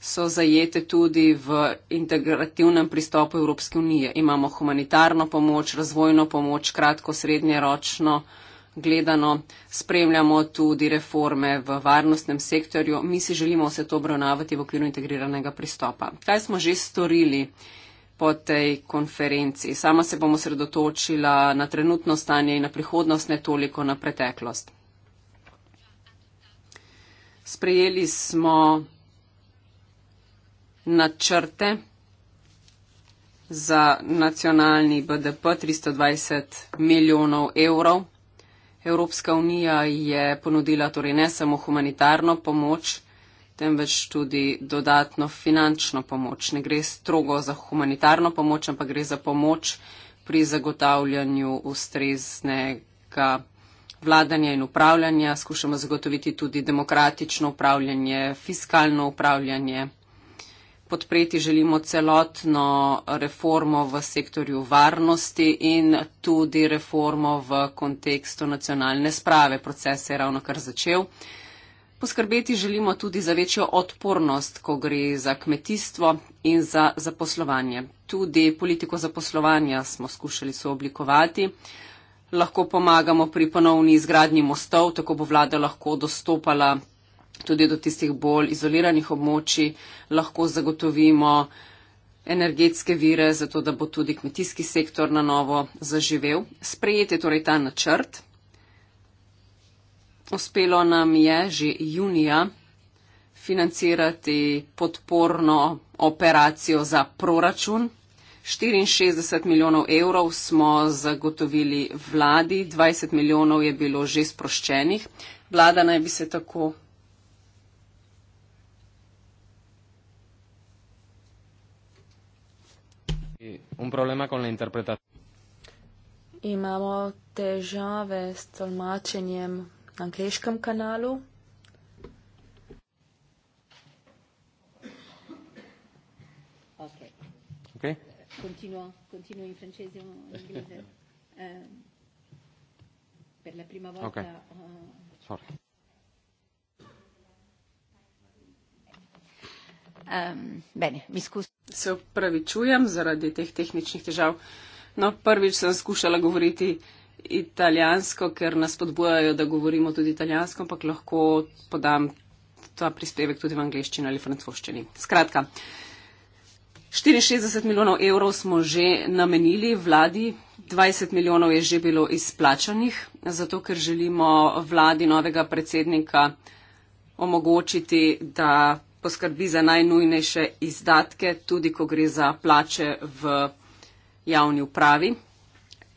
so zajete tudi v integrativnem pristopu Evropske unije. Imamo humanitarno pomoč, razvojno pomoč, kratko, srednje ročno gledano, spremljamo tudi reforme v varnostnem sektorju. Mi si želimo vse to obravnavati v okviru integriranega pristopa. Kaj smo že storili po tej konferenci? Sama se bomo sredotočila na trenutno stanje in na prihodnost, ne toliko na preteklost. Sprejeli smo načrte za nacionalni BDP 320 milijonov evrov. Evropska unija je ponudila torej ne samo humanitarno pomoč, temveč tudi dodatno finančno pomoč. Ne gre strogo za humanitarno pomoč, ampak gre za pomoč pri zagotavljanju ustreznega vladanja in upravljanja. Skušamo zagotoviti tudi demokratično upravljanje, fiskalno upravljanje podpreti želimo celotno reformo v sektorju varnosti in tudi reformo v kontekstu nacionalne sprave. Proces se je ravno kar začel. Poskrbeti želimo tudi za večjo odpornost, ko gre za kmetijstvo in za zaposlovanje. Tudi politiko zaposlovanja smo skušali sooblikovati. Lahko pomagamo pri ponovni izgradnji mostov, tako bo vlada lahko dostopala tudi do tistih bolj izoliranih območij lahko zagotovimo energetske vire, zato da bo tudi kmetijski sektor na novo zaživel. Sprejet je torej ta načrt. Uspelo nam je že junija financirati podporno operacijo za proračun. 64 milijonov evrov smo zagotovili vladi, 20 milijonov je bilo že sproščenih. Vlada naj bi se tako un problema con la interpretación. Imamo težave s tolmačenjem na angliškem kanalu. Okay. Okay. Continuo, continuo in Um, bene, mi skus... Se upravičujem zaradi teh tehničnih težav. No, prvič sem skušala govoriti italijansko, ker nas podbujajo, da govorimo tudi italijansko, ampak lahko podam ta prispevek tudi v angliščini ali francoščini. Skratka, 64 milijonov evrov smo že namenili vladi, 20 milijonov je že bilo izplačanih, zato ker želimo vladi novega predsednika omogočiti, da poskrbi za najnujnejše izdatke, tudi ko gre za plače v javni upravi.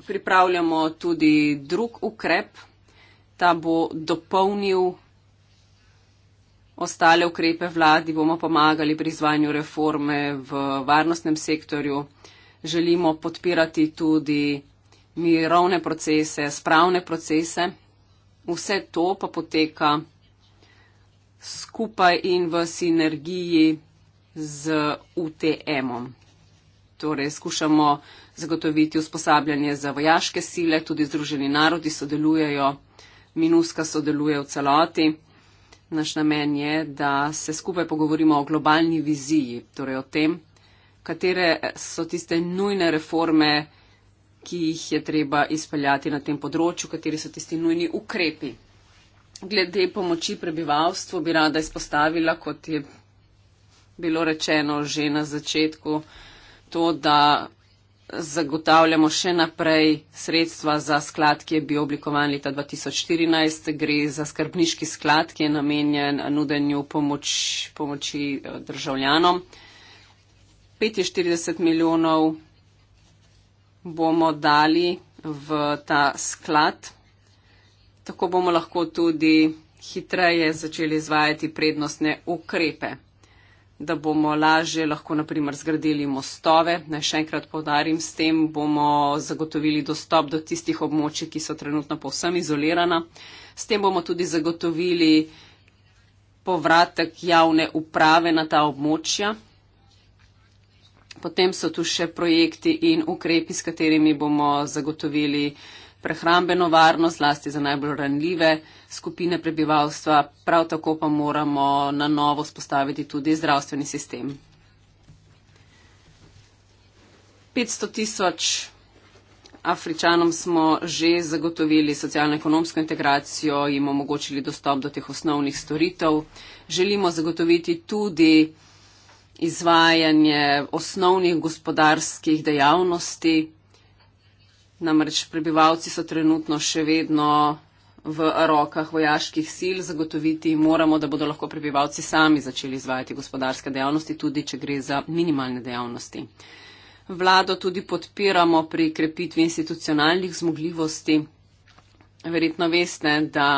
Pripravljamo tudi drug ukrep, ta bo dopolnil ostale ukrepe vladi, bomo pomagali pri izvajanju reforme v varnostnem sektorju. Želimo podpirati tudi mirovne procese, spravne procese. Vse to pa poteka skupaj in v sinergiji z UTM-om. Torej, skušamo zagotoviti usposabljanje za vojaške sile, tudi združeni narodi sodelujejo, Minuska sodeluje v celoti. Naš namen je, da se skupaj pogovorimo o globalni viziji, torej o tem, katere so tiste nujne reforme, ki jih je treba izpeljati na tem področju, kateri so tisti nujni ukrepi, glede pomoči prebivalstvu bi rada izpostavila, kot je bilo rečeno že na začetku, to, da zagotavljamo še naprej sredstva za sklad, ki je bil oblikovan leta 2014. Gre za skrbniški sklad, ki je namenjen nudenju pomoč, pomoči eh, državljanom. 45 milijonov bomo dali v ta sklad. Tako bomo lahko tudi hitreje začeli izvajati prednostne ukrepe, da bomo lažje lahko naprimer zgradili mostove. Naj še enkrat povdarim, s tem bomo zagotovili dostop do tistih območij, ki so trenutno povsem izolirana. S tem bomo tudi zagotovili povratek javne uprave na ta območja. Potem so tu še projekti in ukrepi, s katerimi bomo zagotovili prehrambeno varnost, zlasti za najbolj ranljive skupine prebivalstva, prav tako pa moramo na novo spostaviti tudi zdravstveni sistem. 500 tisoč Afričanom smo že zagotovili socialno-ekonomsko integracijo, jim omogočili dostop do teh osnovnih storitev. Želimo zagotoviti tudi izvajanje osnovnih gospodarskih dejavnosti. Namreč prebivalci so trenutno še vedno v rokah vojaških sil, zagotoviti moramo, da bodo lahko prebivalci sami začeli izvajati gospodarske dejavnosti, tudi če gre za minimalne dejavnosti. Vlado tudi podpiramo pri krepitvi institucionalnih zmogljivosti. Verjetno veste, da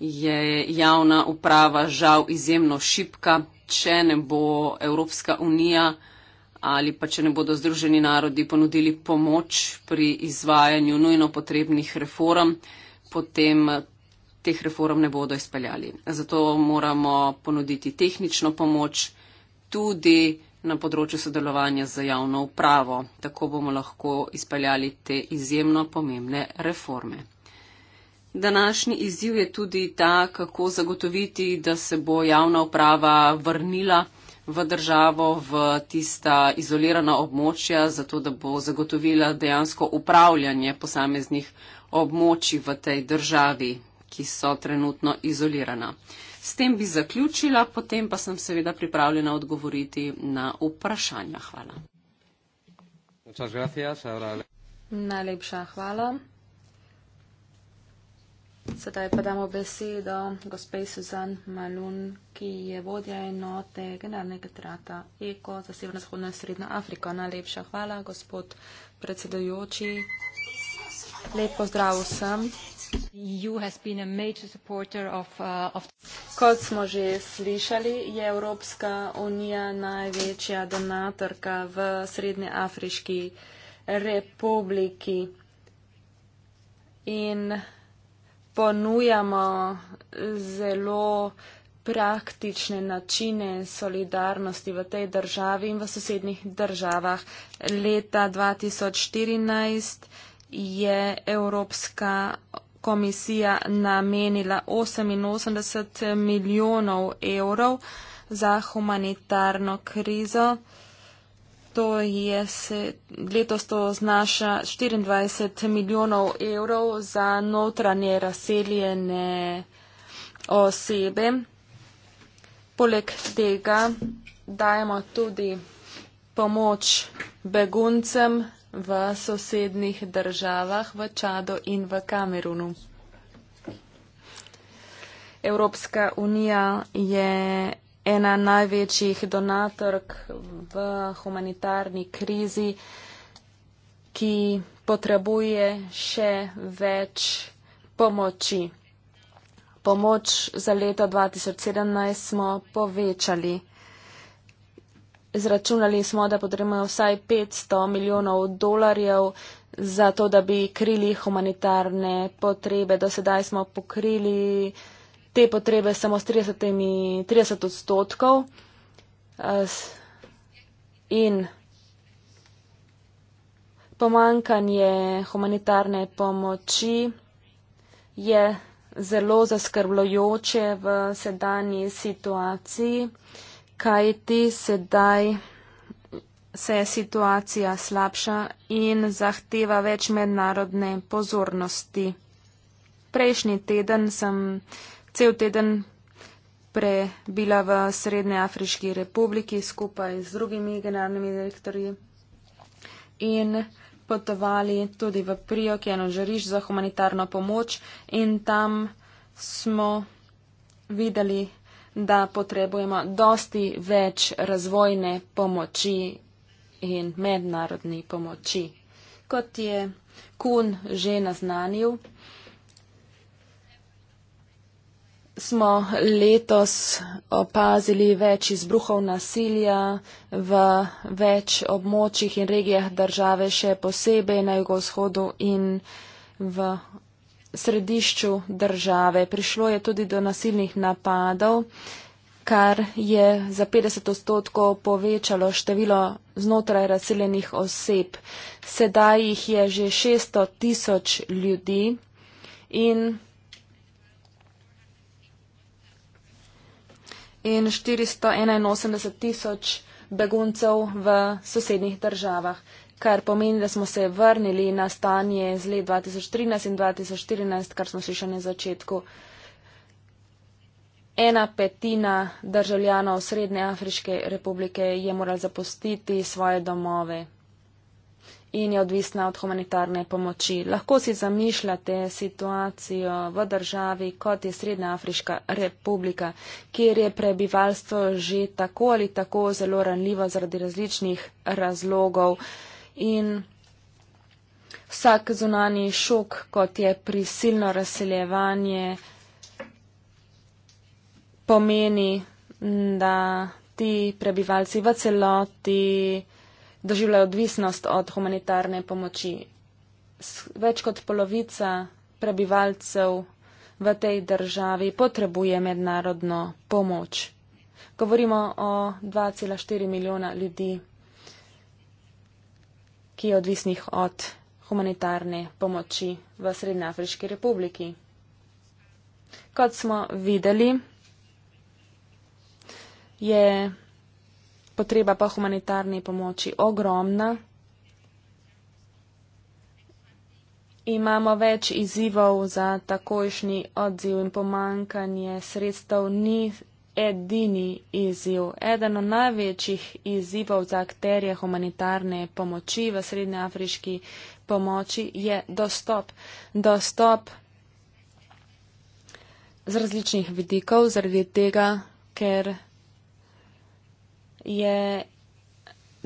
je javna uprava žal izjemno šipka, če ne bo Evropska unija ali pa če ne bodo Združeni narodi ponudili pomoč pri izvajanju nujno potrebnih reform, potem teh reform ne bodo izpeljali. Zato moramo ponuditi tehnično pomoč tudi na področju sodelovanja z javno upravo. Tako bomo lahko izpeljali te izjemno pomembne reforme. Današnji izziv je tudi ta, kako zagotoviti, da se bo javna uprava vrnila v državo, v tista izolirana območja, zato da bo zagotovila dejansko upravljanje posameznih območji v tej državi, ki so trenutno izolirana. S tem bi zaključila, potem pa sem seveda pripravljena odgovoriti na vprašanja. Hvala. Najlepša hvala. Sedaj pa damo besedo gospe Suzan Malun, ki je vodja enote generalnega trata Eko za severno-zahodno in srednjo Afriko. Najlepša hvala, gospod predsedujoči. Lep pozdrav vsem. Of, uh, of... Kot smo že slišali, je Evropska unija največja donatorka v Srednje Afriški republiki. In ponujamo zelo praktične načine solidarnosti v tej državi in v sosednjih državah. Leta 2014 je Evropska komisija namenila 88 milijonov evrov za humanitarno krizo. To je se letos to znaša 24 milijonov evrov za notranje razseljene osebe. Poleg tega dajemo tudi pomoč beguncem v sosednih državah v Čado in v Kamerunu. Evropska unija je ena največjih donatork v humanitarni krizi, ki potrebuje še več pomoči. Pomoč za leto 2017 smo povečali. Izračunali smo, da potrebujemo vsaj 500 milijonov dolarjev za to, da bi krili humanitarne potrebe. Do sedaj smo pokrili te potrebe samo s 30, 30 odstotkov. Eh, in pomankanje humanitarne pomoči je zelo zaskrbljujoče v sedanji situaciji, kajti sedaj se situacija slabša in zahteva več mednarodne pozornosti. Prejšnji teden sem cel teden prebila v Srednje Afriški republiki skupaj z drugimi generalnimi direktorji in potovali tudi v Prijo, ki je eno žariš za humanitarno pomoč in tam smo videli, da potrebujemo dosti več razvojne pomoči in mednarodni pomoči. Kot je Kun že naznanil, smo letos opazili več izbruhov nasilja v več območjih in regijah države, še posebej na jugovzhodu in v središču države. Prišlo je tudi do nasilnih napadov, kar je za 50 odstotkov povečalo število znotraj razseljenih oseb. Sedaj jih je že 600 tisoč ljudi in in 481 tisoč beguncev v sosednjih državah, kar pomeni, da smo se vrnili na stanje z let 2013 in 2014, kar smo slišali na začetku. Ena petina državljanov Srednje Afriške republike je moral zapustiti svoje domove in je odvisna od humanitarne pomoči. Lahko si zamišljate situacijo v državi, kot je Srednja Afriška republika, kjer je prebivalstvo že tako ali tako zelo ranljivo zaradi različnih razlogov in vsak zunani šok, kot je prisilno razseljevanje, pomeni, da ti prebivalci v celoti doživljajo odvisnost od humanitarne pomoči. Več kot polovica prebivalcev v tej državi potrebuje mednarodno pomoč. Govorimo o 2,4 milijona ljudi, ki je odvisnih od humanitarne pomoči v Srednjeafriški republiki. Kot smo videli, je potreba po humanitarni pomoči ogromna. Imamo več izzivov za takojšnji odziv in pomankanje sredstev ni edini izziv. Eden od največjih izzivov za akterje humanitarne pomoči v srednjeafriški pomoči je dostop. Dostop z različnih vidikov, zaradi tega, ker je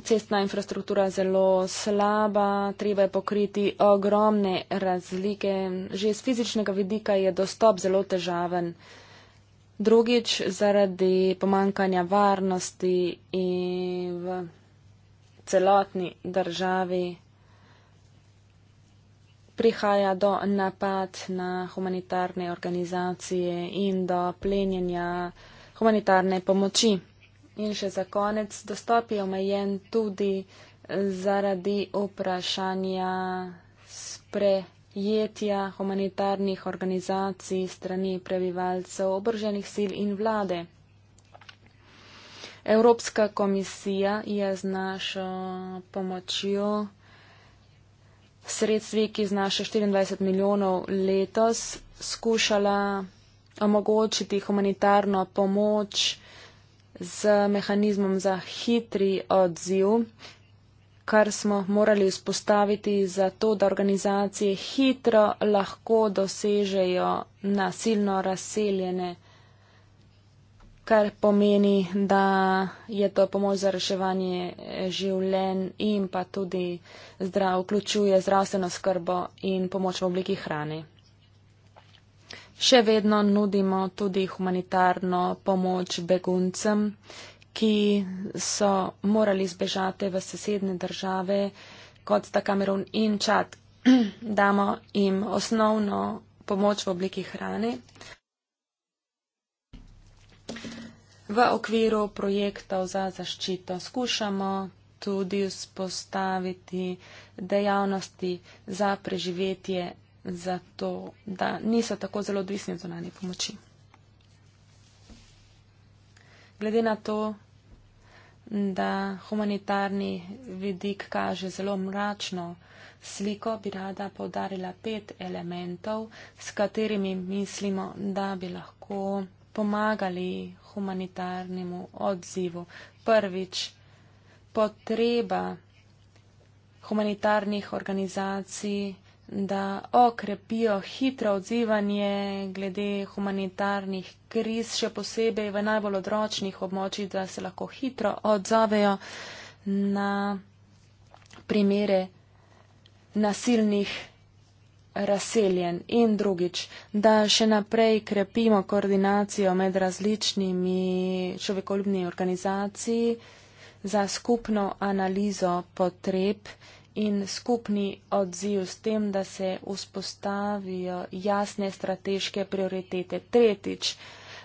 cestna infrastruktura zelo slaba, treba je pokriti ogromne razlike. Že z fizičnega vidika je dostop zelo težaven. Drugič, zaradi pomankanja varnosti in v celotni državi prihaja do napad na humanitarne organizacije in do plenjenja humanitarne pomoči. In še za konec, dostop je omejen tudi zaradi vprašanja sprejetja humanitarnih organizacij strani prebivalcev obrženih sil in vlade. Evropska komisija je z našo pomočjo sredstvi, ki znaša 24 milijonov letos, skušala omogočiti humanitarno pomoč z mehanizmom za hitri odziv, kar smo morali vzpostaviti za to, da organizacije hitro lahko dosežejo nasilno razseljene, kar pomeni, da je to pomoč za reševanje življen in pa tudi zdrav, vključuje zdravstveno skrbo in pomoč v obliki hrane še vedno nudimo tudi humanitarno pomoč beguncem, ki so morali zbežati v sosedne države, kot sta Kamerun in Čad. Damo jim osnovno pomoč v obliki hrane. V okviru projektov za zaščito skušamo tudi vzpostaviti dejavnosti za preživetje zato da niso tako zelo odvisni od zunanje pomoči. Glede na to, da humanitarni vidik kaže zelo mračno sliko, bi rada povdarila pet elementov, s katerimi mislimo, da bi lahko pomagali humanitarnemu odzivu. Prvič, potreba humanitarnih organizacij da okrepijo hitro odzivanje glede humanitarnih kriz, še posebej v najbolj odročnih območjih, da se lahko hitro odzovejo na primere nasilnih razseljen in drugič, da še naprej krepimo koordinacijo med različnimi človekoljubnimi organizacijami za skupno analizo potreb in skupni odziv s tem, da se vzpostavijo jasne strateške prioritete. Tretjič,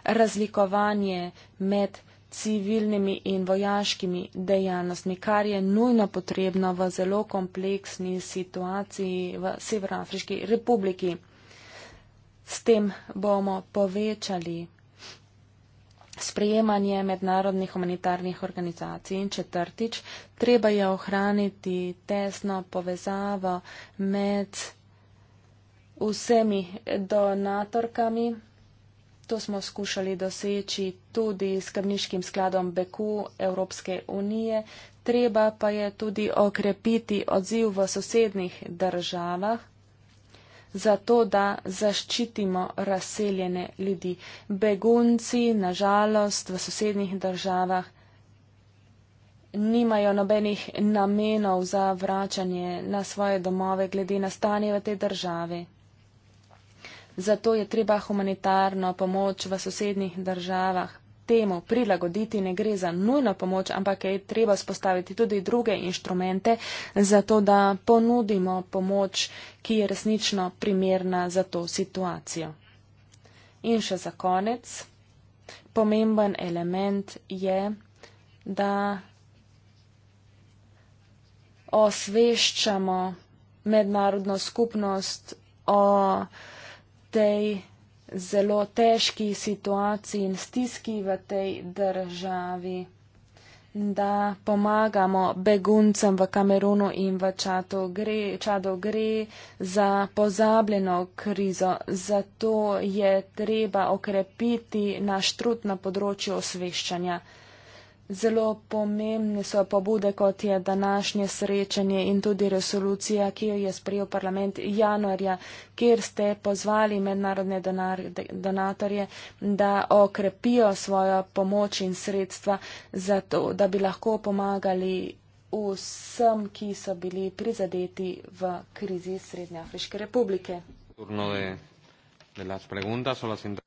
razlikovanje med civilnimi in vojaškimi dejavnostmi, kar je nujno potrebno v zelo kompleksni situaciji v Severoafriški republiki. S tem bomo povečali sprejemanje mednarodnih humanitarnih organizacij in četrtič, treba je ohraniti tesno povezavo med vsemi donatorkami. To smo skušali doseči tudi s Krniškim skladom Beku Evropske unije. Treba pa je tudi okrepiti odziv v sosednjih državah zato da zaščitimo razseljene ljudi. Begunci, nažalost, v sosednjih državah nimajo nobenih namenov za vračanje na svoje domove glede na stanje v tej državi. Zato je treba humanitarno pomoč v sosednjih državah temu prilagoditi, ne gre za nujno pomoč, ampak je treba spostaviti tudi druge inštrumente za to, da ponudimo pomoč, ki je resnično primerna za to situacijo. In še za konec. Pomemben element je, da osveščamo mednarodno skupnost o tej zelo težki situaciji in stiski v tej državi, da pomagamo beguncem v Kamerunu in v Čadu. Gre, Čadu gre za pozabljeno krizo, zato je treba okrepiti naš trud na področju osveščanja. Zelo pomembne so pobude, kot je današnje srečanje in tudi resolucija, ki jo je sprejel parlament januarja, kjer ste pozvali mednarodne donar, donatorje, da okrepijo svojo pomoč in sredstva za to, da bi lahko pomagali vsem, ki so bili prizadeti v krizi Srednjeafriške republike.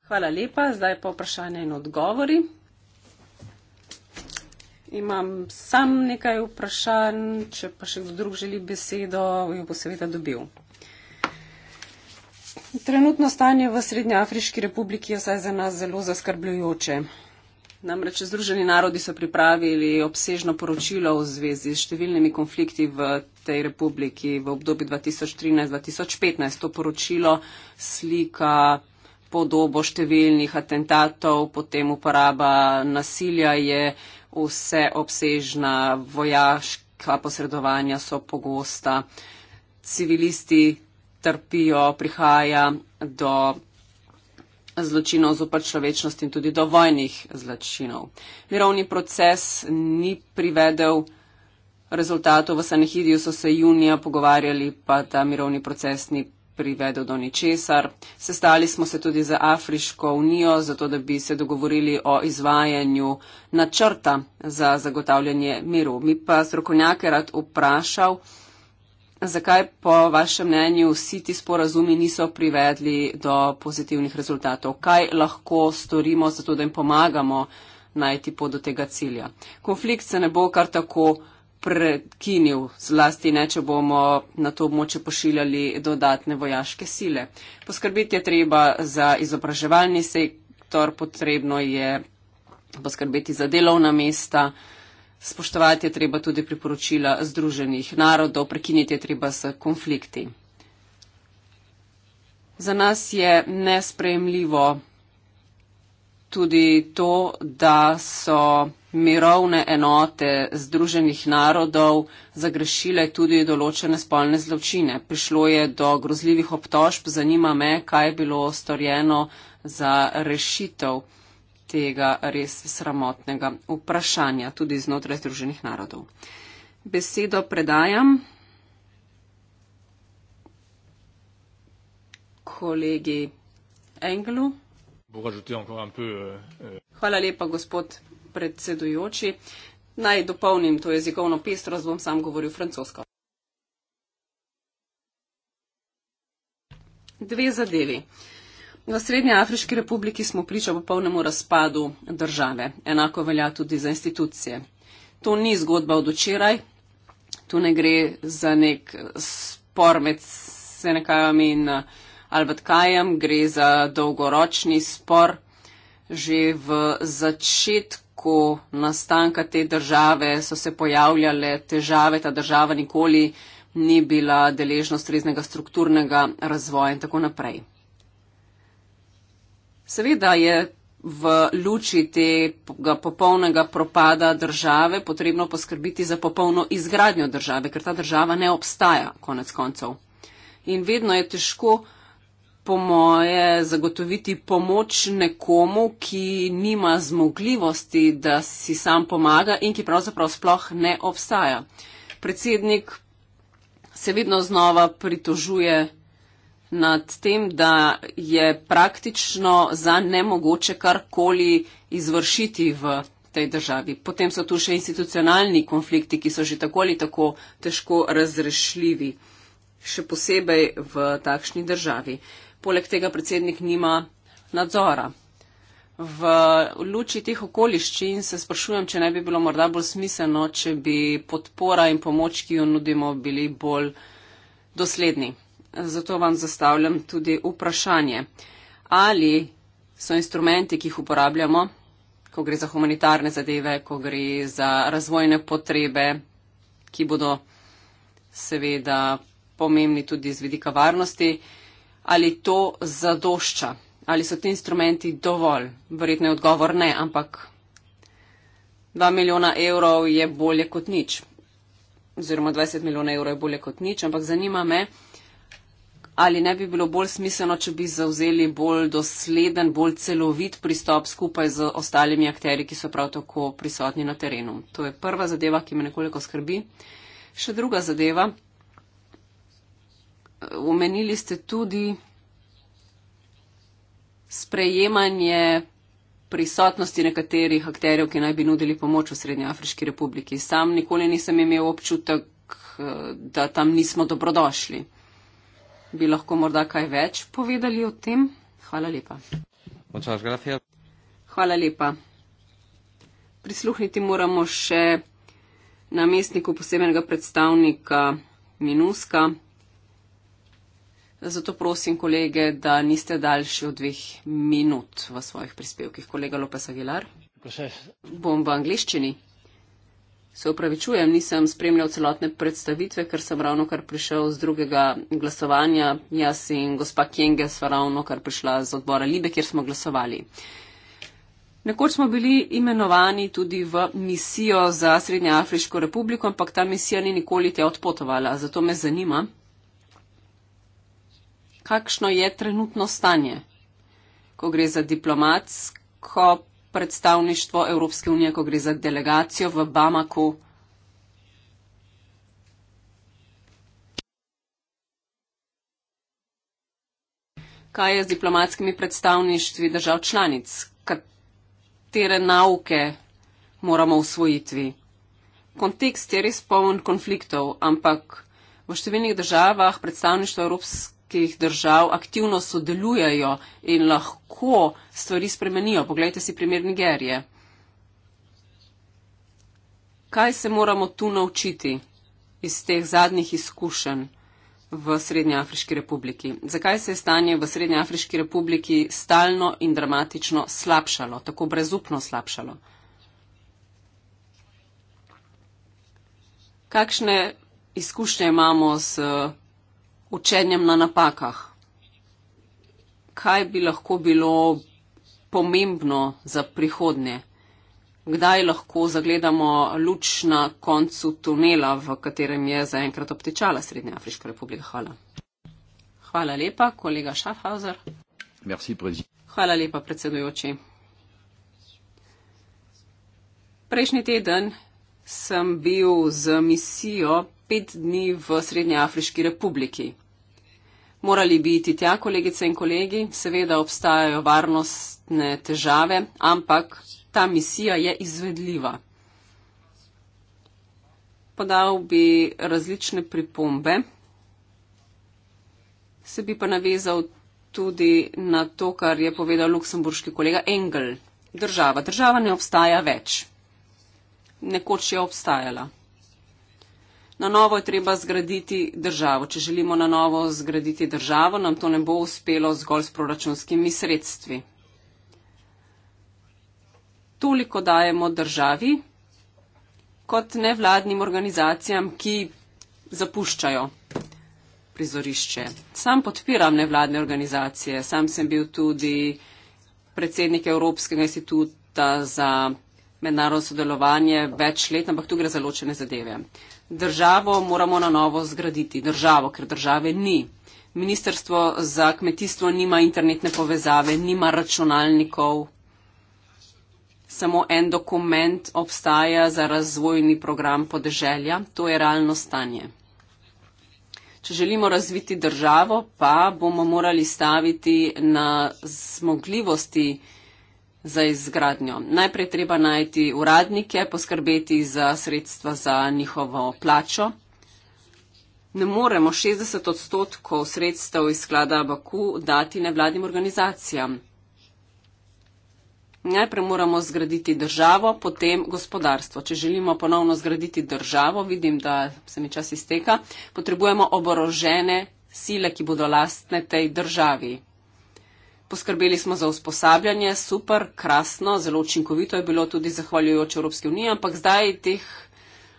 Hvala lepa, zdaj pa vprašanje in odgovori imam sam nekaj vprašanj, če pa še kdo drug želi besedo, jo bo seveda dobil. Trenutno stanje v Srednjeafriški republiki je vsaj za nas zelo zaskrbljujoče. Namreč Združeni narodi so pripravili obsežno poročilo v zvezi s številnimi konflikti v tej republiki v obdobju 2013-2015. To poročilo slika podobo številnih atentatov, potem uporaba nasilja je vse obsežna, vojaška posredovanja so pogosta, civilisti trpijo, prihaja do zločinov zopr človečnost in tudi do vojnih zločinov. Mirovni proces ni privedel rezultatov. V Sanhidiju so se junija pogovarjali, pa ta mirovni proces ni privedel privedel do ničesar. Sestali smo se tudi za Afriško unijo, zato da bi se dogovorili o izvajanju načrta za zagotavljanje miru. Mi pa strokovnjake rad vprašal, zakaj po vašem mnenju vsi ti sporazumi niso privedli do pozitivnih rezultatov. Kaj lahko storimo, zato da jim pomagamo najti pot do tega cilja. Konflikt se ne bo kar tako prekinil, zlasti ne, če bomo na to območje pošiljali dodatne vojaške sile. Poskrbiti je treba za izobraževalni sektor, potrebno je poskrbeti za delovna mesta, spoštovati je treba tudi priporočila Združenih narodov, prekiniti je treba s konflikti. Za nas je nespremljivo tudi to, da so mirovne enote Združenih narodov zagrešile tudi določene spolne zločine. Prišlo je do grozljivih obtožb. Zanima me, kaj je bilo storjeno za rešitev tega res sramotnega vprašanja tudi znotraj Združenih narodov. Besedo predajam kolegi Englu. Eh, eh. Hvala lepa, gospod predsedujoči. Naj dopolnim to jezikovno pestrost, bom sam govoril francosko. Dve zadevi. V Srednji Afriški republiki smo priča popolnemu razpadu države. Enako velja tudi za institucije. To ni zgodba od včeraj. Tu ne gre za nek spor med senekajami in uh, Albatkajem gre za dolgoročni spor. Že v začetku nastanka te države so se pojavljale težave, ta država nikoli ni bila deležna ustreznega strukturnega razvoja in tako naprej. Seveda je v luči tega popolnega propada države potrebno poskrbiti za popolno izgradnjo države, ker ta država ne obstaja konec koncev. In vedno je težko po moje zagotoviti pomoč nekomu, ki nima zmogljivosti, da si sam pomaga in ki pravzaprav sploh ne obstaja. Predsednik se vedno znova pritožuje nad tem, da je praktično za nemogoče karkoli izvršiti v tej državi. Potem so tu še institucionalni konflikti, ki so že tako ali tako težko razrešljivi, še posebej v takšni državi poleg tega predsednik nima nadzora. V luči teh okoliščin se sprašujem, če ne bi bilo morda bolj smiselno, če bi podpora in pomoč, ki jo nudimo, bili bolj dosledni. Zato vam zastavljam tudi vprašanje, ali so instrumenti, ki jih uporabljamo, ko gre za humanitarne zadeve, ko gre za razvojne potrebe, ki bodo seveda pomembni tudi z vidika varnosti, uh, ali to zadošča, ali so ti instrumenti dovolj. Verjetno je odgovor ne, ampak 2 milijona evrov je bolje kot nič. Oziroma 20 milijona evrov je bolje kot nič, ampak zanima me, ali ne bi bilo bolj smiselno, če bi zauzeli bolj dosleden, bolj celovit pristop skupaj z ostalimi akteri, ki so prav tako prisotni na terenu. To je prva zadeva, ki me nekoliko skrbi. Še druga zadeva, Umenili ste tudi sprejemanje prisotnosti nekaterih akterjev, ki naj bi nudili pomoč v Srednjeafriški republiki. Sam nikoli nisem imel občutek, eh, da tam nismo dobrodošli. Bi lahko morda kaj več povedali o tem? Hvala lepa. Hvala lepa. Prisluhniti moramo še namestniku posebenega predstavnika Minuska. Zato prosim kolege, da niste daljši od dveh minut v svojih prispevkih. Kolega Lopes Aguilar. Bom v angliščini. Se upravičujem, nisem spremljal celotne predstavitve, ker sem ravno kar prišel z drugega glasovanja. Jaz in gospa Kenge sva ravno kar prišla z odbora Libe, kjer smo glasovali. Nekoč smo bili imenovani tudi v misijo za Srednjeafriško republiko, ampak ta misija ni nikoli te odpotovala. Zato me zanima, kakšno je trenutno stanje, ko gre za diplomatsko predstavništvo Evropske unije, ko gre za delegacijo v Bamako. Kaj je z diplomatskimi predstavništvi držav članic? Katere nauke moramo usvojitvi? Kontekst je res poln konfliktov, ampak v številnih državah predstavništvo Evropske unije velikih držav aktivno sodelujejo in lahko stvari spremenijo. Poglejte si primer Nigerije. Kaj se moramo tu naučiti iz teh zadnjih izkušenj? v Srednji Afriški republiki. Zakaj se je stanje v Srednji Afriški republiki stalno in dramatično slabšalo, tako brezupno slabšalo? Kakšne izkušnje imamo s učenjem na napakah. Kaj bi lahko bilo pomembno za prihodnje? Kdaj lahko zagledamo luč na koncu tunela, v katerem je zaenkrat obtečala Srednja Afriška republika? Hvala. Hvala lepa, kolega Schaffhauser. Merci, Hvala lepa, predsedujoči. Prejšnji teden sem bil z misijo pet dni v Srednji Afriški republiki morali biti tja, kolegice in kolegi. Seveda obstajajo varnostne težave, ampak ta misija je izvedljiva. Podal bi različne pripombe, se bi pa navezal tudi na to, kar je povedal luksemburški kolega Engel. Država. Država ne obstaja več. Nekoč je obstajala na novo je treba zgraditi državo. Če želimo na novo zgraditi državo, nam to ne bo uspelo zgolj s proračunskimi sredstvi. Toliko dajemo državi kot nevladnim organizacijam, ki zapuščajo prizorišče. Sam podpiram nevladne organizacije, sam sem bil tudi predsednik Evropskega instituta za mednarodno sodelovanje več let, ampak tu gre za ločene zadeve. Državo moramo na novo zgraditi, državo, ker države ni. Ministrstvo za kmetijstvo nima internetne povezave, nima računalnikov, samo en dokument obstaja za razvojni program podeželja, to je realno stanje. Če želimo razviti državo, pa bomo morali staviti na zmogljivosti, za izgradnjo. Najprej treba najti uradnike, poskrbeti za sredstva za njihovo plačo. Ne moremo 60 odstotkov sredstev iz sklada Baku dati nevladnim organizacijam. Najprej moramo zgraditi državo, potem gospodarstvo. Če želimo ponovno zgraditi državo, vidim, da se mi čas izteka, potrebujemo oborožene sile, ki bodo lastne tej državi. Poskrbeli smo za usposabljanje, super, krasno, zelo učinkovito je bilo tudi zahvaljujoč Evropski uniji, ampak zdaj teh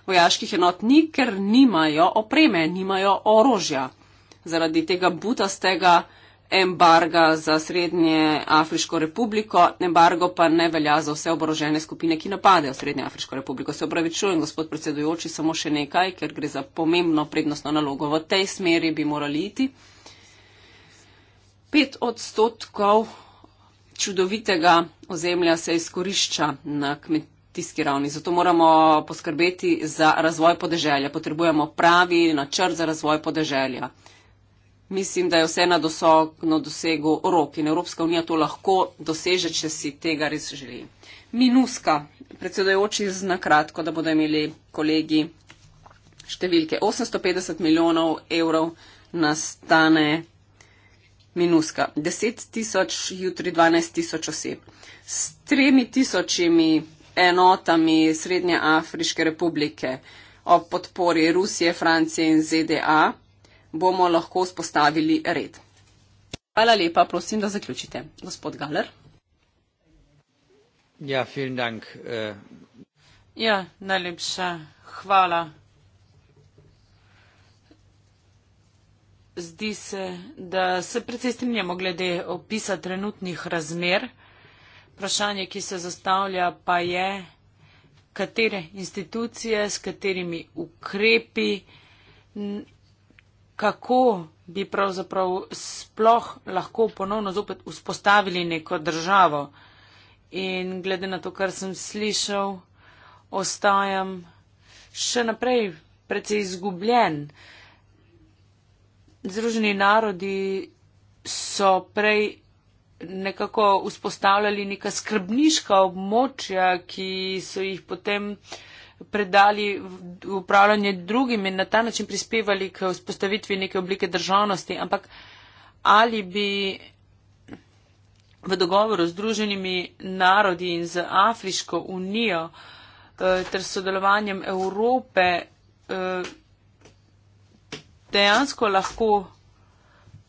vojaških enot ni, ker nimajo opreme, nimajo orožja. Zaradi tega butastega embarga za Srednje Afriško republiko, embargo pa ne velja za vse oborožene skupine, ki napadejo Srednje Afriško republiko. Se opravičujem, gospod predsedujoči, samo še nekaj, ker gre za pomembno prednostno nalogo. V tej smeri bi morali iti pet odstotkov čudovitega ozemlja se izkorišča na kmetijski ravni. Zato moramo poskrbeti za razvoj podeželja. Potrebujemo pravi načrt za razvoj podeželja. Mislim, da je vse na dosegu rok in Evropska unija to lahko doseže, če si tega res želi. Minuska, predsedojoči znakratko, da bodo imeli kolegi številke. 850 milijonov evrov nastane minuska. 10 tisoč, jutri 12 tisoč oseb. S tremi tisočimi enotami Srednje Afriške republike ob podpori Rusije, Francije in ZDA bomo lahko spostavili red. Hvala lepa, prosim, da zaključite. Gospod Galer. Ja, vielen Dank. Uh... Ja, najlepša hvala. zdi se, da se predvsej strinjamo glede opisa trenutnih razmer. Vprašanje, ki se zastavlja, pa je, katere institucije, s katerimi ukrepi, kako bi pravzaprav sploh lahko ponovno zopet vzpostavili neko državo. In glede na to, kar sem slišal, ostajam še naprej precej izgubljen. Uh, Združeni narodi so prej nekako vzpostavljali neka skrbniška območja, ki so jih potem predali v upravljanje drugim in na ta način prispevali k vzpostavitvi neke oblike državnosti. Ampak ali bi v dogovoru z Združenimi narodi in z Afriško unijo eh, ter sodelovanjem Evrope eh, dejansko lahko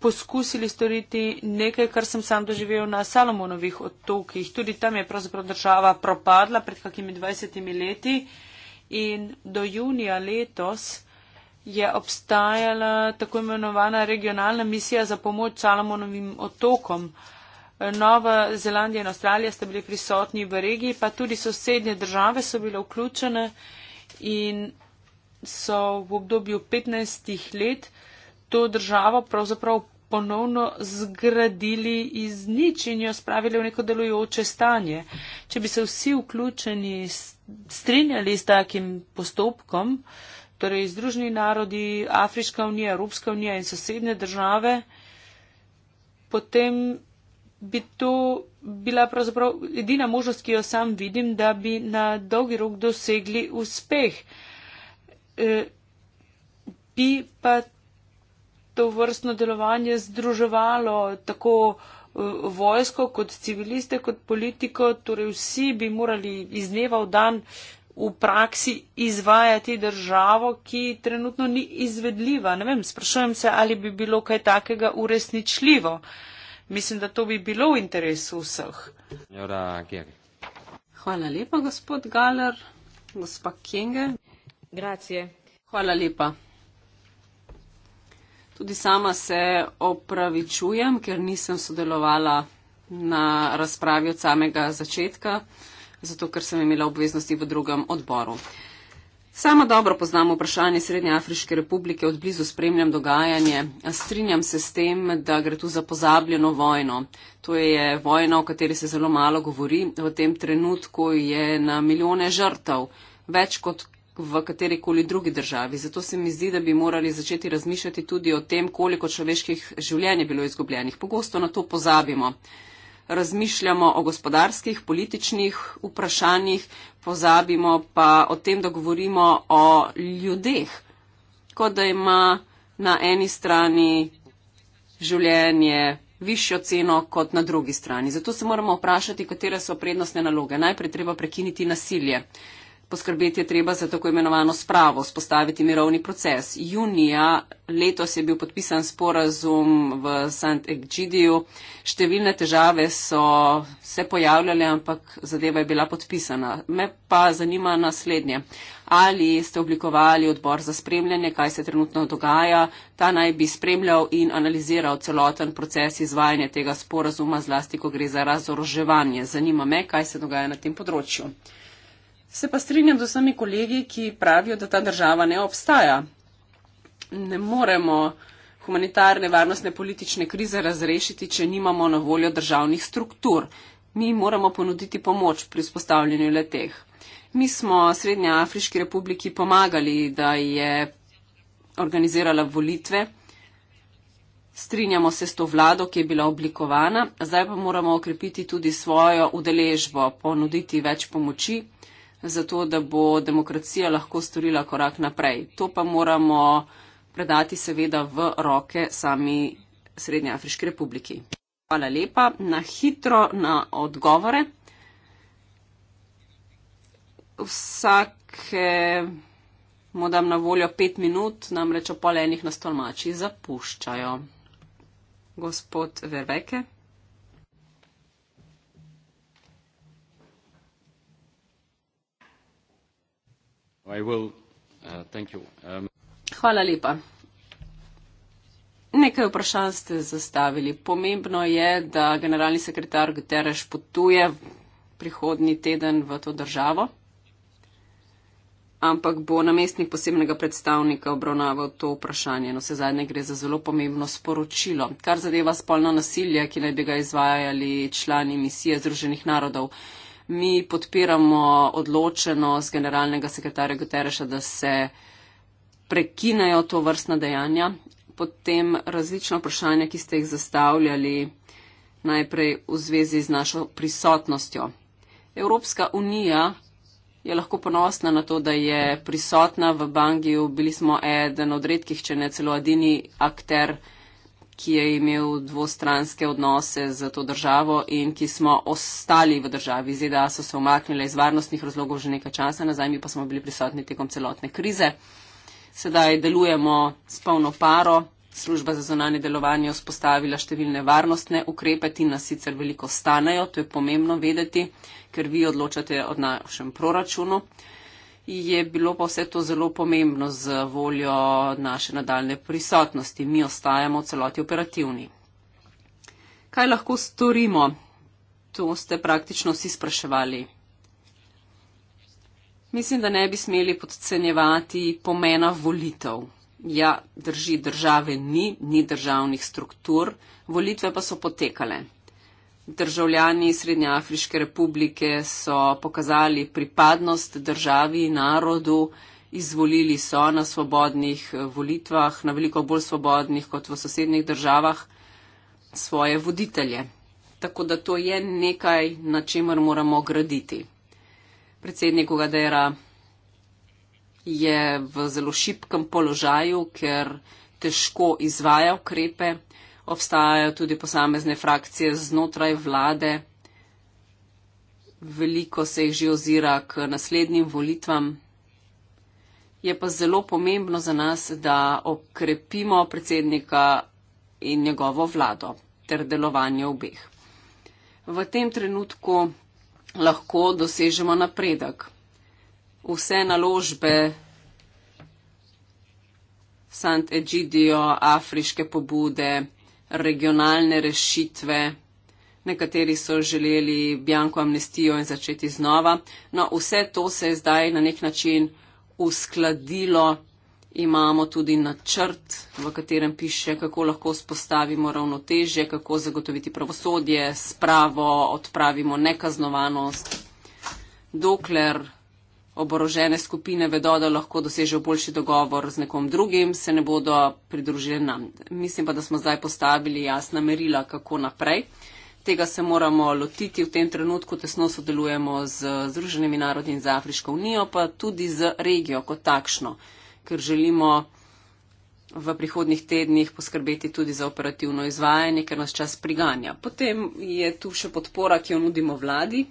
poskusili storiti nekaj, kar sem sam doživel na Salomonovih otokih. Tudi tam je pravzaprav država propadla pred kakimi 20 leti in do junija letos je obstajala tako imenovana regionalna misija za pomoč Salomonovim otokom. Nova Zelandija in Avstralija sta bili prisotni v regiji, pa tudi sosednje države so bile vključene in so v obdobju 15 let to državo pravzaprav ponovno zgradili iz nič in jo spravili v neko delujoče stanje. Če bi se vsi vključeni strinjali s takim postopkom, torej Združni narodi, Afriška unija, Evropska unija in sosednje države, potem bi to bila pravzaprav edina možnost, ki jo sam vidim, da bi na dolgi rok dosegli uspeh. E, bi pa to vrstno delovanje združevalo tako e, vojsko kot civiliste, kot politiko, torej vsi bi morali iz dneva v dan v praksi izvajati državo, ki trenutno ni izvedljiva. Ne vem, sprašujem se, ali bi bilo kaj takega uresničljivo. Mislim, da to bi bilo v interesu vseh. Hvala lepa, gospod Galer, gospa Kenge. Hvala lepa. Tudi sama se opravičujem, ker nisem sodelovala na razpravi od samega začetka, zato ker sem imela obveznosti v drugem odboru. Sama dobro poznam vprašanje Srednje Afriške republike, od blizu spremljam dogajanje. Strinjam se s tem, da gre tu za pozabljeno vojno. To je vojna, o kateri se zelo malo govori. V tem trenutku je na milijone žrtev, več kot v kateri koli drugi državi. Zato se mi zdi, da bi morali začeti razmišljati tudi o tem, koliko človeških življenj je bilo izgubljenih. Pogosto na to pozabimo. Razmišljamo o gospodarskih, političnih vprašanjih, pozabimo pa o tem, da govorimo o ljudeh, kot da ima na eni strani življenje višjo ceno kot na drugi strani. Zato se moramo vprašati, katere so prednostne naloge. Najprej treba prekiniti nasilje. Poskrbeti je treba za tako imenovano spravo, spostaviti mirovni proces. Junija letos je bil podpisan sporazum v St. Egidiju. Številne težave so se pojavljale, ampak zadeva je bila podpisana. Me pa zanima naslednje. Ali ste oblikovali odbor za spremljanje, kaj se trenutno dogaja? Ta naj bi spremljal in analiziral celoten proces izvajanja tega sporazuma, zlasti, ko gre za razoroževanje. Zanima me, kaj se dogaja na tem področju. Se pa strinjam z vsemi kolegi, ki pravijo, da ta država ne obstaja. Ne moremo humanitarne, varnostne, politične krize razrešiti, če nimamo na voljo državnih struktur. Mi moramo ponuditi pomoč pri vzpostavljanju leteh. Mi smo Srednje Afriški republiki pomagali, da je organizirala volitve. Strinjamo se s to vlado, ki je bila oblikovana. Zdaj pa moramo okrepiti tudi svojo udeležbo, ponuditi več pomoči zato, da bo demokracija lahko storila korak naprej. To pa moramo predati seveda v roke sami Srednje Afriške republiki. Hvala lepa. Na hitro na odgovore. Vsake mu dam na voljo pet minut, namreč o polenih nas tolmači zapuščajo. Gospod Verveke. Uh, um, Hvala lepa. Nekaj vprašanj ste zastavili. Pomembno je, da generalni sekretar Guterres potuje prihodni teden v to državo, ampak bo namestnik posebnega predstavnika obravnaval to vprašanje. No, vse zadnje gre za zelo pomembno sporočilo, kar zadeva spolno nasilje, ki naj bi ga izvajali člani misije Združenih narodov mi podpiramo odločenost generalnega sekretarja Gutereša, da se prekinejo to vrstna dejanja. Potem različna vprašanja, ki ste jih zastavljali najprej v zvezi z našo prisotnostjo. Evropska unija je lahko ponosna na to, da je prisotna v Bangiju. Bili smo eden od redkih, če ne celo edini akter, ki je imel dvostranske odnose z to državo in ki smo ostali v državi. ZDA e so se omaknile iz varnostnih razlogov že nekaj časa nazaj, mi pa smo bili prisotni tekom celotne krize. Sedaj delujemo s polno paro. Služba za zonanje delovanje je vzpostavila številne varnostne ukrepe, ti nas sicer veliko stanejo, to je pomembno vedeti, ker vi odločate o našem proračunu je bilo pa vse to zelo pomembno z voljo naše nadaljne prisotnosti. Mi ostajamo celoti operativni. Kaj lahko storimo? To ste praktično vsi spraševali. Mislim, da ne bi smeli podcenjevati pomena volitev. Ja, drži, države ni, ni državnih struktur, volitve pa so potekale. Državljani Srednjeafriške republike so pokazali pripadnost državi, narodu, izvolili so na svobodnih eh, volitvah, na veliko bolj svobodnih kot v sosednjih državah, svoje voditelje. Tako da to je nekaj, na čemer moramo graditi. Predsednik Ugadera je v zelo šipkem položaju, ker težko izvaja ukrepe obstajajo tudi posamezne frakcije znotraj vlade. Veliko se jih že ozira k naslednjim volitvam. Je pa zelo pomembno za nas, da okrepimo predsednika in njegovo vlado ter delovanje obeh. V tem trenutku lahko dosežemo napredek. Vse naložbe Sant Egidio, afriške pobude, regionalne rešitve. Nekateri so želeli bjanko amnestijo in začeti znova. No, vse to se je zdaj na nek način uskladilo. Imamo tudi načrt, v katerem piše, kako lahko spostavimo ravnotežje, kako zagotoviti pravosodje, spravo, odpravimo nekaznovanost. Dokler oborožene skupine vedo, da lahko dosežejo boljši dogovor z nekom drugim, se ne bodo pridružili nam. Mislim pa, da smo zdaj postavili jasna merila, kako naprej. Tega se moramo lotiti v tem trenutku, tesno sodelujemo z Združenimi narodi in z Afriško unijo, pa tudi z regijo kot takšno, ker želimo v prihodnih tednih poskrbeti tudi za operativno izvajanje, ker nas čas priganja. Potem je tu še podpora, ki jo nudimo vladi,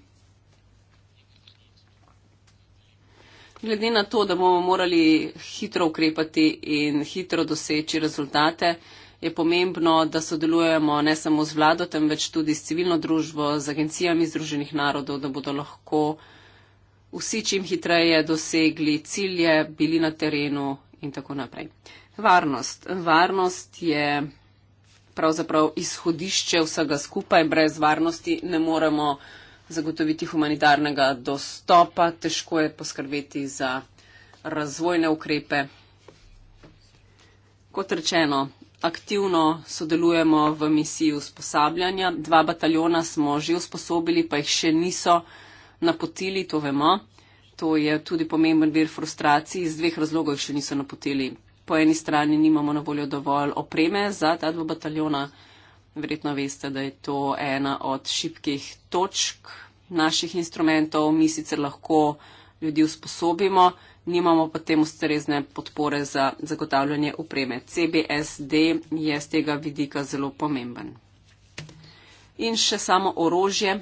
glede na to, da bomo morali hitro ukrepati in hitro doseči rezultate, je pomembno, da sodelujemo ne samo z vlado, temveč tudi s civilno družbo, z agencijami Združenih narodov, da bodo lahko vsi čim hitreje dosegli cilje, bili na terenu in tako naprej. Varnost. Varnost je pravzaprav izhodišče vsega skupaj. Brez varnosti ne moremo zagotoviti humanitarnega dostopa, težko je poskrbeti za razvojne ukrepe. Kot rečeno, aktivno sodelujemo v misiji usposabljanja. Dva bataljona smo že usposobili, pa jih še niso napotili, to vemo. To je tudi pomemben vir frustracij, iz dveh razlogov še niso napotili. Po eni strani nimamo na voljo dovolj opreme za ta dva bataljona verjetno veste, da je to ena od šibkih točk naših instrumentov. Mi sicer lahko ljudi usposobimo, nimamo potem ustrezne podpore za zagotavljanje upreme. CBSD je z tega vidika zelo pomemben. In še samo orožje.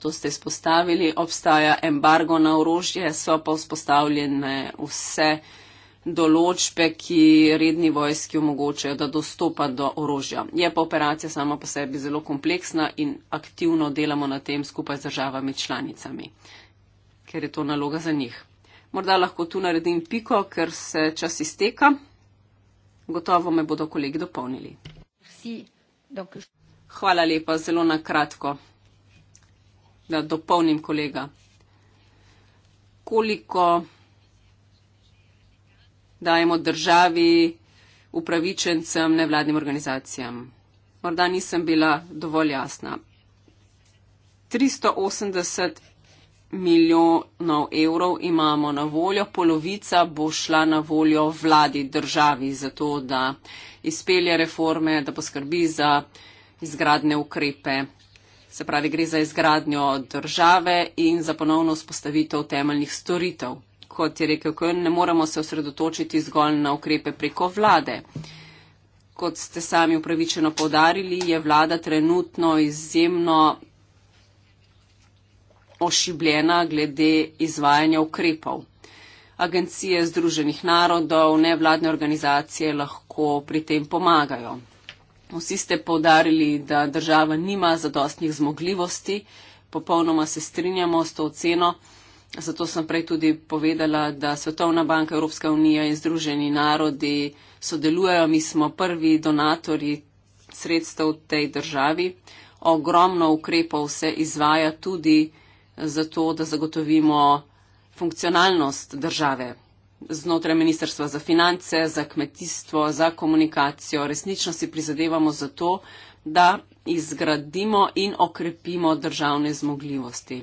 To ste izpostavili, obstaja embargo na orožje, so pa vzpostavljene vse določbe, ki redni vojski omogočajo, da dostopa do orožja. Je pa operacija sama po sebi zelo kompleksna in aktivno delamo na tem skupaj z državami članicami, ker je to naloga za njih. Morda lahko tu naredim piko, ker se čas izteka. Gotovo me bodo kolegi dopolnili. Hvala lepa, zelo na kratko, da dopolnim kolega. Koliko dajemo državi, upravičencem, nevladnim organizacijam. Morda nisem bila dovolj jasna. 380 milijonov evrov imamo na voljo, polovica bo šla na voljo vladi državi za to, da izpelje reforme, da poskrbi za izgradne ukrepe. Se pravi, gre za izgradnjo države in za ponovno spostavitev temeljnih storitev kot je rekel, ko ne moramo se osredotočiti zgolj na ukrepe preko vlade. Kot ste sami upravičeno povdarili, je vlada trenutno izjemno ošibljena glede izvajanja ukrepov. Agencije Združenih narodov, nevladne organizacije lahko pri tem pomagajo. Vsi ste povdarili, da država nima zadostnih zmogljivosti, popolnoma se strinjamo s to oceno. Zato sem prej tudi povedala, da Svetovna banka, Evropska unija in Združeni narodi sodelujejo. Mi smo prvi donatori sredstev v tej državi. Ogromno ukrepov se izvaja tudi zato, da zagotovimo funkcionalnost države znotraj Ministrstva za finance, za kmetijstvo, za komunikacijo. Resnično si prizadevamo za to, da izgradimo in okrepimo državne zmogljivosti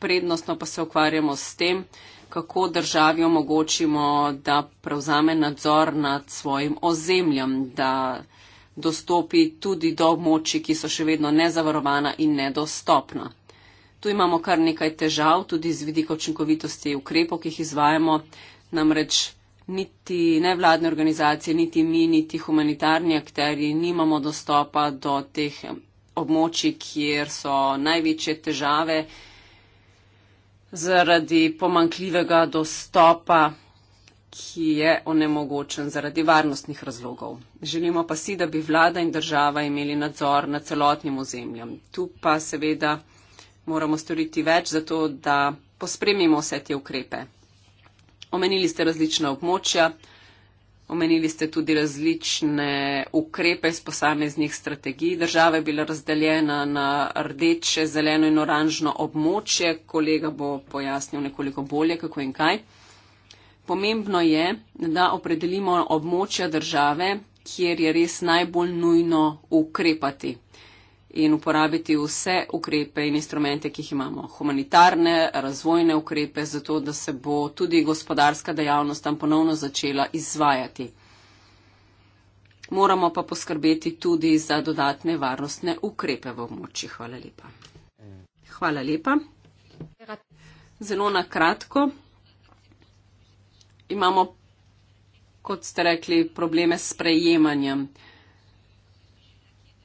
prednostno pa se ukvarjamo s tem, kako državi omogočimo, da prevzame nadzor nad svojim ozemljem, da dostopi tudi do območij, ki so še vedno nezavarovana in nedostopna. Tu imamo kar nekaj težav, tudi z vidika učinkovitosti ukrepov, ki jih izvajamo, namreč niti nevladne organizacije, niti mi, niti humanitarni akteri nimamo dostopa do teh območij, kjer so največje težave, zaradi pomankljivega dostopa, ki je onemogočen zaradi varnostnih razlogov. Želimo pa si, da bi vlada in država imeli nadzor nad celotnim ozemljem. Tu pa seveda moramo storiti več za to, da pospremimo vse te ukrepe. Omenili ste različna območja, Omenili ste tudi različne ukrepe iz posameznih strategij. Država je bila razdeljena na rdeče, zeleno in oranžno območje. Kolega bo pojasnil nekoliko bolje, kako in kaj. Pomembno je, da opredelimo območja države, kjer je res najbolj nujno ukrepati in uporabiti vse ukrepe in instrumente, ki jih imamo. Humanitarne, razvojne ukrepe, zato da se bo tudi gospodarska dejavnost tam ponovno začela izvajati. Moramo pa poskrbeti tudi za dodatne varnostne ukrepe v območju. Hvala lepa. Hvala lepa. Zelo na kratko. Imamo, kot ste rekli, probleme s prejemanjem.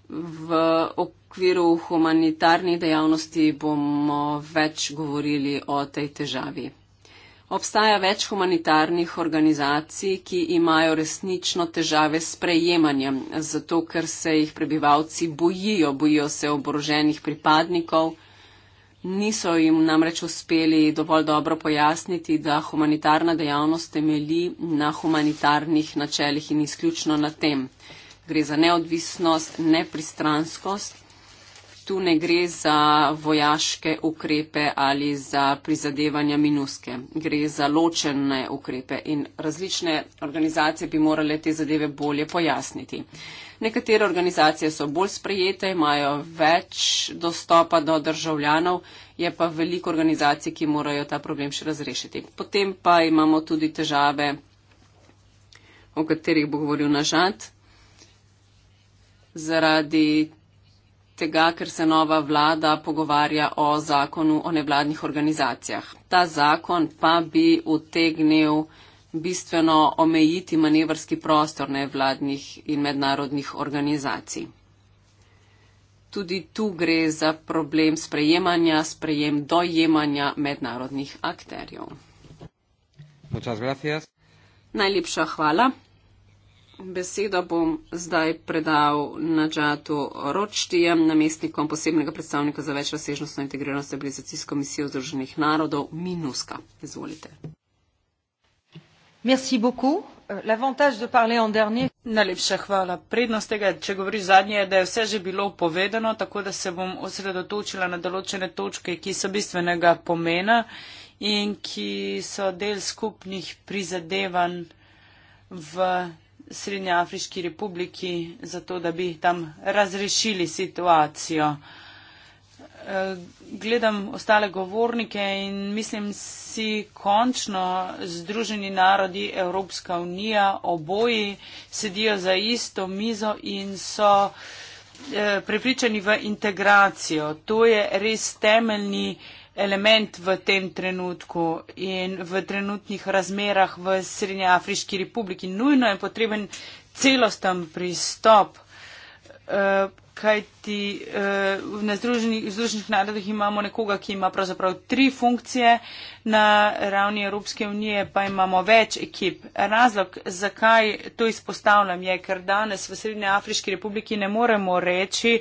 V okviru humanitarnih dejavnosti bomo več govorili o tej težavi. Obstaja več humanitarnih organizacij, ki imajo resnično težave s prejemanjem, zato ker se jih prebivalci bojijo, bojijo se oboroženih pripadnikov. Niso jim namreč uspeli dovolj dobro pojasniti, da humanitarna dejavnost temelji na humanitarnih načelih in izključno na tem gre za neodvisnost, nepristranskost. Tu ne gre za vojaške ukrepe ali za prizadevanja minuske, gre za ločene ukrepe in različne organizacije bi morale te zadeve bolje pojasniti. Nekatere organizacije so bolj sprejete, imajo več dostopa do državljanov, je pa veliko organizacij, ki morajo ta problem še razrešiti. Potem pa imamo tudi težave, o katerih bo govoril Nažant zaradi tega, ker se nova vlada pogovarja o zakonu o nevladnih organizacijah. Ta zakon pa bi utegnil bistveno omejiti manevrski prostor nevladnih in mednarodnih organizacij. Tudi tu gre za problem sprejemanja, sprejem dojemanja mednarodnih akterjev. Najlepša hvala. Besedo bom zdaj predal Nađatu Ročtijem, namestnikom posebnega predstavnika za večrasežnostno integrirano stabilizacijsko misijo Združenih narodov MINUSKA. Izvolite. Merci beaucoup. Euh, l'avantage de parler en dernier. Najlepša hvala. Prednost tega, če govoriš zadnje, je, da je vse že bilo povedano, tako da se bom osredotočila na določene točke, ki so bistvenega pomena in ki so del skupnih prizadevanj v Srednjeafriški republiki, zato da bi tam razrešili situacijo. E, gledam ostale govornike in mislim si končno Združeni narodi, Evropska unija, oboji sedijo za isto mizo in so e, pripričani v integracijo. To je res temeljni. Mm element v tem trenutku in v trenutnih razmerah v Srednjeafriški republiki. Nujno je potreben celosten pristop. Uh, kaj ti eh, v Združenih narodih imamo nekoga, ki ima pravzaprav tri funkcije, na ravni Evropske unije pa imamo več ekip. Razlog, zakaj to izpostavljam, je, ker danes v Srednje Afriški republiki ne moremo reči,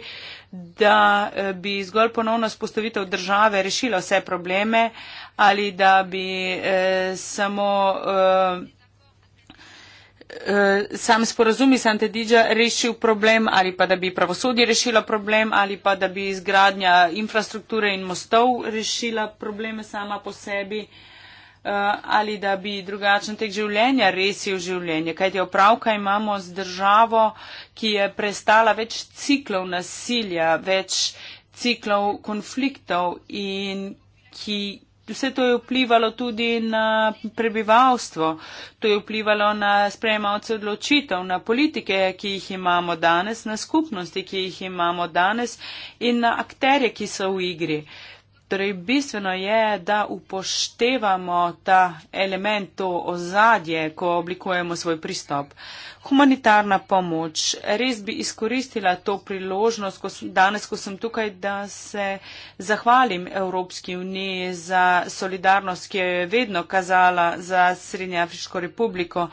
da eh, bi zgolj ponovno spostavitev države rešila vse probleme ali da bi eh, samo. Eh, uh, sam sporazum iz Antedidža rešil problem ali pa da bi pravosodje rešilo problem ali pa da bi izgradnja infrastrukture in mostov rešila probleme sama po sebi uh, ali da bi drugačen tek življenja rešil življenje. Kaj je opravka imamo z državo, ki je prestala več ciklov nasilja, več ciklov konfliktov in ki Vse to je vplivalo tudi na prebivalstvo, to je vplivalo na sprejemalce odločitev, na politike, ki jih imamo danes, na skupnosti, ki jih imamo danes in na akterje, ki so v igri. Uh, Torej, bistveno je, da upoštevamo ta element, to ozadje, ko oblikujemo svoj pristop. Humanitarna pomoč. Res bi izkoristila to priložnost, ko sem, danes, ko sem tukaj, da se zahvalim Evropski uniji za solidarnost, ki jo je vedno kazala za Srednje Afriško republiko.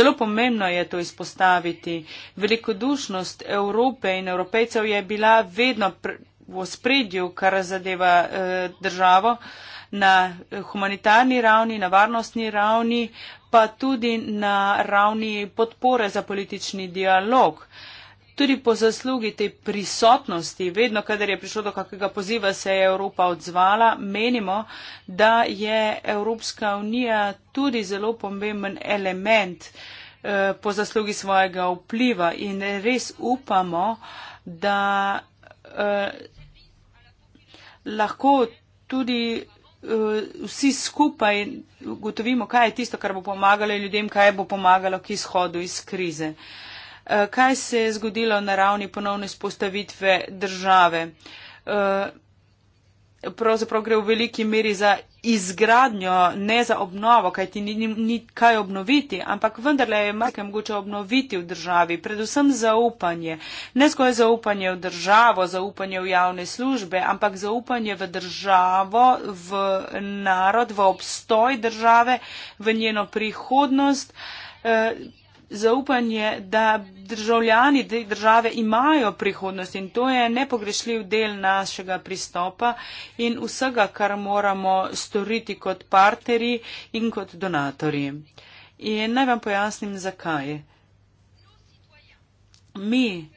Zelo pomembno je to izpostaviti. Velikodušnost Evrope in evropejcev je bila vedno. Pre, v ospredju, kar zadeva eh, državo na humanitarni ravni, na varnostni ravni, pa tudi na ravni podpore za politični dialog. Tudi po zaslugi te prisotnosti, vedno, kadar je prišlo do kakega poziva, se je Evropa odzvala, menimo, da je Evropska unija tudi zelo pomemben element eh, po zaslugi svojega vpliva in res upamo, da eh, lahko tudi uh, vsi skupaj ugotovimo, kaj je tisto, kar bo pomagalo ljudem, kaj bo pomagalo k izhodu iz krize. Uh, kaj se je zgodilo na ravni ponovne spostavitve države? Uh, pravzaprav gre v veliki meri za izgradnjo, ne za obnovo, kaj ti ni, ni, ni kaj obnoviti, ampak vendarle je marsikaj mogoče obnoviti v državi, predvsem zaupanje. Ne zgolj zaupanje v državo, zaupanje v javne službe, ampak zaupanje v državo, v narod, v obstoj države, v njeno prihodnost. Eh, zaupanje, da državljani te države imajo prihodnost in to je nepogrešljiv del našega pristopa in vsega, kar moramo storiti kot partneri in kot donatorji. In naj vam pojasnim, zakaj. Mi,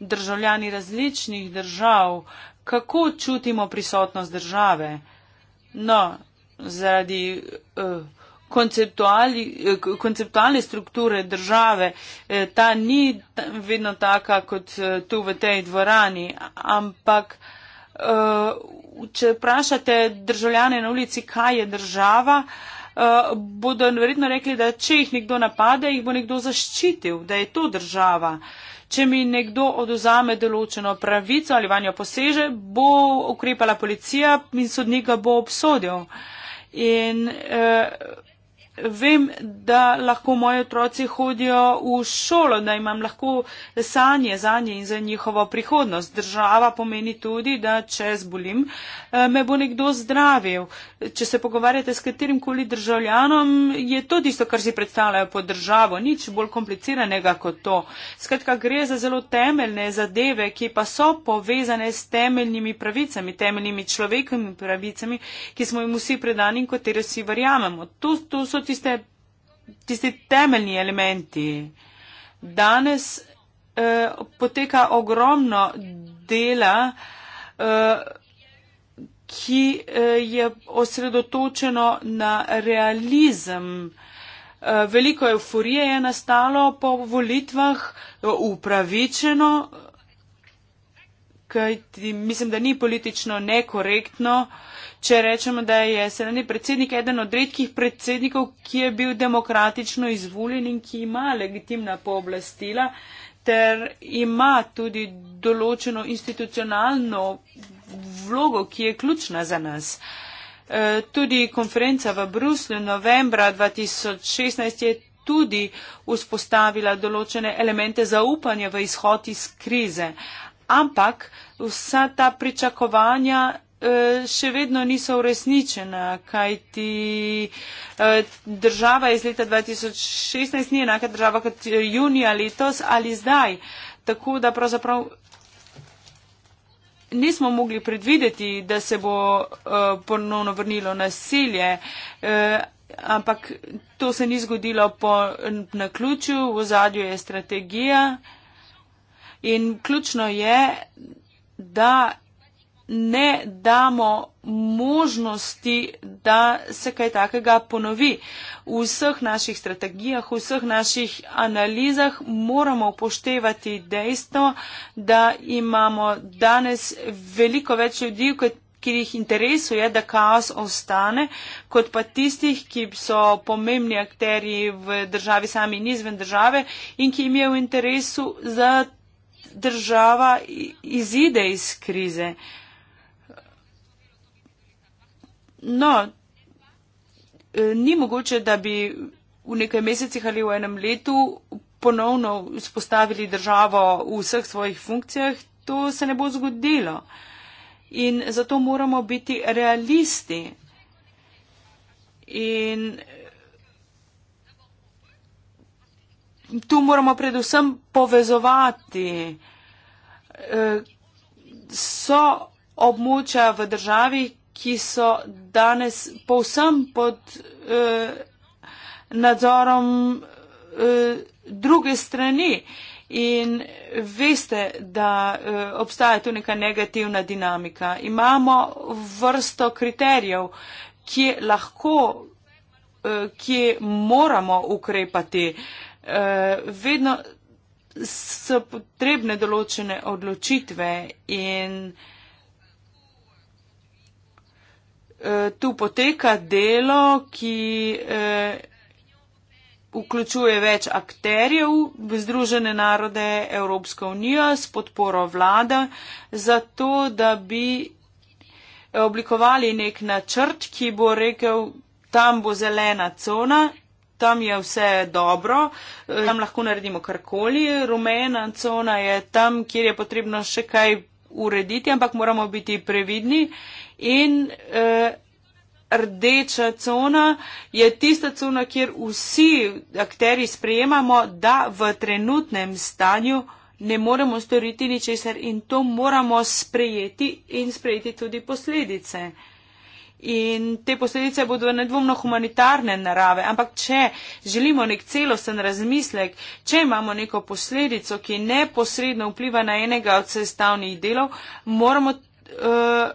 državljani različnih držav, kako čutimo prisotnost države? No, zaradi. Uh, konceptualne strukture države, eh, ta ni vedno taka kot eh, tu v tej dvorani, ampak eh, če vprašate državljane na ulici, kaj je država, bodo verjetno rekli, da če jih nekdo napade, jih bo nekdo zaščitil, da je to država. Če mi nekdo oduzame določeno pravico ali vanjo poseže, bo ukrepala policija in sodnika bo obsodil. In, uh, vem, da lahko moji otroci hodijo v šolo, da imam lahko sanje za nje in za njihovo prihodnost. Država pomeni tudi, da če zbolim, eh, me bo nekdo zdravil. Če se pogovarjate s katerim koli državljanom, je to tisto, kar si predstavljajo pod državo. Nič bolj kompliciranega kot to. Skratka, gre za zelo temeljne zadeve, ki pa so povezane s temeljnimi pravicami, temeljnimi človekovimi pravicami, ki smo jim vsi predani in katere vsi verjamemo. To, to so tiste, tisti temeljni elementi. Danes eh, poteka ogromno dela, eh, ki eh, je osredotočeno na realizem. Eh, veliko euforije je nastalo po volitvah, eh, upravičeno, kajti mislim, da ni politično nekorektno eh, Če rečemo, da je sedajni predsednik eden od redkih predsednikov, ki je bil demokratično izvoljen in ki ima legitimna pooblastila, ter ima tudi določeno institucionalno vlogo, ki je ključna za nas. E, tudi konferenca v Bruslju novembra 2016 je tudi vzpostavila določene elemente zaupanja v izhod iz krize. Ampak vsa ta pričakovanja Eh, še vedno niso uresničena, kajti eh, država iz leta 2016 ni enaka država kot eh, junija letos ali zdaj. Tako da pravzaprav nismo mogli predvideti, da se bo ponovno vrnilo nasilje. Ampak to se ni zgodilo po naključju, v zadju je strategija. In ključno je, da ne damo možnosti, da se kaj takega ponovi. V vseh naših strategijah, v vseh naših analizah moramo upoštevati dejstvo, da imamo danes veliko več ljudi, ki jih interesuje, da kaos ostane, kot pa tistih, ki so pomembni akteri v državi sami in izven države in ki jim je v interesu, da država izide iz krize. No, eh, ni mogoče, da bi v nekaj mesecih ali v enem letu ponovno vzpostavili državo v vseh svojih funkcijah. To se ne bo zgodilo. In zato moramo biti realisti. In tu moramo predvsem povezovati. Eh, so območja v državi, ki so danes povsem pod uh, nadzorom uh, druge strani. In veste, da uh, obstaja tu neka negativna dinamika. Imamo vrsto kriterijev, ki lahko, uh, ki moramo ukrepati. Uh, vedno so potrebne določene odločitve in uh, Eh, tu poteka delo, ki eh, vključuje več akterjev, Združene narode, Evropska unija s podporo vlada, zato da bi oblikovali nek načrt, ki bo rekel, tam bo zelena cona, tam je vse dobro, eh, tam lahko naredimo karkoli, rumena cona je tam, kjer je potrebno še kaj urediti, ampak moramo biti previdni in uh, rdeča cona je tista cona, kjer vsi akteri sprejemamo, da v trenutnem stanju ne moremo storiti ničesar in to moramo sprejeti in sprejeti tudi posledice. In te posledice bodo nedvomno humanitarne narave, ampak če želimo nek celosten razmislek, če imamo neko posledico, ki neposredno vpliva na enega od sestavnih delov, moramo uh,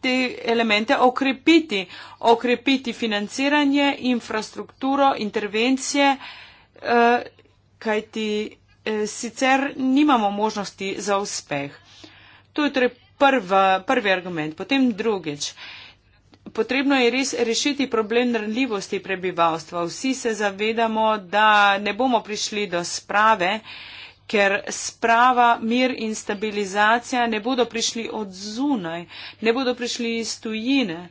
te elemente okrepiti. Okrepiti financiranje, infrastrukturo, intervencije, eh, kajti eh, sicer nimamo možnosti za uspeh. To je torej prva, prvi argument. Potem drugič. Potrebno je res rešiti problem nrnljivosti prebivalstva. Vsi se zavedamo, da ne bomo prišli do sprave. Uh, ker sprava, mir in stabilizacija ne bodo prišli od zunaj, ne bodo prišli iz tujine.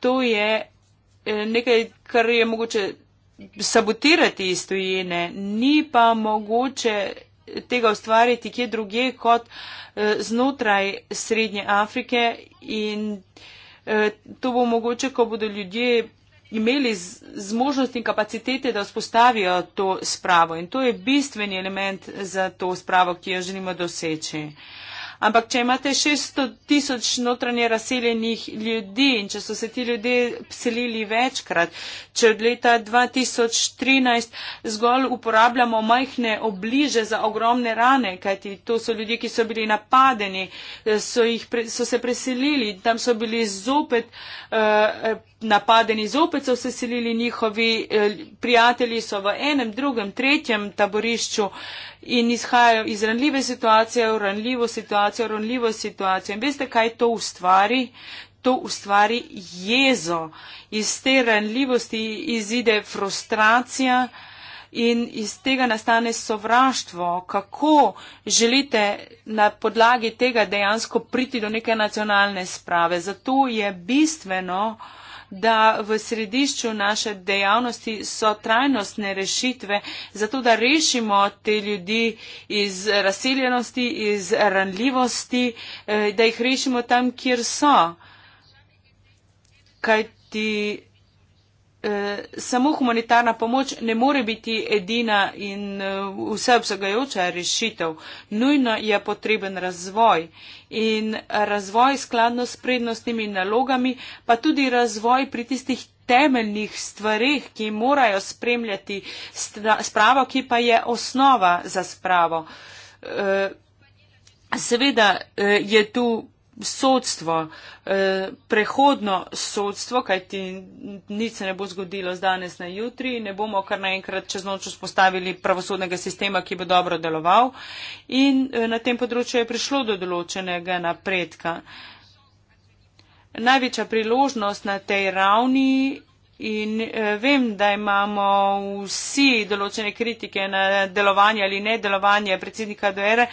To je eh, nekaj, kar je mogoče sabotirati iz tujine, ni pa mogoče tega ustvariti kje druge kot eh, znotraj Srednje Afrike in eh, to bo mogoče, ko bodo ljudje imeli zmožnosti in kapacitete, da vzpostavijo to spravo. In to je bistveni element za to spravo, ki jo želimo doseči. Ampak, če imate 600 tisoč notranje razseljenih ljudi in če so se ti ljudje selili večkrat, če od leta 2013 zgolj uporabljamo majhne obliže za ogromne rane, kajti to so ljudje, ki so bili napadeni, so, jih, so se preselili, tam so bili zopet. Uh, napadeni zopet so se selili njihovi eh, prijatelji so v enem, drugem, tretjem taborišču in izhajajo iz ranljive situacije v ranljivo situacijo, v ranljivo situacijo. In veste, kaj to ustvari? To ustvari jezo. Iz te ranljivosti izide frustracija in iz tega nastane sovraštvo. Kako želite na podlagi tega dejansko priti do neke nacionalne sprave? Zato je bistveno, uh, da v središču naše dejavnosti so trajnostne rešitve, zato da rešimo te ljudi iz razseljenosti, iz ranljivosti, eh, da jih rešimo tam, kjer so. Kaj ti Eh, samo humanitarna pomoč ne more biti edina in eh, vseobsegajoča rešitev. Nujno je potreben razvoj in razvoj skladno s prednostnimi nalogami, pa tudi razvoj pri tistih temeljnih stvarih, ki morajo spremljati spravo, ki pa je osnova za spravo. Eh, seveda je tu sodstvo, eh, prehodno sodstvo, kajti nič se ne bo zgodilo z danes na jutri, ne bomo kar naenkrat čez noč vzpostavili pravosodnega sistema, ki bo dobro deloval in eh, na tem področju je prišlo do določenega napredka. Največja priložnost na tej ravni In eh, vem, da imamo vsi določene kritike na delovanje ali ne delovanje predsednika DR,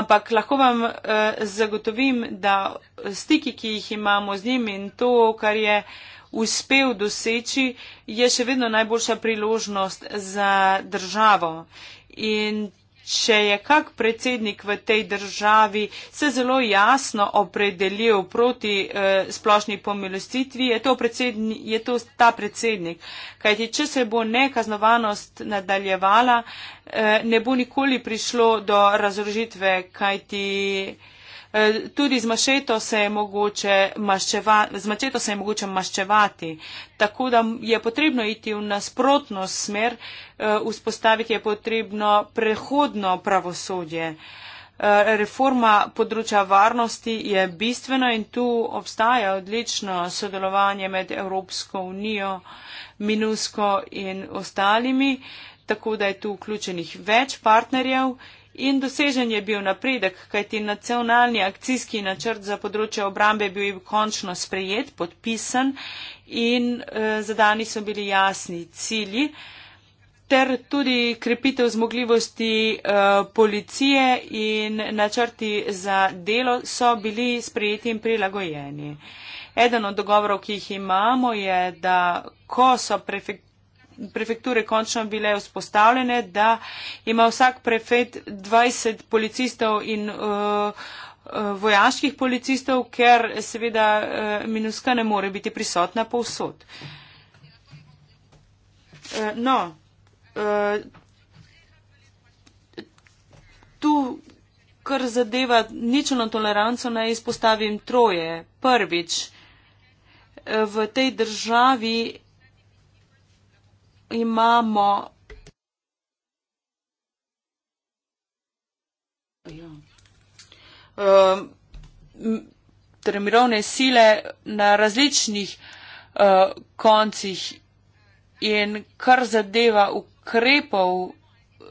ampak lahko vam eh, zagotovim, da stiki, ki jih imamo z njim in to, kar je uspel doseči, je še vedno najboljša priložnost za državo. In Če je kak predsednik v tej državi se zelo jasno opredelil proti eh, splošni pomilostitvi, je to, je to ta predsednik. Kajti, če se bo nekaznovanost nadaljevala, eh, ne bo nikoli prišlo do razložitve, kajti. Eh, tudi z mačeto se je mogoče, maščeva, se je mogoče maščevati. Tako da je potrebno iti v nasprotno smer, eh, vzpostaviti je potrebno prehodno pravosodje. Eh, reforma področja varnosti je bistvena in tu obstaja odlično sodelovanje med Evropsko unijo, Minusko in ostalimi, tako da je tu vključenih več partnerjev in dosežen je bil napredek, kajti nacionalni akcijski načrt za področje obrambe bil je končno sprejet, podpisan in eh, zadani so bili jasni cilji ter tudi krepitev zmogljivosti eh, policije in načrti za delo so bili sprejeti in prilagojeni. Eden od dogovorov, ki jih imamo, je, da ko so prefekti prefekture končno bile vzpostavljene, da ima vsak prefet 20 policistov in uh, uh, vojaških policistov, ker seveda uh, minuska ne more biti prisotna povsod. Uh, no, uh, tu, kar zadeva ničelno toleranco, naj izpostavim troje. Prvič, uh, v tej državi imamo. Um, ehm, torej mirovne sile na različnih uh, koncih in kar zadeva ukrepov,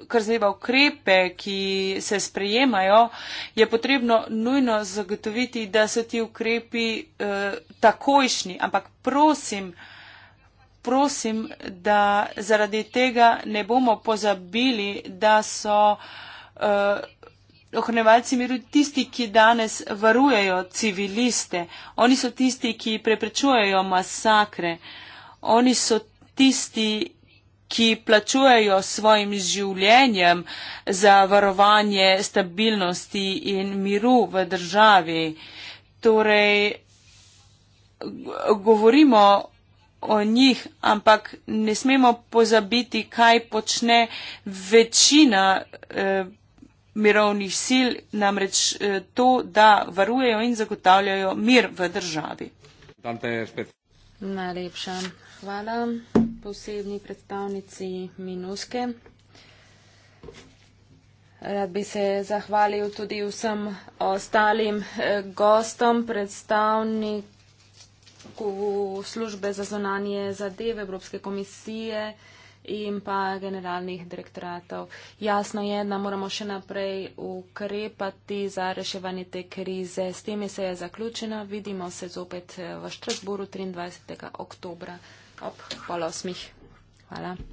kar zadeva ukrepe, ki se sprejemajo, je potrebno nujno zagotoviti, da so ti ukrepi uh, takojšnji, ampak prosim, uh, prosim, da zaradi tega ne bomo pozabili, da so uh, eh, ohranjevalci miru tisti, ki danes varujejo civiliste. Oni so tisti, ki preprečujejo masakre. Oni so tisti, ki plačujejo svojim življenjem za varovanje stabilnosti in miru v državi. Torej, govorimo o njih, ampak ne smemo pozabiti, kaj počne večina eh, mirovnih sil, namreč eh, to, da varujejo in zagotavljajo mir v državi. Najlepša hvala posebni predstavnici Minuske. Rad bi se zahvalil tudi vsem ostalim eh, gostom, predstavnik predstavniku službe za zonanje zadeve Evropske komisije in pa generalnih direktoratov. Jasno je, da moramo še naprej ukrepati za reševanje te krize. S tem je se je zaključena. Vidimo se zopet v Štrasburu 23. oktobra ob pol osmih. Hvala.